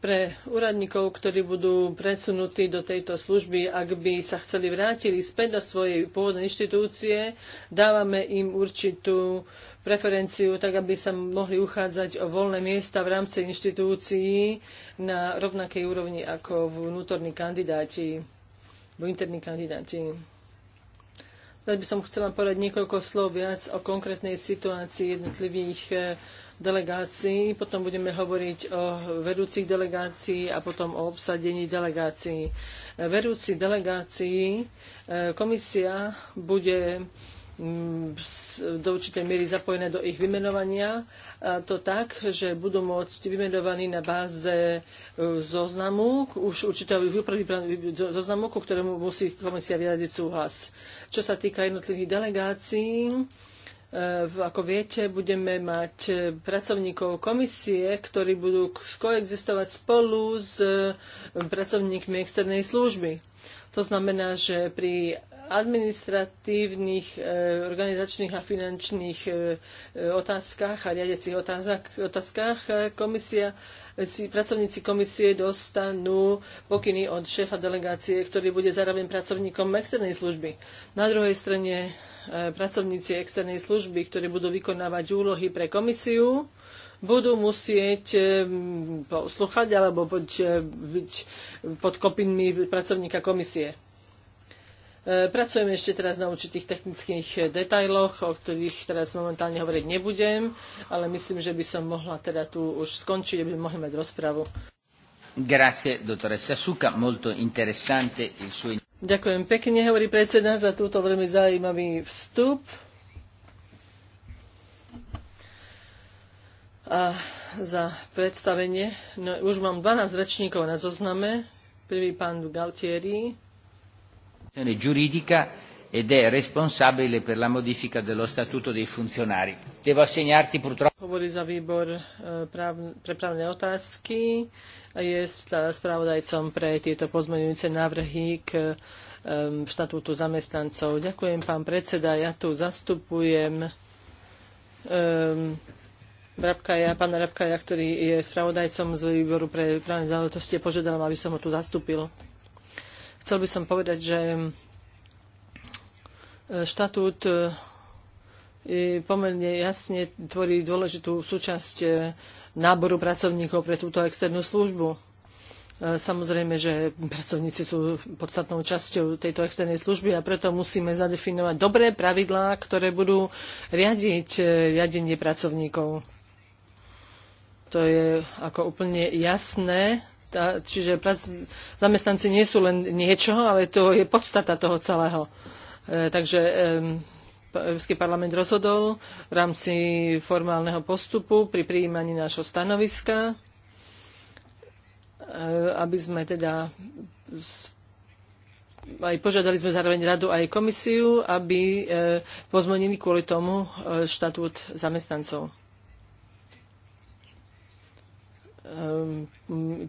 Speaker 4: pre úradníkov, ktorí budú presunutí do tejto služby, ak by sa chceli vrátili späť do svojej pôvodnej inštitúcie, dávame im určitú preferenciu, tak aby sa mohli uchádzať o voľné miesta v rámci inštitúcií na rovnakej úrovni ako vnútorní kandidáti, alebo interní kandidáti. Teraz by som chcela povedať niekoľko slov viac o konkrétnej situácii jednotlivých eh, delegácií, potom budeme hovoriť o vedúcich delegácií a potom o obsadení delegácií. Vedúci delegácií eh, komisia bude mm, do určitej miery zapojené do ich vymenovania. A to tak, že budú môcť vymenovaní na báze eh, zoznamu, už určitého zoznamu, ku ktorému musí komisia vyjadriť súhlas. Čo sa týka jednotlivých delegácií, E, ako viete, budeme mať e, pracovníkov komisie, ktorí budú koexistovať spolu s e, pracovníkmi externej služby. To znamená, že pri administratívnych, organizačných a finančných otázkach a riadiacich otázkach komisia si pracovníci komisie dostanú pokyny od šéfa delegácie, ktorý bude zároveň pracovníkom externej služby. Na druhej strane E, pracovníci externej služby, ktorí budú vykonávať úlohy pre komisiu, budú musieť e, poslúchať alebo byť, e, byť pod kopinmi pracovníka komisie. Pracujeme ešte teraz na určitých technických detailoch, o ktorých teraz momentálne hovoriť nebudem, ale myslím, že by som mohla teda tu už skončiť, aby mohli mať rozpravu.
Speaker 1: Grazie, dottoressa Suka, molto interessante il suo...
Speaker 4: Ďakujem pekne, hovorí predseda, za túto veľmi zaujímavý vstup. A za predstavenie. No, už mám 12 rečníkov na zozname. Prvý pán Galtieri.
Speaker 1: Giuridica ed è responsabile per la modifica dello statuto dei funzionari. Devo assegnarti purtroppo...
Speaker 4: Hovorí za výbor eh, práv, pre právne otázky je spravodajcom pre tieto pozmeňujúce návrhy k štatútu zamestnancov. Ďakujem, pán predseda. Ja tu zastupujem Rabkaja, pána Rabkaja, ktorý je spravodajcom z výboru pre právne záležitosti. Požiadam, aby som ho tu zastúpil. Chcel by som povedať, že štatút e, pomerne jasne tvorí dôležitú súčasť náboru pracovníkov pre túto externú službu. E, samozrejme, že pracovníci sú podstatnou časťou tejto externej služby a preto musíme zadefinovať dobré pravidlá, ktoré budú riadiť e, riadenie pracovníkov. To je ako úplne jasné, čiže zamestnanci nie sú len niečo, ale to je podstata toho celého. E, takže Európsky parlament rozhodol v rámci formálneho postupu pri prijímaní nášho stanoviska, e, aby sme teda aj požiadali sme zároveň radu aj komisiu, aby e, pozmenili kvôli tomu e, štatút zamestnancov. Ehm,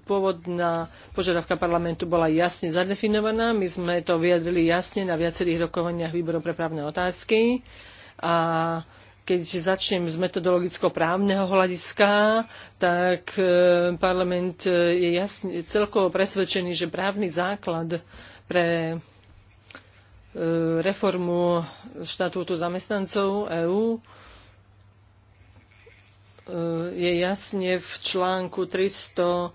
Speaker 4: pôvodná požiadavka parlamentu bola jasne zadefinovaná. My sme to vyjadrili jasne na viacerých rokovaniach výboru pre právne otázky. A keď začnem z metodologicko-právneho hľadiska, tak e, parlament e, je jasne, celkovo presvedčený, že právny základ pre e, reformu štatútu zamestnancov EÚ E, je jasne v článku 300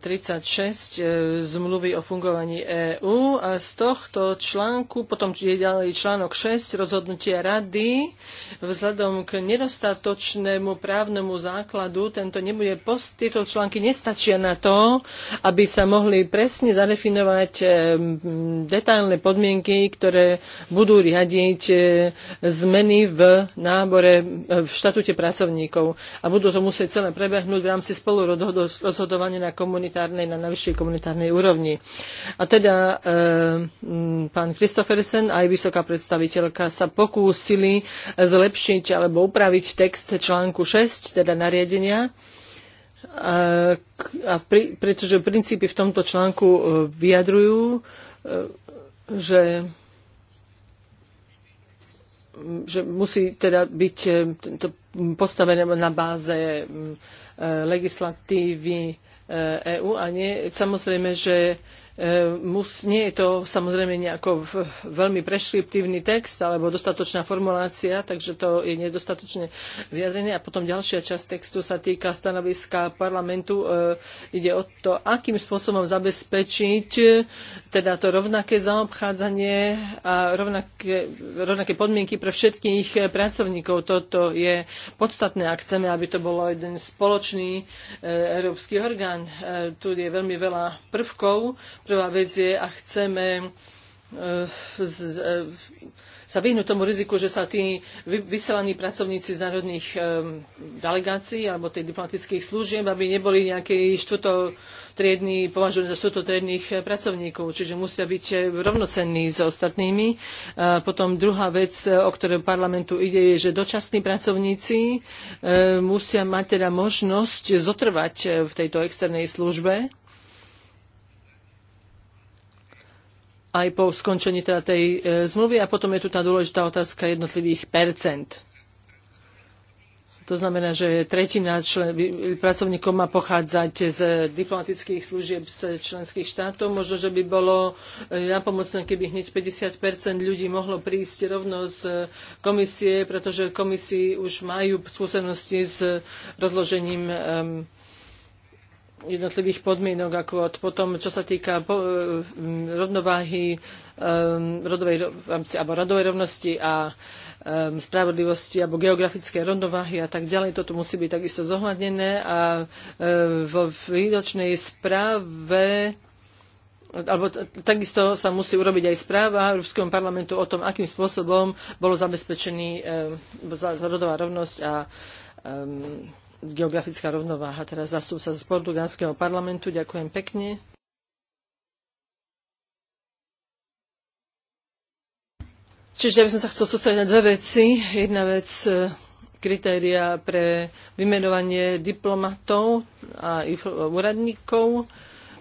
Speaker 4: 36 e, zmluvy o fungovaní EÚ a z tohto článku potom je ďalej článok 6 rozhodnutia rady. Vzhľadom k nedostatočnému právnemu základu tento nebude post, tieto články nestačia na to, aby sa mohli presne zadefinovať e, detailné podmienky, ktoré budú riadiť e, zmeny v nábore v štatúte pracovníkov a budú to musieť celé prebehnúť v rámci spolurozhodovania na komunitárnej na najvyššej komunitárnej úrovni. A teda e, pán Kristofersen aj vysoká predstaviteľka sa pokúsili zlepšiť alebo upraviť text článku 6, teda nariadenia, a, a pri, pretože princípy v tomto článku eh, vyjadrujú, eh, že že musí teda byť to postavené na báze legislatívy EÚ e a nie, samozrejme, že E, mus, nie je to samozrejme nejako veľmi preškriptívny text alebo dostatočná formulácia, takže to je nedostatočne vyjadrené. A potom ďalšia časť textu sa týka stanoviska parlamentu. E, ide o to, akým spôsobom zabezpečiť e, teda to rovnaké zaobchádzanie a rovnaké, rovnaké podmienky pre všetkých pracovníkov. Toto je podstatné, ak chceme, aby to bolo jeden spoločný európsky orgán. Tu je veľmi veľa prvkov, Prvá vec je, a chceme eh, eh, sa vyhnúť tomu riziku, že sa tí vyselaní pracovníci z národných eh, delegácií alebo tých diplomatických služieb, aby neboli nejakí štvrtotriední, považovaní za štvrtotriedných pracovníkov, čiže musia byť rovnocenní s ostatnými. potom druhá vec, o ktorú parlamentu ide, je, že dočasní pracovníci musia mať teda možnosť zotrvať v tejto externej službe aj po skončení teda tej e, zmluvy a potom je tu tá dôležitá otázka jednotlivých percent. To znamená, že tretina člen, pracovníkov má pochádzať z diplomatických služieb z členských štátov. Možno, že by bolo e, napomocné, keby hneď 50 ľudí mohlo prísť rovno z e, komisie, pretože komisii už majú skúsenosti s rozložením um, jednotlivých podmienok, ako od potom, čo sa týka po, eh, rovnováhy um, rodovej, alebo rodovej rovnosti a um, spravodlivosti alebo geografické rovnováhy a tak ďalej. Toto musí byť takisto zohľadnené a um, vo výročnej správe alebo takisto sa musí urobiť aj správa Európskeho parlamentu o tom, akým spôsobom bolo zabezpečený um, rodová rovnosť a um, geografická rovnováha. Teraz zastupca z portugalského parlamentu. Ďakujem pekne. Čiže ja by som sa chcel sústrediť na dve veci. Jedna vec, e, kritéria pre vymenovanie diplomatov a úradníkov.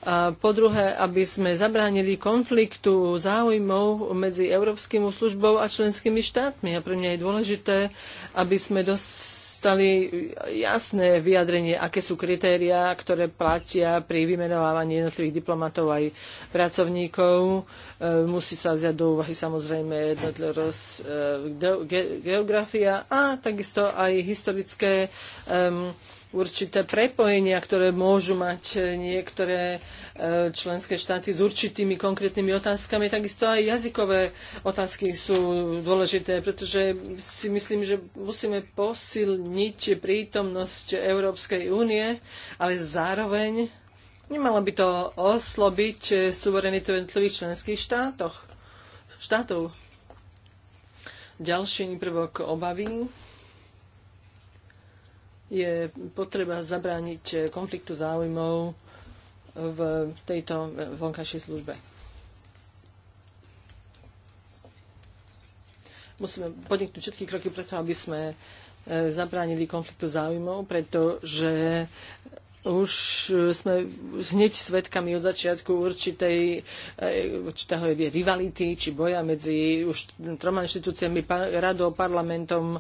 Speaker 4: A po druhé, aby sme zabránili konfliktu záujmov medzi Európskym službou a členskými štátmi. A pre mňa je dôležité, aby sme dos- dostali jasné vyjadrenie, aké sú kritériá, ktoré platia pri vymenovávaní jednotlivých diplomatov aj pracovníkov. E, musí sa vziať do úvahy samozrejme jednotlivá roz, e, geografia a takisto aj historické um, určité prepojenia, ktoré môžu mať e, niektoré e, členské štáty s určitými konkrétnymi otázkami. Takisto aj jazykové otázky sú dôležité, pretože si myslím, že musíme posilniť prítomnosť Európskej únie, ale zároveň nemalo by to oslobiť e, suverenitu jednotlivých členských štátoch, štátov. Ďalší prvok obavy je potreba zabrániť eh, konfliktu záujmov v tejto eh, vonkajšej službe. Musíme podniknúť všetky kroky preto, aby sme eh, zabránili konfliktu záujmov, pretože už e, sme hneď svetkami od začiatku určitej, e, určitého rivality či boja medzi už troma inštitúciami, radou, parlamentom, e,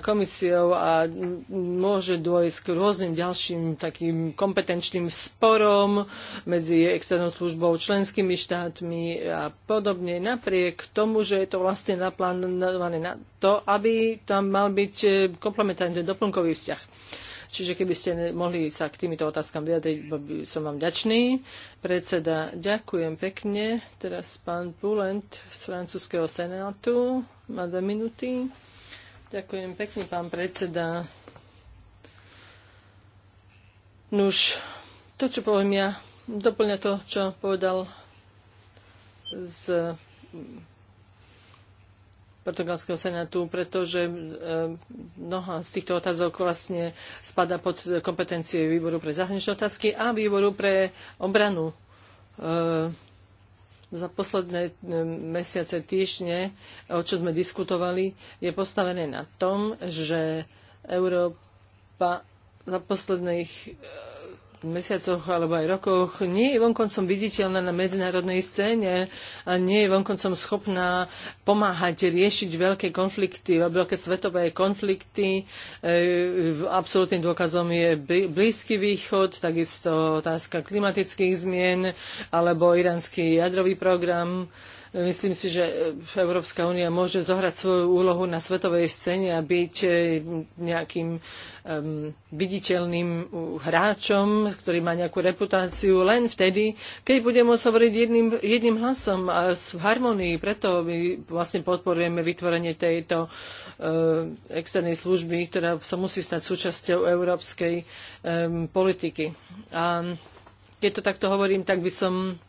Speaker 4: komisiou a môže dôjsť k rôznym ďalším takým kompetenčným sporom medzi externou službou, členskými štátmi a podobne. Napriek tomu, že je to vlastne naplánované na to, aby tam mal byť komplementárny doplnkový vzťah. Čiže keby ste mohli sa k týmto otázkam vyjadriť, som vám ďačný. Predseda, ďakujem pekne. Teraz pán Bulent z francúzského senátu má dve minúty. Ďakujem pekne, pán predseda. Nuž, to, čo poviem ja, doplňa to, čo povedal z portugalského senátu, pretože e, mnoha z týchto otázok vlastne spada pod kompetencie výboru pre zahraničné otázky a výboru pre obranu. E, za posledné e, mesiace, týždne, o čo sme diskutovali, je postavené na tom, že Európa za posledných mesiacoch alebo aj rokoch nie je vonkoncom viditeľná na medzinárodnej scéne a nie je vonkoncom schopná pomáhať riešiť veľké konflikty, veľké svetové konflikty. E, Absolutným dôkazom je Blízky východ, takisto otázka klimatických zmien alebo iránsky jadrový program Myslím si, že e, Európska únia môže zohrať svoju úlohu na svetovej scéne a byť e, nejakým viditeľným hráčom, ktorý má nejakú reputáciu len vtedy, keď bude môcť hovoriť jedným, jedným hlasom a v harmonii. Preto my vlastne podporujeme vytvorenie tejto e, externej služby, ktorá sa musí stať súčasťou európskej um, politiky. A keď to takto hovorím, tak by som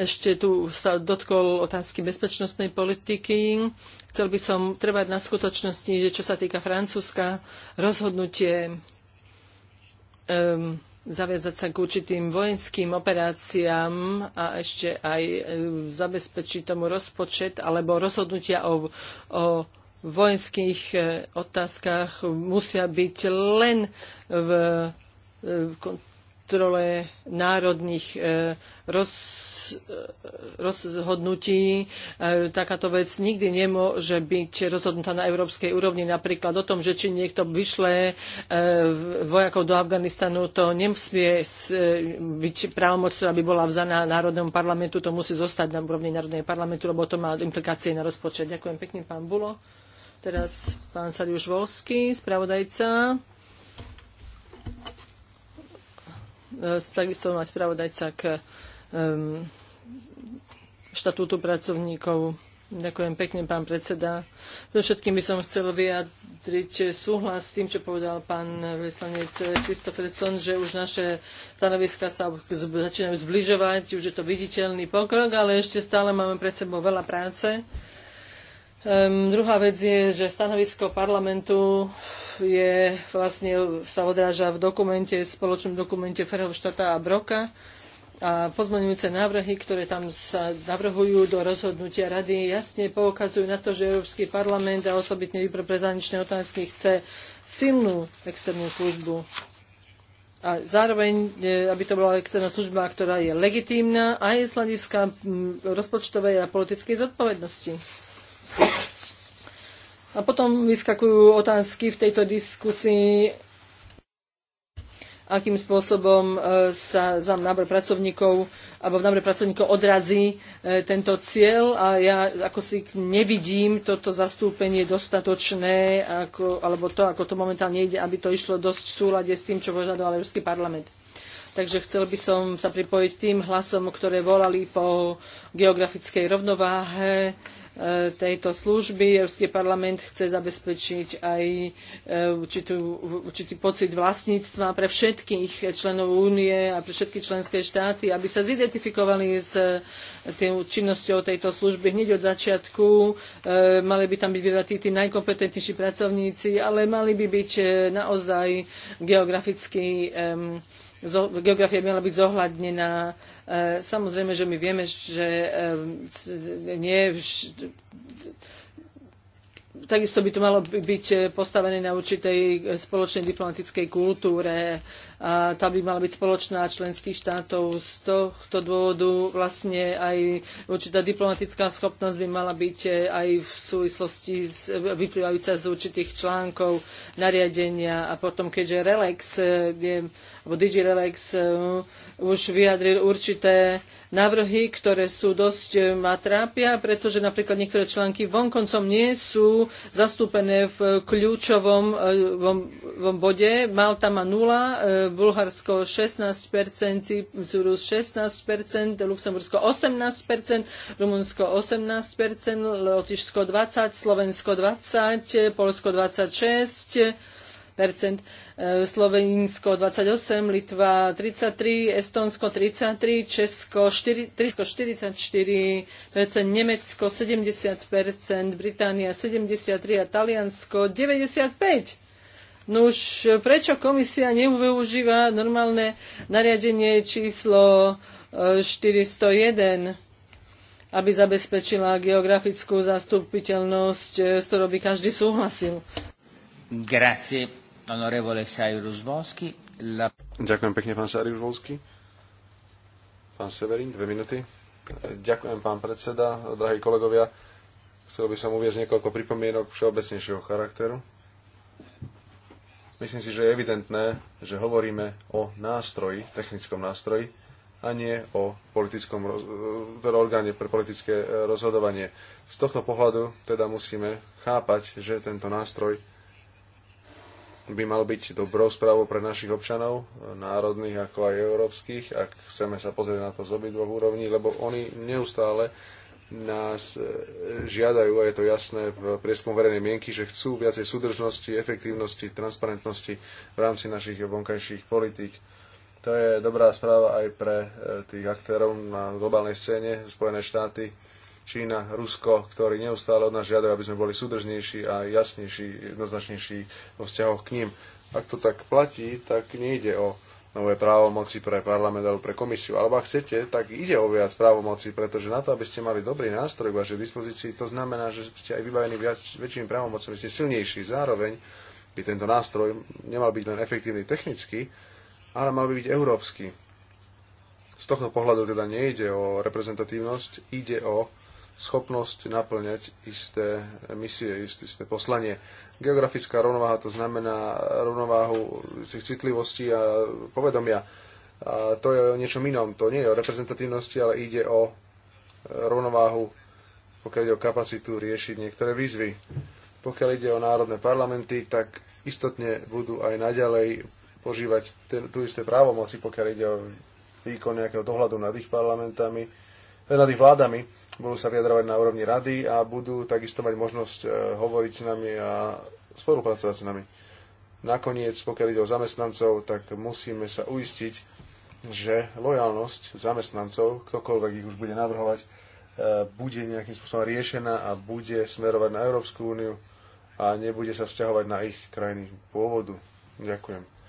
Speaker 4: ešte tu sa dotkol otázky bezpečnostnej politiky. Chcel by som trvať na skutočnosti, že čo sa týka Francúzska, rozhodnutie um, zaviazať sa k určitým vojenským operáciám a ešte aj zabezpečiť tomu rozpočet alebo rozhodnutia o, o vojenských eh, otázkach musia byť len v, eh, v kontrole národných e, roz, e, rozhodnutí. E, takáto vec nikdy nemôže byť rozhodnutá na európskej úrovni. Napríklad o tom, že či niekto vyšle vojakov do Afganistanu, to nemusí byť právomoc, ktorá by bola vzaná Národnom parlamentu. To musí zostať na úrovni Národného parlamentu, lebo to má implikácie na rozpočet. Ďakujem pekne, pán Bulo. Teraz pán Sariuš Volský, spravodajca. E, takisto aj spravodajca k um, štatútu pracovníkov. Ďakujem pekne, pán predseda. Pre všetkým by som chcel vyjadriť súhlas s tým, čo povedal pán vyslanec Kristofferson, že už naše stanoviska sa začínajú zbližovať, už je to viditeľný pokrok, ale ešte stále máme pred sebou veľa práce. Um, druhá vec je, že stanovisko parlamentu je vlastne sa odráža v dokumente, spoločnom dokumente Ferhovštata a Broka a pozmenujúce návrhy, ktoré tam sa navrhujú do rozhodnutia rady, jasne poukazujú na to, že Európsky parlament a osobitne výbor pre zahraničné otázky chce silnú externú službu. A zároveň, e, aby to bola externá služba, ktorá je legitímna aj z hľadiska mm, rozpočtovej a politickej zodpovednosti. A potom vyskakujú otázky v tejto diskusii, akým spôsobom e, sa za nábor pracovníkov alebo v nábor pracovníkov odrazí e, tento cieľ a ja ako si nevidím toto zastúpenie dostatočné ako, alebo to, ako to momentálne ide, aby to išlo dosť v súlade s tým, čo požadoval Európsky parlament. Takže chcel by som sa pripojiť tým hlasom, ktoré volali po geografickej rovnováhe, tejto služby. Európsky parlament chce zabezpečiť aj e, určitú, určitý pocit vlastníctva pre všetkých členov únie a pre všetky členské štáty, aby sa zidentifikovali s e, tým činnosťou tejto služby hneď od začiatku. E, mali by tam byť vydatí tí najkompetentnejší pracovníci, ale mali by byť naozaj geograficky um, geografia mala byť zohľadnená. E, samozrejme, že my vieme, že e, nie takisto by to malo byť postavené na určitej spoločnej diplomatickej kultúre a tá by mala byť spoločná členských štátov. Z tohto dôvodu vlastne aj určitá diplomatická schopnosť by mala byť eh, aj v súvislosti s, vyplývajúca z určitých článkov nariadenia a potom keďže Relax eh, je alebo DigiRelex eh, už vyjadril určité návrhy, ktoré sú dosť ma trápia, pretože napríklad niektoré články vonkoncom nie sú zastúpené v kľúčovom v, v bode. Malta má nula, Bulharsko 16%, Cyprus 16%, Luxembursko 18%, Rumunsko 18%, Lotyšsko 20%, Slovensko 20%, Polsko 26%, eh, Slovensko 28, Litva 33, Estonsko 33, Česko 4, 344 Nemecko 70 Británia 73 a Taliansko 95 No už eh, prečo komisia neuveužíva normálne nariadenie číslo 401, eh, aby zabezpečila geografickú zastupiteľnosť, eh, s ktorou by každý súhlasil?
Speaker 1: Grazie, Volsky. La... Ďakujem pekne, pán Cyrus Volsky. Pán Severin,
Speaker 2: dve minuty. Ďakujem, pán predseda, drahí kolegovia. Chcel by som uviezť niekoľko pripomienok všeobecnejšieho charakteru Myslím si, že je evidentné, že hovoríme o nástroji, technickom nástroji, a nie o politickom teda orgáne pre politické e, rozhodovanie. Z tohto pohľadu teda musíme chápať, že tento nástroj by mal byť dobrou správou pre našich občanov, národných ako aj európskych, ak chceme sa pozrieť na to z obidvoch úrovní, lebo oni neustále nás e, žiadajú, a je to jasné v prieskom verejnej mienky, že chcú viacej súdržnosti, efektívnosti, transparentnosti v rámci našich vonkajších politík. To je dobrá správa aj pre e, tých aktérov na globálnej scéne, Spojené štáty, Čína, Rusko, ktorí neustále od nás žiadajú, aby sme boli súdržnejší a jasnejší, jednoznačnejší vo vzťahoch k ním. Ak to tak platí, tak nejde o nové právomoci pre parlament alebo pre komisiu. Alebo ak chcete, tak ide o viac právomoci, pretože na to, aby ste mali dobrý nástroj k vašej dispozícii, to znamená, že ste aj vybavení viac, väčšími právomocami, ste silnejší. Zároveň by tento nástroj nemal byť len efektívny technicky, ale mal by byť európsky. Z tohto pohľadu teda nejde o reprezentatívnosť, ide o schopnosť naplňať isté misie, isté, isté poslanie. Geografická rovnováha to znamená rovnováhu tých citlivostí a povedomia. A to je o niečom inom. To nie je o reprezentatívnosti, ale ide o rovnováhu, pokiaľ ide o kapacitu riešiť niektoré výzvy. Pokiaľ ide o národné parlamenty, tak istotne budú aj naďalej požívať ten, tú isté právomoci, pokiaľ ide o výkon nejakého dohľadu nad ich parlamentami, nad ich vládami budú sa vyjadrovať na úrovni rady a budú takisto mať možnosť e, hovoriť s nami a spolupracovať s nami. Nakoniec, pokiaľ ide o zamestnancov, tak musíme sa uistiť, že lojalnosť zamestnancov, ktokoľvek ich už bude navrhovať, e, bude nejakým spôsobom riešená a bude smerovať na Európsku úniu a nebude sa vzťahovať na ich krajiny pôvodu. Ďakujem.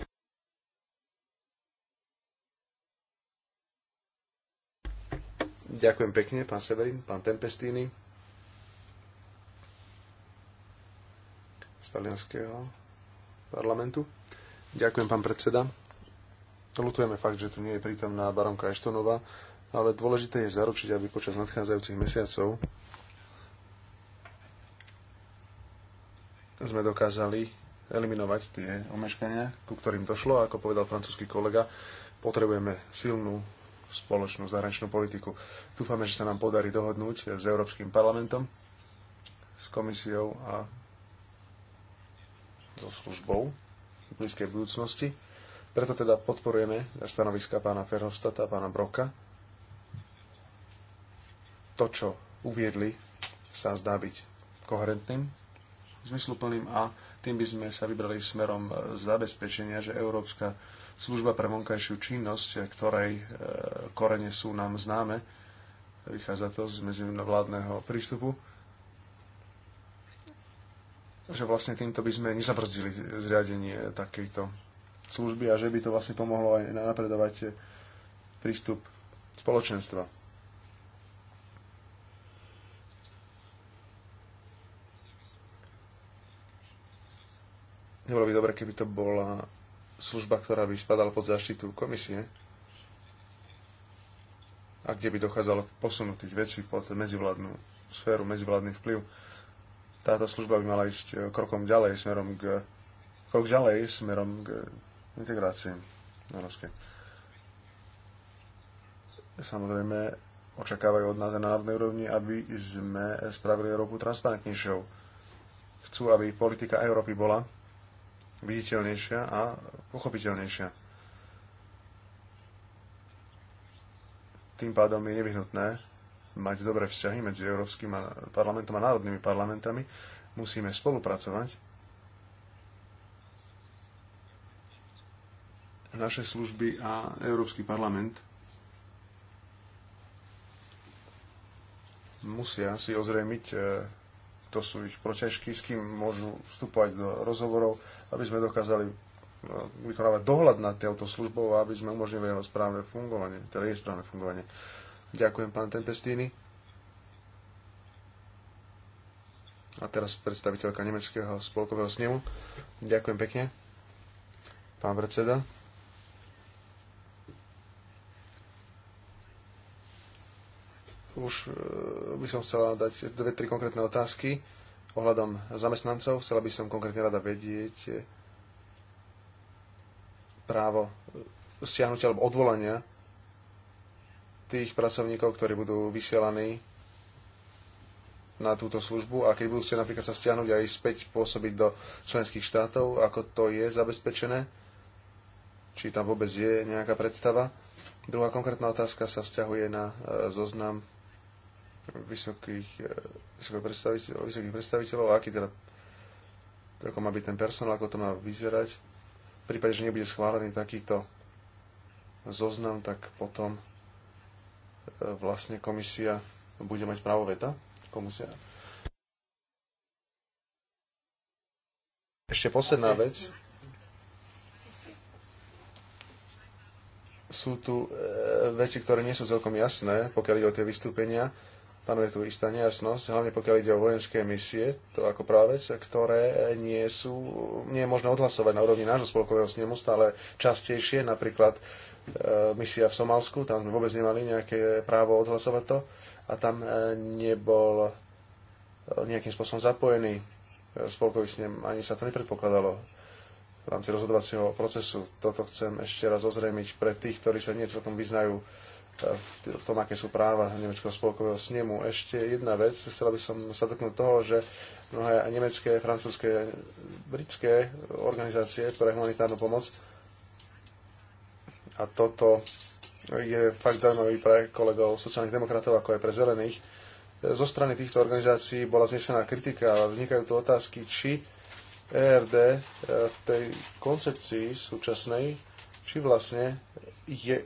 Speaker 2: Ďakujem pekne, pán Severin, pán Tempestíny. Z talianského parlamentu. Ďakujem, pán predseda. Lutujeme fakt, že tu nie je prítomná baronka Eštonová, ale dôležité je zaručiť, aby počas nadchádzajúcich mesiacov sme dokázali eliminovať tie omeškania, ku ktorým došlo. Ako povedal francúzsky kolega, potrebujeme silnú spoločnú zahraničnú politiku. Dúfame, že sa nám podarí dohodnúť s Európskym parlamentom, s komisiou a so službou v blízkej budúcnosti. Preto teda podporujeme stanoviska pána Ferhostata a pána Broka. To, čo uviedli, sa zdá byť koherentným, zmysluplným a tým by sme sa vybrali smerom zabezpečenia, že Európska služba pre vonkajšiu činnosť, ktorej e, korene sú nám známe. Vychádza to z medzinárodného prístupu že vlastne týmto by sme nezabrzdili zriadenie takejto služby a že by to vlastne pomohlo aj napredovať prístup spoločenstva. Nebolo by dobre, keby to bola služba, ktorá by spadala pod zaštitu komisie a kde by dochádzalo posunúť veci pod medzivládnu sféru, medzivládny vplyv. Táto služba by mala ísť eh, krokom ďalej smerom k, krok ďalej smerom k integrácii európskej. Samozrejme, očakávajú od nás na národnej úrovni, aby sme spravili Európu transparentnejšou. Chcú, aby politika Európy bola viditeľnejšia a pochopiteľnejšia. Tým pádom je nevyhnutné mať dobré vzťahy medzi Európskym parlamentom a národnými parlamentami. Musíme spolupracovať. Naše služby a Európsky parlament musia si ozrejmiť e, to sú ich protiažky, s kým môžu vstupovať do rozhovorov, aby sme dokázali eh, vykonávať dohľad nad touto službou a aby sme umožnili jeho správne fungovanie, teda jej správne fungovanie. Ďakujem, pán Tempestini. A teraz predstaviteľka Nemeckého spolkového snemu. Ďakujem pekne, pán predseda. Už e, by som chcela dať dve, tri konkrétne otázky ohľadom zamestnancov. Chcela by som konkrétne rada vedieť e, právo stiahnutia alebo odvolania tých pracovníkov, ktorí budú vysielaní na túto službu a keď budú chcieť napríklad sa stiahnuť aj späť pôsobiť do členských štátov, ako to je zabezpečené, či tam vôbec je nejaká predstava. Druhá konkrétna otázka sa vzťahuje na e, zoznam vysokých, e, vysokých, predstaviteľov, vysokých predstaviteľov, aký teda ako má byť ten personál, ako to má vyzerať. V prípade, že nebude schválený takýto zoznam, tak potom e, vlastne komisia bude mať právo veta. Komisia. Ešte posledná vec. Sú tu e, veci, ktoré nie sú celkom jasné, pokiaľ ide o tie vystúpenia panuje tu istá nejasnosť, hlavne pokiaľ ide o vojenské misie, to ako právec, ktoré nie sú, nie je možné odhlasovať na úrovni nášho spolkového snemu stále častejšie, napríklad e, misia v Somalsku, tam sme vôbec nemali nejaké právo odhlasovať to a tam e, nebol e, nejakým spôsobom zapojený e, spolkový snem, ani sa to nepredpokladalo v rámci rozhodovacieho procesu. Toto chcem ešte raz ozrejmiť pre tých, ktorí sa nie celkom vyznajú v tom, aké sú práva Nemeckého spolkového snemu. Ešte jedna vec, chcela by som sa dotknúť toho, že mnohé nemecké, francúzske, britské organizácie pre humanitárnu pomoc a toto je fakt zaujímavý pre kolegov sociálnych demokratov, ako aj pre zelených. Zo strany týchto organizácií bola vznesená kritika, a vznikajú tu otázky, či ERD e, v tej koncepcii súčasnej, či vlastne je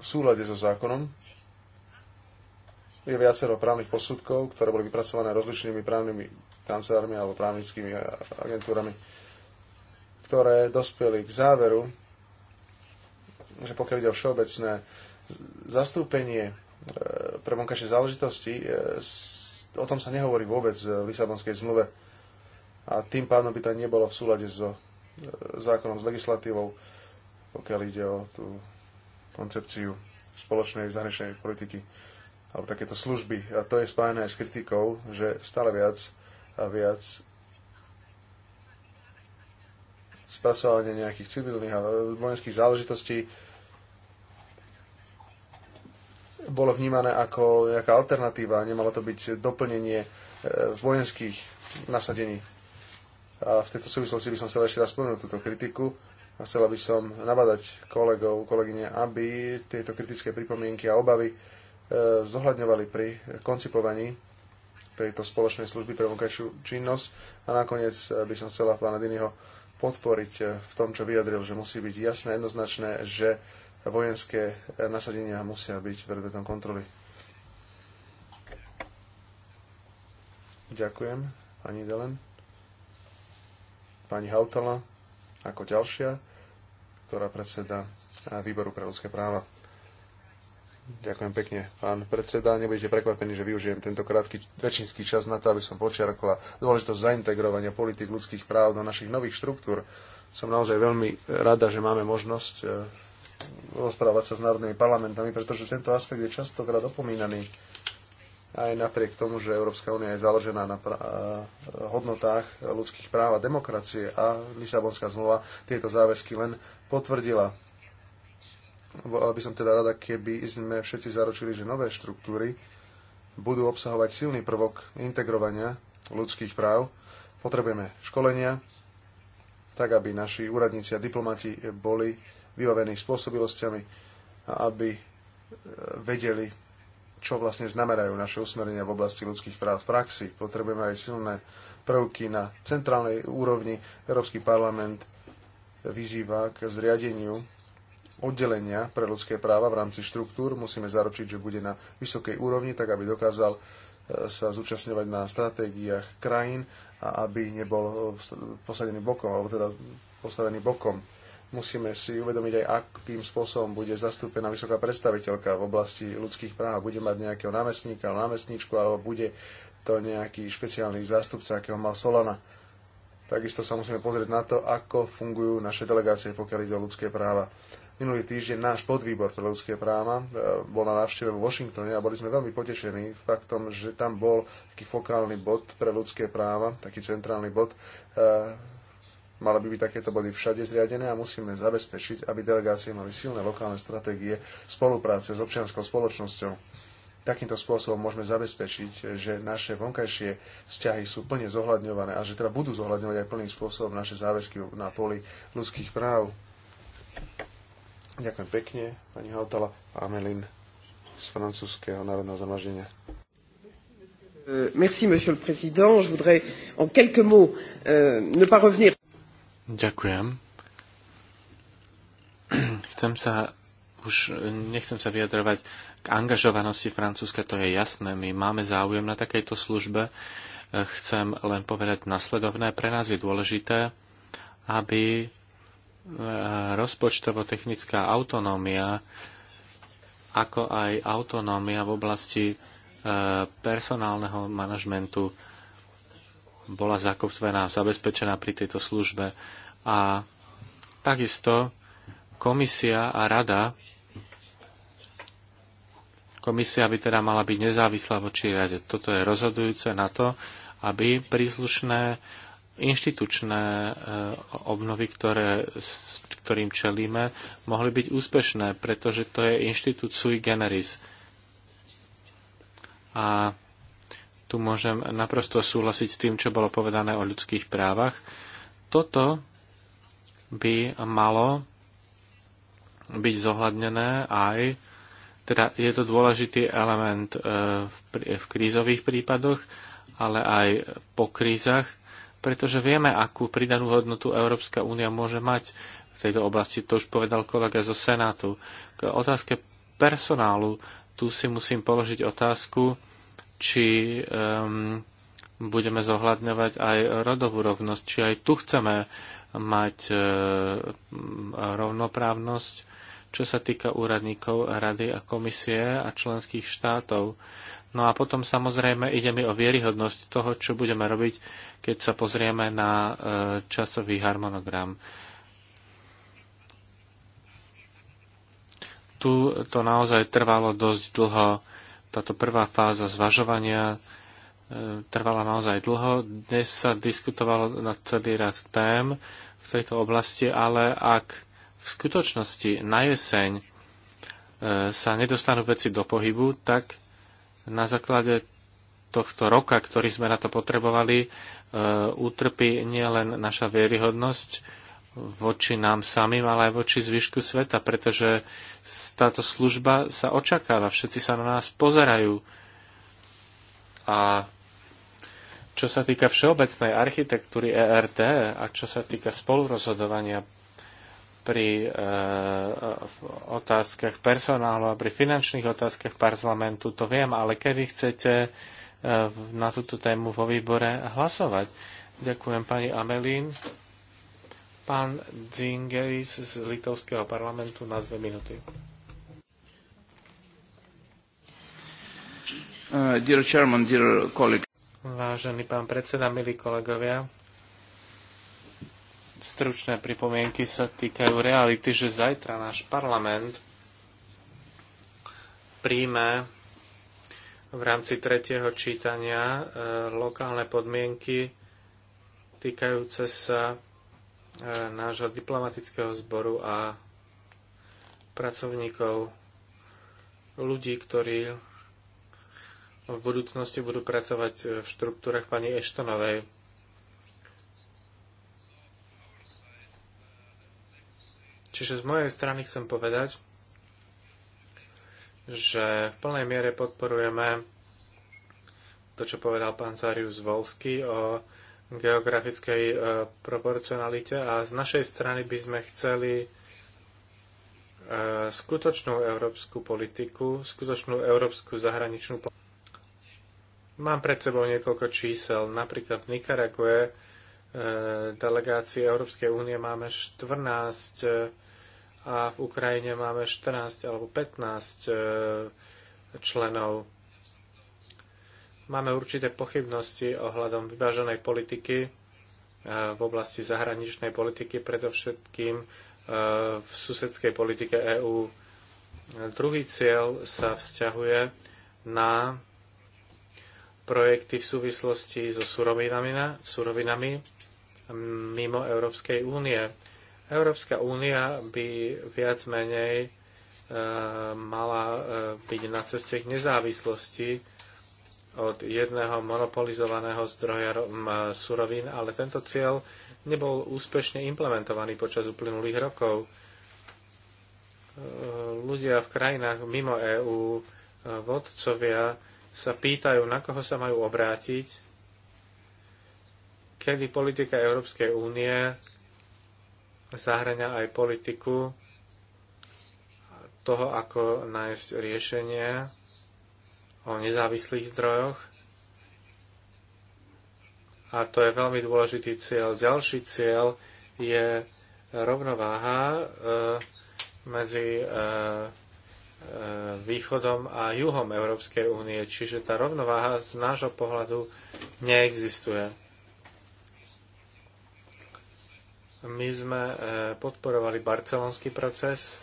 Speaker 2: v súlade so zákonom. Je viacero právnych posudkov, ktoré boli vypracované rozličnými právnymi kancelármi alebo právnickými agentúrami, ktoré dospeli k záveru, že pokiaľ ide o všeobecné zastúpenie e, pre vonkajšie záležitosti, e, o tom sa nehovorí vôbec v Lisabonskej zmluve a tým pádom by to nebolo v súlade so e, zákonom, s legislatívou, pokiaľ ide o tú koncepciu spoločnej zahraničnej politiky alebo takéto služby. A to je spájené s kritikou, že stále viac a viac spasovanie nejakých civilných a vojenských záležitostí bolo vnímané ako nejaká alternatíva, nemalo to byť doplnenie e, vojenských nasadení. A v tejto súvislosti by som chcel ešte raz spomenúť túto kritiku a chcela by som nabadať kolegov, kolegyne, aby tieto kritické pripomienky a obavy e, zohľadňovali pri koncipovaní tejto spoločnej služby pre vonkajšiu činnosť. A nakoniec e, by som chcela pána Dinyho podporiť e, v tom, čo vyjadril, že musí byť jasné, jednoznačné, že vojenské nasadenia musia byť predmetom kontroly. Ďakujem, pani Delen. Pani Hautala, ako ďalšia ktorá predseda Výboru pre ľudské práva. Ďakujem pekne, pán predseda. Nebudete prekvapení, že využijem tento krátky rečnícky čas na to, aby som počiarkla dôležitosť zaintegrovania politik ľudských práv do našich nových štruktúr. Som naozaj veľmi rada, že máme možnosť e, rozprávať sa s národnými parlamentami, pretože tento aspekt je častokrát opomínaný aj napriek tomu, že Európska únia je založená na e, hodnotách ľudských práv a demokracie a Lisabonská zmluva tieto záväzky len potvrdila. Bola by som teda rada, keby sme všetci zaručili, že nové štruktúry budú obsahovať silný prvok integrovania ľudských práv. Potrebujeme školenia, tak aby naši úradníci a diplomati boli vybavení spôsobilosťami a aby e, vedeli, čo vlastne znamerajú naše usmerenia v oblasti ľudských práv v praxi. Potrebujeme aj silné prvky na centrálnej úrovni. Európsky parlament vyzýva k zriadeniu oddelenia pre ľudské práva v rámci štruktúr. Musíme zaručiť, že bude na vysokej úrovni, tak aby dokázal e, sa zúčastňovať na stratégiách krajín a aby nebol e, posadený bokom, alebo teda postavený bokom. Musíme si uvedomiť aj, akým spôsobom bude zastúpená vysoká predstaviteľka v oblasti ľudských práv. Bude mať nejakého námestníka, námestníčku, alebo bude to nejaký špeciálny zástupca, akého mal Solana Takisto sa musíme pozrieť na to, ako fungujú naše delegácie, pokiaľ ide o ľudské práva. Minulý týždeň náš podvýbor pre ľudské práva e, bol na návšteve v Washingtone a boli sme veľmi potešení faktom, že tam bol taký fokálny bod pre ľudské práva, taký centrálny bod. E, mali by byť takéto body všade zriadené a musíme zabezpečiť, aby delegácie mali silné lokálne stratégie spolupráce s občianskou spoločnosťou takýmto spôsobom môžeme zabezpečiť, že naše vonkajšie vzťahy sú plne zohľadňované a že teda budú zohľadňovať aj plným spôsobom naše záväzky na poli ľudských práv. Ďakujem pekne, pani Hautala a Amelin z francúzského
Speaker 3: národného zamaženia.
Speaker 4: Euh, merci, monsieur le président. Je voudrais en quelques mots euh, ne pas revenir.
Speaker 3: Ďakujem. Chcem sa už, nechcem sa vyjadrovať k angažovanosti Francúzske to je jasné. My máme záujem na takejto službe. Chcem len povedať nasledovné. Pre nás je dôležité, aby e, rozpočtovo-technická autonómia, ako aj autonómia v oblasti e, personálneho manažmentu bola zakotvená, zabezpečená pri tejto službe. A takisto komisia a rada Komisia by teda mala byť nezávislá voči rade. Toto je rozhodujúce na to, aby príslušné inštitučné eh, obnovy, ktoré, s ktorým čelíme, mohli byť úspešné, pretože to je inštitút sui generis. A tu môžem naprosto súhlasiť s tým, čo bolo povedané o ľudských právach. Toto by malo byť zohľadnené aj teda je to dôležitý element e, v krízových prípadoch, ale aj po krízach, pretože vieme, akú pridanú hodnotu Európska únia môže mať v tejto oblasti. To už povedal kolega zo Senátu. K otázke personálu, tu si musím položiť otázku, či um, budeme zohľadňovať aj rodovú rovnosť, či aj tu chceme mať e, rovnoprávnosť čo sa týka úradníkov Rady a komisie a členských štátov. No a potom samozrejme ide mi o vieryhodnosť toho, čo budeme robiť, keď sa pozrieme na e, časový harmonogram. Tu to naozaj trvalo dosť dlho. Táto prvá fáza zvažovania e, trvala naozaj dlho. Dnes sa diskutovalo na celý rad tém v tejto oblasti, ale ak v skutočnosti na jeseň e, sa nedostanú veci do pohybu, tak na základe tohto roka, ktorý sme na to potrebovali, e, utrpí nielen naša vieryhodnosť voči nám samým, ale aj voči zvyšku sveta, pretože táto služba sa očakáva, všetci sa na nás pozerajú. A čo sa týka všeobecnej architektúry ERT a čo sa týka spolurozhodovania pri e, otázkach personálu a pri finančných otázkach parlamentu, to viem, ale kedy chcete e, na túto tému vo výbore hlasovať? Ďakujem pani Amelín. Pán Dzingeris z Litovského parlamentu na dve minúty.
Speaker 1: Uh, dear chairman, dear
Speaker 3: Vážený pán predseda, milí kolegovia, stručné pripomienky sa týkajú reality, že zajtra náš parlament príjme v rámci tretieho čítania e, lokálne podmienky týkajúce sa e, nášho diplomatického zboru a pracovníkov, ľudí, ktorí v budúcnosti budú pracovať v štruktúrach pani Eštonovej Čiže z mojej strany chcem povedať, že v plnej miere podporujeme to, čo povedal pán Zarius Volsky o geografickej e, proporcionalite a z našej strany by sme chceli e, skutočnú európsku politiku, skutočnú európsku zahraničnú politiku. Mám pred sebou niekoľko čísel. Napríklad v Nikarague e, delegácii Európskej únie máme 14 a v Ukrajine máme 14 alebo 15 e, členov. Máme určité pochybnosti ohľadom vyváženej politiky e, v oblasti zahraničnej politiky, predovšetkým e, v susedskej politike EÚ. Druhý cieľ sa vzťahuje na projekty v súvislosti so surovinami, surovinami mimo Európskej únie Európska únia by viac menej e, mala e, byť na ceste k nezávislosti od jedného monopolizovaného zdroja e, surovín, ale tento cieľ nebol úspešne implementovaný počas uplynulých rokov. Ľudia v krajinách mimo EÚ, vodcovia, sa pýtajú, na koho sa majú obrátiť, kedy politika Európskej únie zahrania aj politiku toho, ako nájsť riešenie o nezávislých zdrojoch. A to je veľmi dôležitý cieľ. Ďalší cieľ je rovnováha eh, medzi eh, eh, východom a juhom Európskej únie. Čiže tá rovnováha z nášho pohľadu neexistuje. My sme e, podporovali barcelonský proces,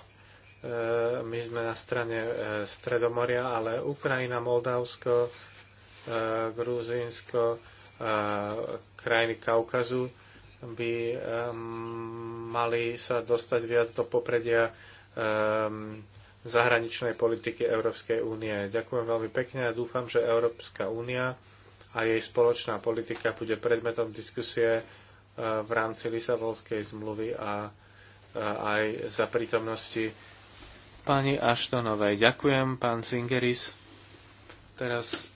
Speaker 3: e, my sme na strane e, Stredomoria, ale Ukrajina, Moldavsko, Gruzínsko, krajiny Kaukazu by mali sa dostať viac do popredia zahraničnej politiky Európskej únie. Ďakujem veľmi pekne a dúfam, že Európska únia a jej spoločná politika bude predmetom diskusie v rámci Lisabonskej zmluvy a aj za prítomnosti pani Aštonovej. Ďakujem, pán Zingeris. Teraz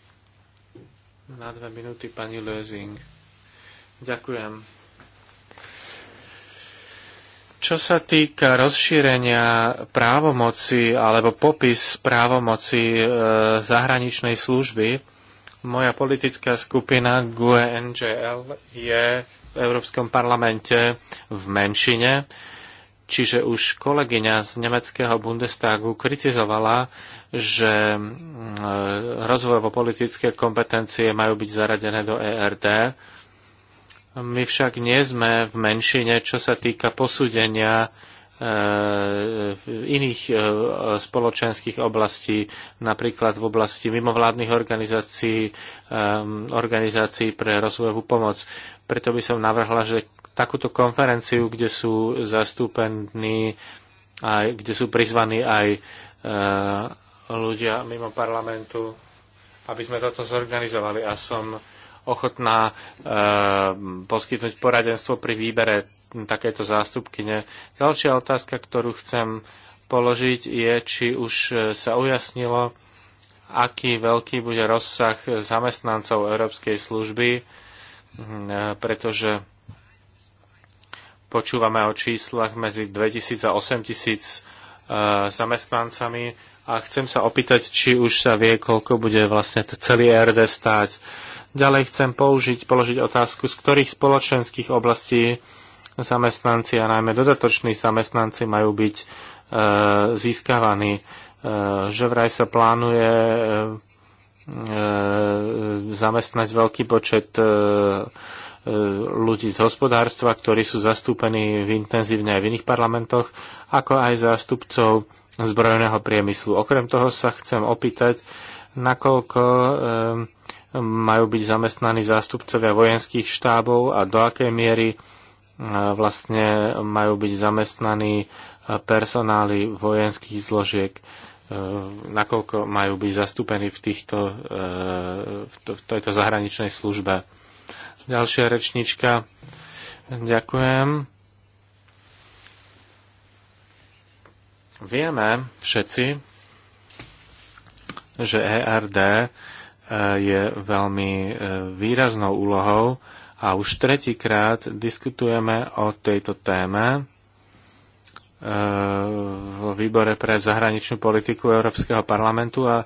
Speaker 3: na dve minúty pani Lezing. Ďakujem. Čo sa týka rozšírenia právomoci alebo popis právomoci e, zahraničnej služby, moja politická skupina GUENGL je v Európskom parlamente v menšine, čiže už kolegyňa z nemeckého Bundestagu kritizovala, že mm, rozvojovo-politické kompetencie majú byť zaradené do ERD. My však nie sme v menšine, čo sa týka posúdenia Eh, iných eh, spoločenských oblastí, napríklad v oblasti mimovládnych organizácií, eh, organizácií pre rozvojovú pomoc. Preto by som navrhla, že takúto konferenciu, kde sú zastúpení aj, kde sú prizvaní aj ľudia mimo parlamentu, aby sme toto zorganizovali a som ochotná e, poskytnúť poradenstvo pri výbere takéto zástupkyne. Ďalšia otázka, ktorú chcem položiť, je, či už e, sa ujasnilo, aký veľký bude rozsah zamestnancov Európskej služby, e, pretože počúvame o číslach medzi 2000 a 8000 e, zamestnancami a chcem sa opýtať, či už sa vie, koľko bude vlastne celý RD stáť. Ďalej chcem použiť, položiť otázku, z ktorých spoločenských oblastí zamestnanci a najmä dodatoční zamestnanci majú byť e, získavaní. E, že vraj sa plánuje e, e zamestnať veľký počet e, e, ľudí z hospodárstva, ktorí sú zastúpení v intenzívne aj v iných parlamentoch, ako aj zástupcov zbrojného priemyslu. Okrem toho sa chcem opýtať, nakoľko e, majú byť zamestnaní zástupcovia vojenských štábov a do akej miery vlastne majú byť zamestnaní e, personály vojenských zložiek, e, nakoľko majú byť zastúpení v, týchto, e, v tejto zahraničnej službe. Ďalšia rečnička. Ďakujem. Vieme všetci, že ERD je veľmi výraznou úlohou a už tretíkrát diskutujeme o tejto téme e, vo výbore pre zahraničnú politiku Európskeho parlamentu a e,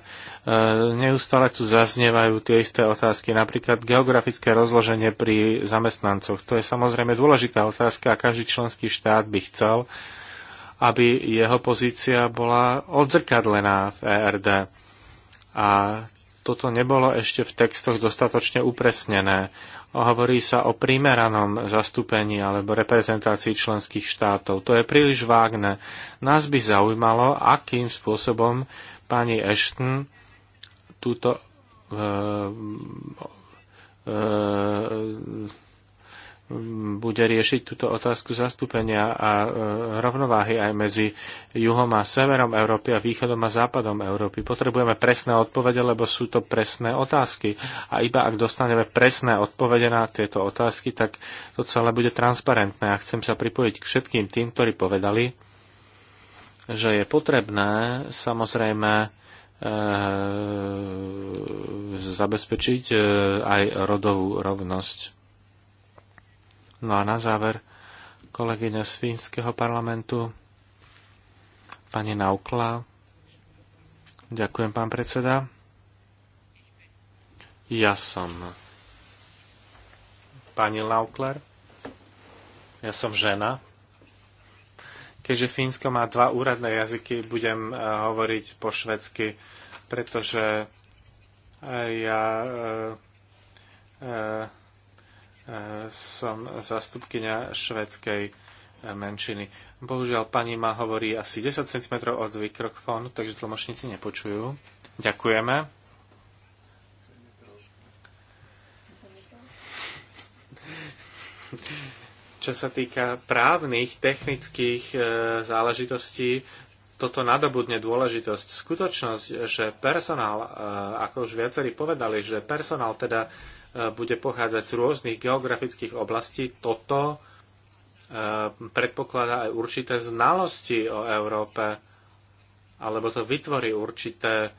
Speaker 3: neustále tu zaznievajú tie isté otázky, napríklad geografické rozloženie pri zamestnancoch. To je samozrejme dôležitá otázka a každý členský štát by chcel, aby jeho pozícia bola odzrkadlená v ERD. A toto nebolo ešte v textoch dostatočne upresnené. Hovorí sa o primeranom zastúpení alebo reprezentácii členských štátov. To je príliš vágne. Nás by zaujímalo, akým spôsobom pani Ashton túto e, e, bude riešiť túto otázku zastúpenia a e, rovnováhy aj medzi juhom a severom Európy a východom a západom Európy. Potrebujeme presné odpovede, lebo sú to presné otázky. A iba ak dostaneme presné odpovede na tieto otázky, tak to celé bude transparentné. A chcem sa pripojiť k všetkým tým, ktorí povedali, že je potrebné samozrejme e, zabezpečiť e, aj rodovú rovnosť No a na záver kolegyňa z fínskeho parlamentu, pani Naukla. Ďakujem, pán predseda. Ja som pani Naukler. Ja som žena. Keďže Fínsko má dva úradné jazyky, budem eh, hovoriť po švedsky, pretože eh, ja eh, som zastupkynia švedskej menšiny. Bohužiaľ, pani ma hovorí asi 10 cm od mikrofónu, takže tlmočníci nepočujú. Ďakujeme. Čo sa týka právnych, technických e, záležitostí, toto nadobudne dôležitosť. Skutočnosť, že personál, e, ako už viacerí povedali, že personál teda E, bude pochádzať z rôznych geografických oblastí. Toto e, predpokladá aj určité znalosti o Európe, alebo to vytvorí určité e,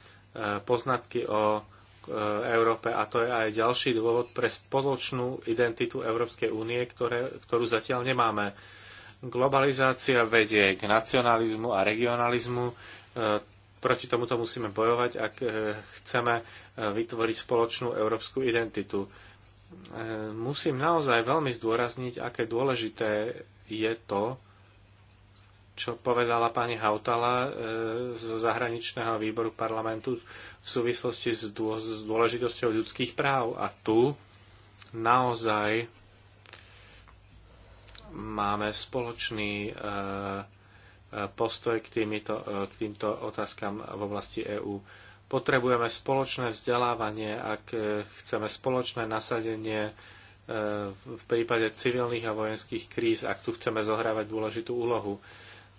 Speaker 3: poznatky o Európe a to je aj ďalší dôvod pre spoločnú identitu Európskej únie, ktoré, ktorú zatiaľ nemáme. Globalizácia vedie k nacionalizmu a regionalizmu. Proti tomuto musíme bojovať, ak eh, chceme eh, vytvoriť spoločnú európsku identitu. Eh, musím naozaj veľmi zdôrazniť, aké dôležité je to, čo povedala pani Hautala z zahraničného výboru parlamentu v súvislosti s dôležitosťou ľudských práv. A tu naozaj máme spoločný postoj k, týmito, e, k týmto otázkam v oblasti EÚ. Potrebujeme spoločné vzdelávanie, ak e, chceme spoločné nasadenie e, v prípade civilných a vojenských kríz, ak tu chceme zohrávať dôležitú úlohu.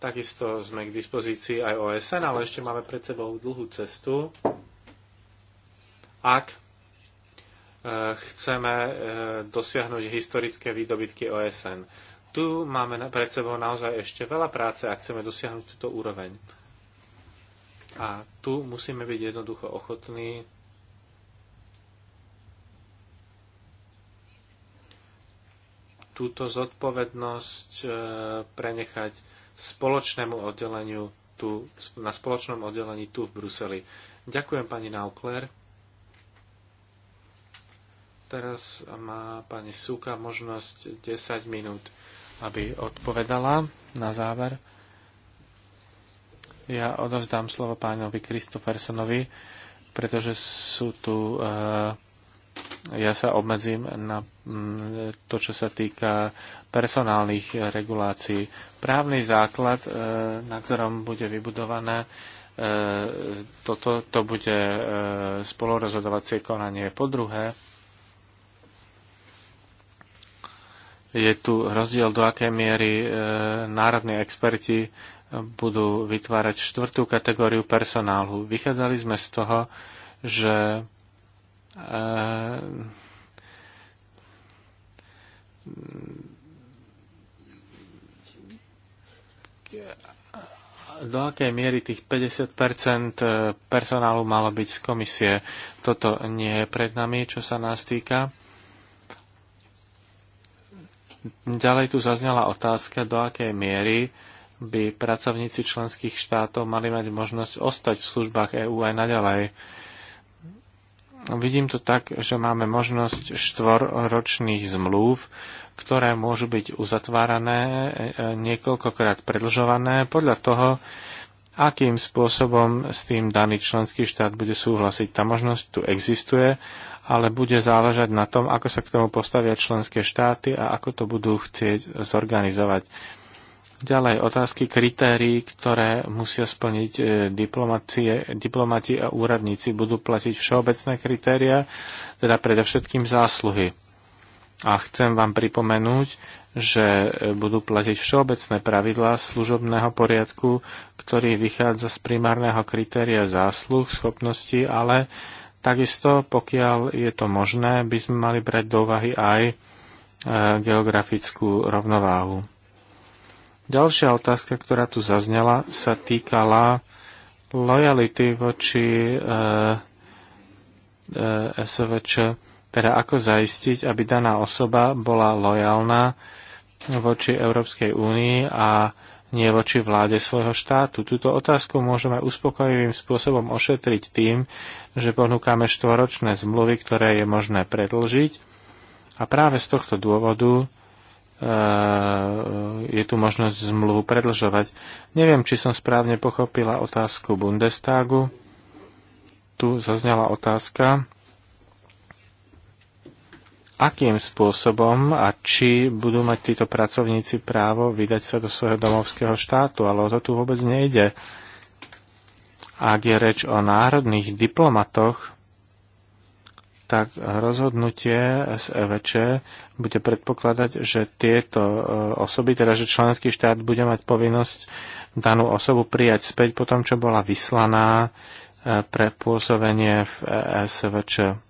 Speaker 3: Takisto sme k dispozícii aj OSN, ale ešte máme pred sebou dlhú cestu. Ak chceme dosiahnuť historické výdobytky OSN. Tu máme pred sebou naozaj ešte veľa práce, ak chceme dosiahnuť túto úroveň. A tu musíme byť jednoducho ochotní túto zodpovednosť e, prenechať spoločnému oddeleniu tu, na spoločnom oddelení tu v Bruseli. Ďakujem pani Naukler. Teraz má pani Súka možnosť 10 minút aby odpovedala na záver. Ja odovzdám slovo pánovi Kristofersonovi, pretože sú tu... Eh, ja sa obmedzím na mm, to, čo sa týka personálnych regulácií. Právny základ, eh, na ktorom bude vybudované eh, toto, to bude spolorozhodovacie konanie. Po druhé, je tu rozdiel, do akej miery e, národní experti budú vytvárať štvrtú kategóriu personálu. Vychádzali sme z toho, že e, do akej miery tých 50% e, personálu malo byť z komisie. Toto nie je pred nami, čo sa nás týka Ďalej tu zaznela otázka, do akej miery by pracovníci členských štátov mali mať možnosť ostať v službách EÚ aj naďalej. Vidím to tak, že máme možnosť štvorročných zmluv, ktoré môžu byť uzatvárané, e, e, niekoľkokrát predlžované podľa toho, akým spôsobom s tým daný členský štát bude súhlasiť. Tá možnosť tu existuje ale bude záležať na tom, ako sa k tomu postavia členské štáty a ako to budú chcieť zorganizovať. Ďalej otázky kritérií, ktoré musia splniť e, diplomati a úradníci. Budú platiť všeobecné kritéria, teda predovšetkým zásluhy. A chcem vám pripomenúť, že e, budú platiť všeobecné pravidlá služobného poriadku, ktorý vychádza z primárneho kritéria zásluh, schopnosti, ale Takisto, pokiaľ je to možné, by sme mali brať do úvahy aj e, geografickú rovnováhu. Ďalšia otázka, ktorá tu zaznela, sa týkala lojality voči e, e, SVČ, teda ako zaistiť, aby daná osoba bola lojálna voči Európskej únii a e, nie voči vláde svojho štátu. Túto otázku môžeme uspokojivým spôsobom ošetriť tým, že ponúkame štvoročné zmluvy, ktoré je možné predlžiť. A práve z tohto dôvodu e, je tu možnosť zmluvu predlžovať. Neviem, či som správne pochopila otázku Bundestagu. Tu zaznela otázka, akým spôsobom a či budú mať títo pracovníci právo vydať sa do svojho domovského štátu, ale o to tu vôbec nejde. Ak je reč o národných diplomatoch, tak rozhodnutie SEVČ bude predpokladať, že tieto e, osoby, teda že členský štát bude mať povinnosť danú osobu prijať späť po tom, čo bola vyslaná e, pre pôsobenie v e SVČ.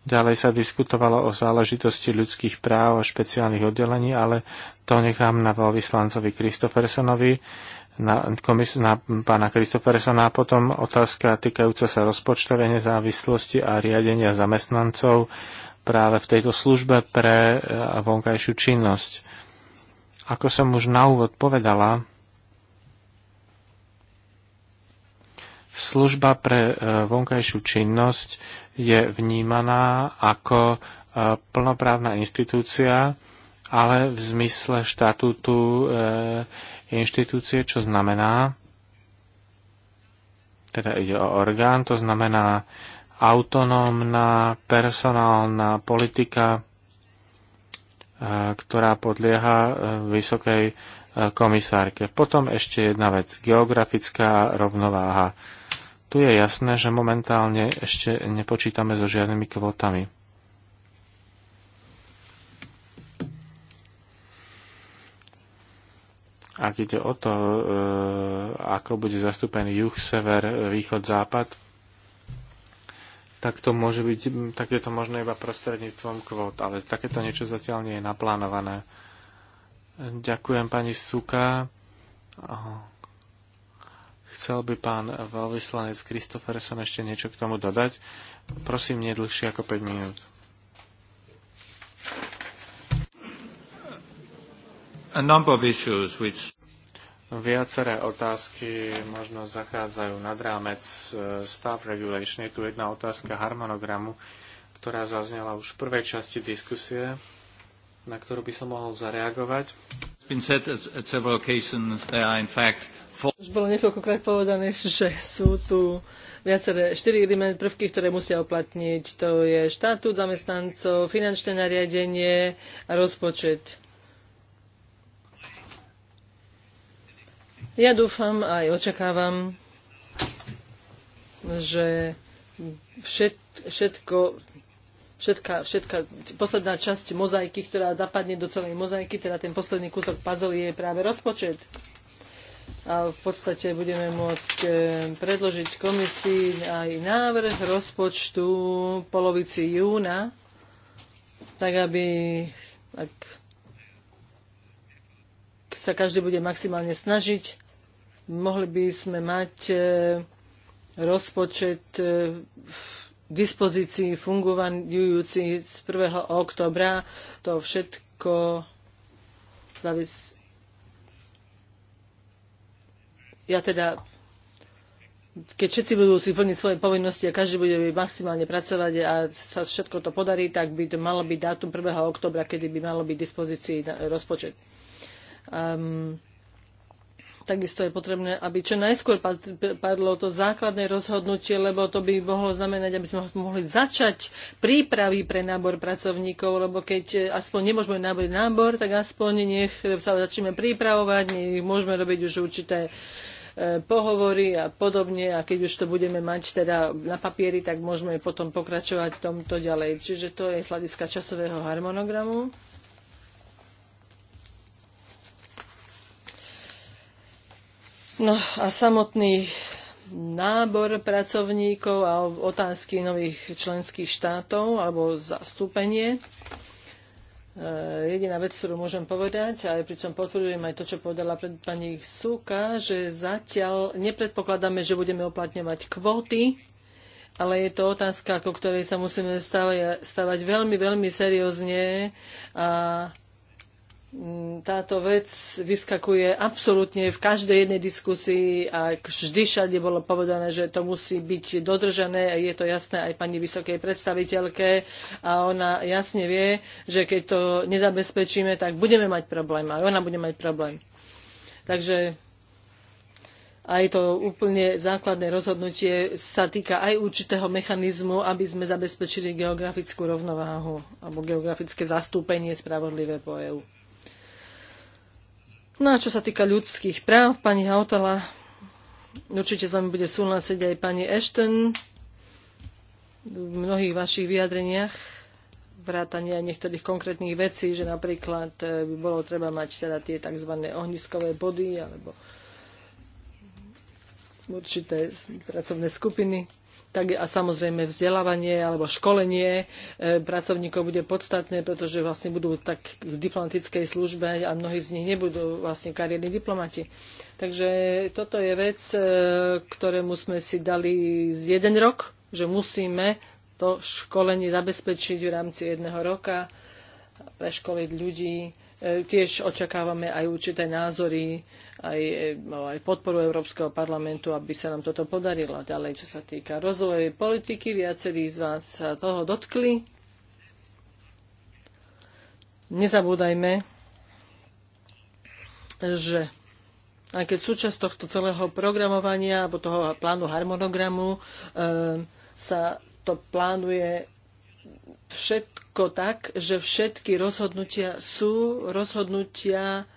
Speaker 3: Ďalej sa diskutovalo o záležitosti ľudských práv a špeciálnych oddelení, ale to nechám na veľvyslancovi Kristofersonovi, na, komis- na pána Kristofersona. Potom otázka týkajúca sa rozpočtovej nezávislosti a riadenia zamestnancov práve v tejto službe pre eh, vonkajšiu činnosť. Ako som už na úvod povedala, Služba pre e, vonkajšiu činnosť je vnímaná ako e, plnoprávna inštitúcia, ale v zmysle štatútu e, inštitúcie, čo znamená, teda ide o orgán, to znamená autonómna personálna politika, ktorá podlieha vysokej komisárke. Potom ešte jedna vec, geografická rovnováha. Tu je jasné, že momentálne ešte nepočítame so žiadnymi kvótami. Ak ide o to, e, ako bude zastúpený juh, sever, východ, západ, tak to môže byť, tak je to možné iba prostredníctvom kvót, ale takéto niečo zatiaľ nie je naplánované. Ďakujem pani Suka. Aha. Chcel by pán veľvyslanec Kristoferson ešte niečo k tomu dodať. Prosím, nie dlhšie ako 5 minút.
Speaker 1: A number of issues which
Speaker 3: Viaceré otázky možno zachádzajú nad rámec e, stav regulation. Je tu jedna otázka harmonogramu, ktorá zaznela už v prvej časti diskusie, na ktorú by som mohol zareagovať. Už
Speaker 4: bolo niekoľkokrát povedané, že sú tu viaceré, štyri prvky, ktoré musia uplatniť. To je štátu zamestnancov, finančné nariadenie a rozpočet. Ja dúfam a aj očakávam, že všet, všetko, všetka, všetka posledná časť mozaiky, ktorá zapadne do celej mozaiky, teda ten posledný kúsok puzzle je práve rozpočet a v podstate budeme môcť e, predložiť komisii aj návrh rozpočtu polovici júna, tak aby ak sa každý bude maximálne snažiť, mohli by sme mať e, rozpočet e, v dispozícii fungujúci z 1. oktobra. To všetko závisí ja teda keď všetci budú si plniť svoje povinnosti a každý bude maximálne pracovať a sa všetko to podarí, tak by to malo byť dátum 1. oktobra, kedy by malo byť dispozícii rozpočet. Um, takisto je potrebné, aby čo najskôr padlo to základné rozhodnutie, lebo to by mohlo znamenať, aby sme mohli začať prípravy pre nábor pracovníkov, lebo keď aspoň nemôžeme nábor nábor, tak aspoň nech sa začneme pripravovať, nech môžeme robiť už určité uh, E, pohovory a podobne a keď už to budeme mať teda na papieri, tak môžeme potom pokračovať tomto ďalej. Čiže to je z hľadiska časového harmonogramu. No a samotný nábor pracovníkov a otázky nových členských štátov alebo zastúpenie. Eh, jediná vec, ktorú môžem povedať, a pričom potvrdujem aj to, čo povedala pred pani Súka, že zatiaľ nepredpokladáme, že budeme uplatňovať kvóty, ale je to otázka, ku ktorej sa musíme stavať, stavať veľmi, veľmi seriózne a táto vec vyskakuje absolútne v každej jednej diskusii a vždy všade bolo povedané, že to musí byť dodržané a je to jasné aj pani vysokej predstaviteľke a ona jasne vie, že keď to nezabezpečíme, tak budeme mať problém a ona bude mať problém. Takže aj to úplne základné rozhodnutie sa týka aj určitého mechanizmu, aby sme zabezpečili geografickú rovnováhu alebo geografické zastúpenie spravodlivé po EÚ. No a čo sa týka ľudských práv, pani Hautala, určite s vami bude súhlasiť aj pani Ashton v mnohých vašich vyjadreniach vrátania niektorých konkrétnych vecí, že napríklad e, by bolo treba mať teda tie tzv. ohniskové body alebo určité pracovné skupiny tak a samozrejme vzdelávanie alebo školenie e, pracovníkov bude podstatné, pretože vlastne budú tak v diplomatickej službe a mnohí z nich nebudú vlastne kariérni diplomati. Takže toto je vec, e, ktorému sme si dali z jeden rok, že musíme to školenie zabezpečiť v rámci jedného roka, preškoliť ľudí. E, tiež očakávame aj určité názory aj, e, no, aj podporu Európskeho parlamentu, aby sa nám toto podarilo. Ďalej, čo sa týka rozvojovej politiky, viacerí z vás sa toho dotkli. Nezabúdajme, že aj keď súčasť tohto celého programovania alebo toho plánu harmonogramu e, sa to plánuje všetko tak, že všetky rozhodnutia sú rozhodnutia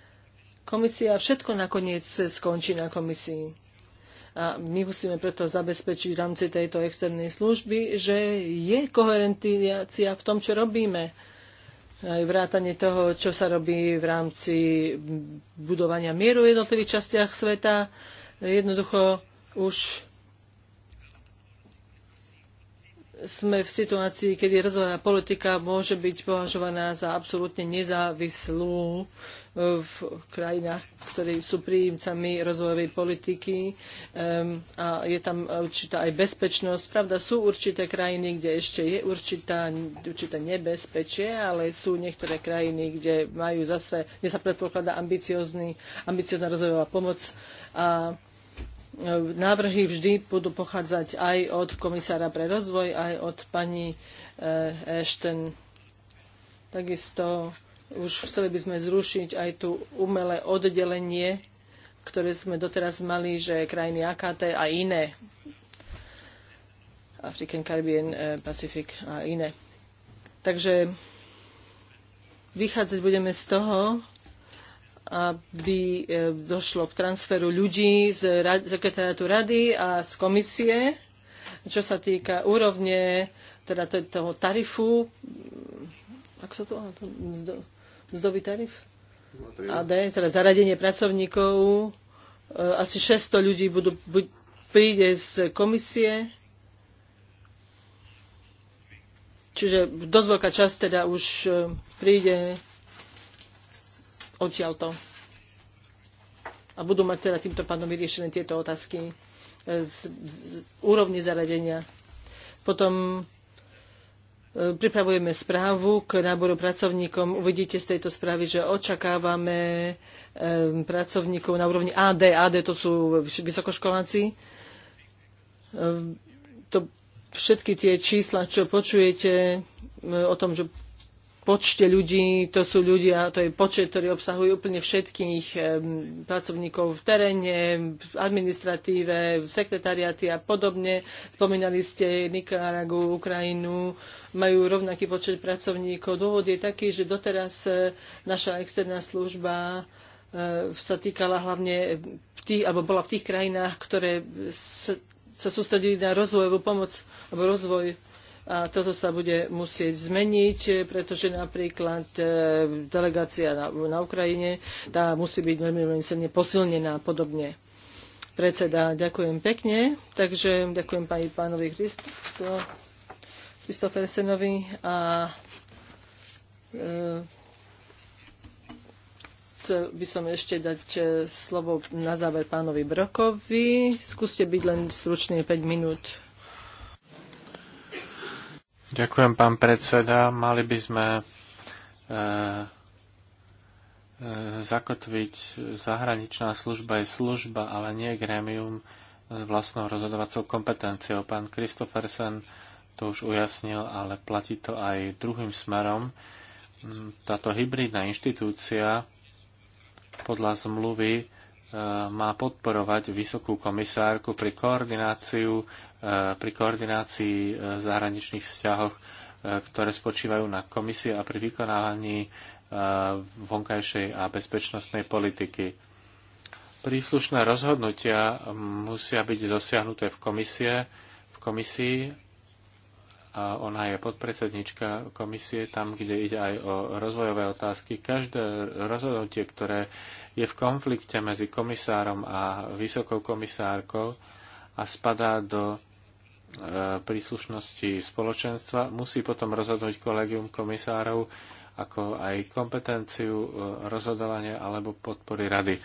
Speaker 4: komisia, všetko nakoniec skončí na komisii. A my musíme preto zabezpečiť v rámci tejto externej služby, že je koherentácia v tom, čo robíme. Aj vrátanie toho, čo sa robí v rámci budovania mieru v jednotlivých častiach sveta. Jednoducho už sme v situácii, kedy rozvojová politika môže byť považovaná za absolútne nezávislú e, v krajinách, ktoré sú príjimcami rozvojovej politiky a je tam určitá aj bezpečnosť. Pravda, sú určité krajiny, kde ešte je určitá, určité nebezpečie, ale sú niektoré krajiny, kde majú zase, kde sa predpokladá ambiciozná rozvojová pomoc a návrhy vždy budú pochádzať aj od komisára pre rozvoj, aj od pani Ešten. Takisto už chceli by sme zrušiť aj tú umelé oddelenie, ktoré sme doteraz mali, že krajiny AKT a iné. African Caribbean e, Pacific a iné. Takže vychádzať budeme z toho, aby e, došlo k transferu ľudí z sekretariatu rady a z komisie, čo sa týka úrovne teda toho tarifu, mm, ak sa to, mzdový tarif? AD, teda zaradenie pracovníkov, e, asi 600 ľudí budú, buď, príde z komisie, čiže dosť veľká časť teda už e, príde odtiaľto. A budú mať teda týmto pádom vyriešené tieto otázky z, z úrovne zaradenia. Potom e, pripravujeme správu k náboru pracovníkom. Uvidíte z tejto správy, že očakávame e, pracovníkov na úrovni AD. AD to sú vysokoškoláci. E, to všetky tie čísla, čo počujete o tom, že počte ľudí, to sú ľudia, to je počet, ktorý obsahuje úplne všetkých pracovníkov v teréne, v administratíve, v sekretariáty a podobne. Spomínali ste Nikaragu, Ukrajinu, majú rovnaký počet pracovníkov. Dôvod je taký, že doteraz e, naša externá služba e, sa týkala hlavne tých, alebo bola v tých krajinách, ktoré sa sústredili na rozvojovú pomoc alebo rozvoj a toto sa bude musieť zmeniť, pretože napríklad e, delegácia na, Ukrajine tá musí byť veľmi, veľmi silne posilnená a podobne. Predseda, ďakujem pekne. Takže ďakujem pani pánovi Kristofersenovi a e, chcel by som ešte dať e, slovo na záver pánovi Brokovi. Skúste byť len stručne 5 minút.
Speaker 3: Ďakujem, pán predseda. Mali by sme e, e, zakotviť, zahraničná služba je služba, ale nie gremium s vlastnou rozhodovacou kompetenciou. Pán Kristofersen to už ujasnil, ale platí to aj druhým smerom. Hm, táto hybridná inštitúcia podľa zmluvy Eh, má podporovať vysokú komisárku pri, koordináciu, eh, pri koordinácii eh, zahraničných vzťahoch, ktoré spočívajú na komisie a pri vykonávaní vonkajšej a bezpečnostnej politiky. Príslušné rozhodnutia musia byť dosiahnuté v, komisie, v komisii a ona je podpredsednička komisie tam, kde ide aj o rozvojové otázky. Každé rozhodnutie, ktoré je v konflikte medzi komisárom a vysokou komisárkou a spadá do e, príslušnosti spoločenstva, musí potom rozhodnúť kolegium komisárov ako aj kompetenciu e, rozhodovania alebo podpory rady.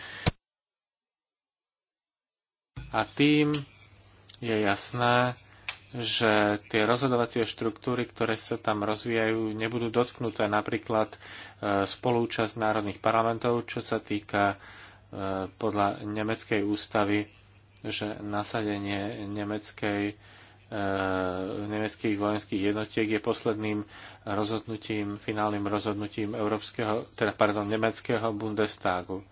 Speaker 3: A tým je jasné, že tie rozhodovacie štruktúry, ktoré sa tam rozvíjajú, nebudú dotknuté napríklad e, spolúčasť národných parlamentov, čo sa týka e, podľa nemeckej ústavy, že nasadenie nemeckej, e, nemeckých vojenských jednotiek je posledným rozhodnutím, finálnym rozhodnutím európskeho, teda, pardon, nemeckého Bundestagu.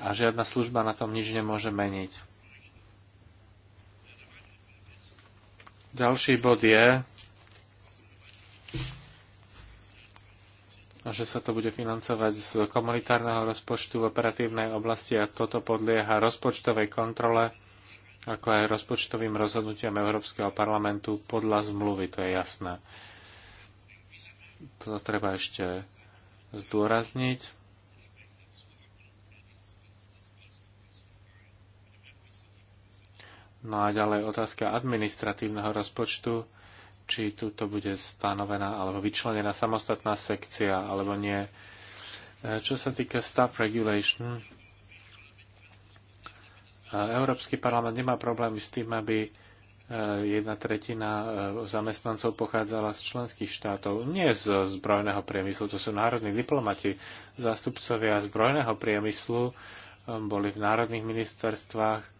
Speaker 3: A žiadna služba na tom nič nemôže meniť Ďalší bod je, že sa to bude financovať z komunitárneho rozpočtu v operatívnej oblasti a toto podlieha rozpočtovej kontrole, ako aj rozpočtovým rozhodnutiam Európskeho parlamentu podľa zmluvy, to je jasné. To treba ešte zdôrazniť. No a ďalej otázka administratívneho rozpočtu, či to bude stanovená alebo vyčlenená samostatná sekcia alebo nie. E, čo sa týka staff regulation, e, Európsky parlament nemá problémy s tým, aby e, jedna tretina zamestnancov pochádzala z členských štátov, nie z zbrojného priemyslu, to sú národní diplomati. Zástupcovia zbrojného priemyslu boli v národných ministerstvách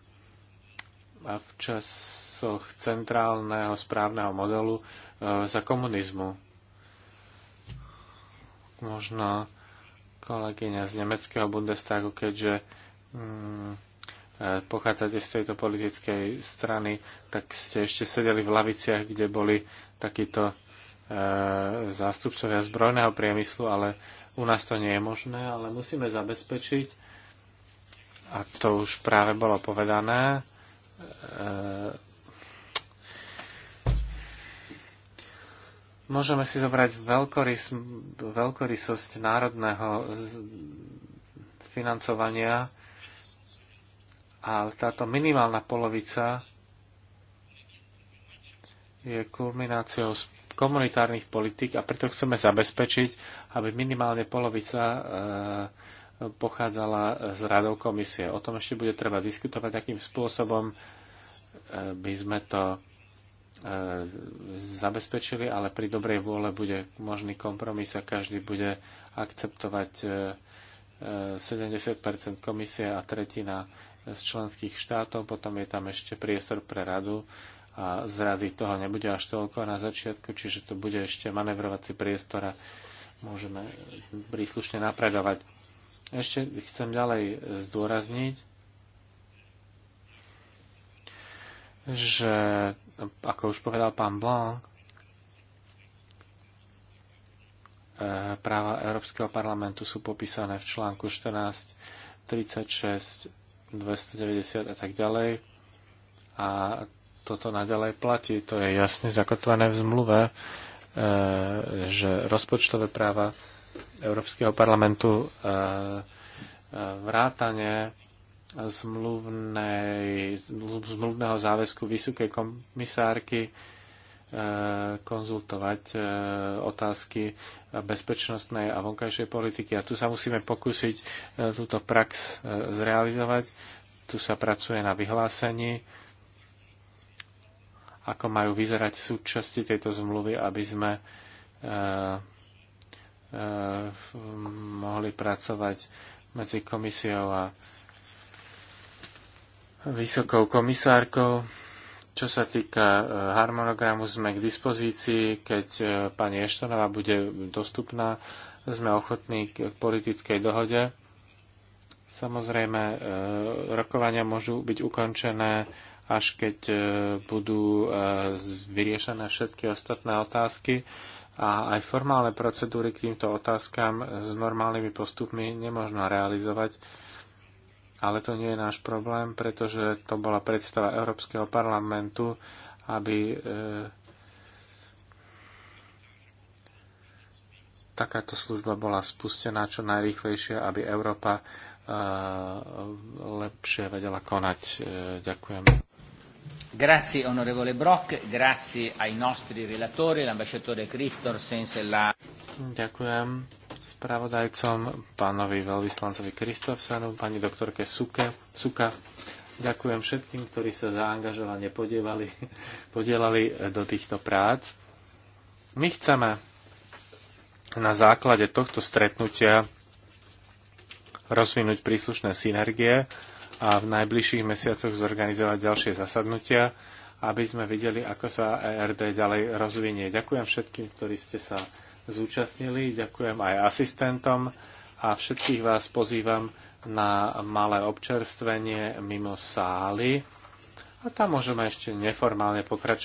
Speaker 3: a v časoch centrálneho správneho modelu e, za komunizmu. Možno kolegyňa z nemeckého Bundestagu, keďže mm, e, pochádzate z tejto politickej strany, tak ste ešte sedeli v laviciach, kde boli takíto e, zástupcovia zbrojného priemyslu, ale u nás to nie je možné, ale musíme zabezpečiť, a to už práve bolo povedané, E, môžeme si zobrať veľkorys, veľkorysosť národného financovania, ale táto minimálna polovica je kulmináciou komunitárnych politik a preto chceme zabezpečiť, aby minimálne polovica e, pochádzala z radou komisie. O tom ešte bude treba diskutovať, akým spôsobom e, by sme to e, zabezpečili, ale pri dobrej vôle bude možný kompromis a každý bude akceptovať 70 e, komisie a tretina z členských štátov, potom je tam ešte priestor pre radu a z rady toho nebude až toľko na začiatku, čiže to bude ešte manevrovací priestor a môžeme príslušne napredovať. Ešte chcem ďalej zdôrazniť, že, ako už povedal pán Blanc, eh, práva Európskeho parlamentu sú popísané v článku 14, 36, 290 a tak ďalej. A toto naďalej platí, to je jasne zakotvené v zmluve, eh, že rozpočtové práva Európskeho parlamentu e, e, vrátane zmluvnej, zmluvného záväzku vysokej komisárky e, konzultovať otázky bezpečnostnej a vonkajšej politiky. A tu sa musíme pokúsiť túto prax zrealizovať. Tu sa pracuje na vyhlásení, ako majú vyzerať súčasti tejto zmluvy, aby sme Eh, mohli pracovať medzi komisiou a vysokou komisárkou. Čo sa týka eh, harmonogramu, sme k dispozícii, keď eh, pani Eštonová bude dostupná. Sme ochotní k politickej dohode. Samozrejme, rokovania môžu byť ukončené až keď budú vyriešené všetky ostatné otázky a aj formálne procedúry k týmto otázkam s normálnymi postupmi nemožno realizovať. Ale to nie je náš problém, pretože to bola predstava Európskeho parlamentu, aby e, takáto služba bola spustená čo najrýchlejšie, aby Európa e,
Speaker 1: lepšie vedela konať. E, ďakujem. Grazie onorevole Brock, grazie ai nostri relatori, l'ambasciatore Christorsens e la... Ďakujem spravodajcom, pánovi veľvyslancovi Kristofsenu,
Speaker 3: pani doktorke Suke, Suka. Ďakujem všetkým, ktorí sa zaangažovane podielali, podielali eh, do týchto prác. My chceme na základe tohto stretnutia rozvinúť príslušné synergie a v najbližších mesiacoch zorganizovať ďalšie zasadnutia, aby sme videli, ako sa ERD ďalej rozvinie. Ďakujem všetkým, ktorí ste sa zúčastnili, ďakujem aj asistentom a všetkých vás pozývam na malé občerstvenie mimo sály a tam môžeme ešte neformálne pokračovať.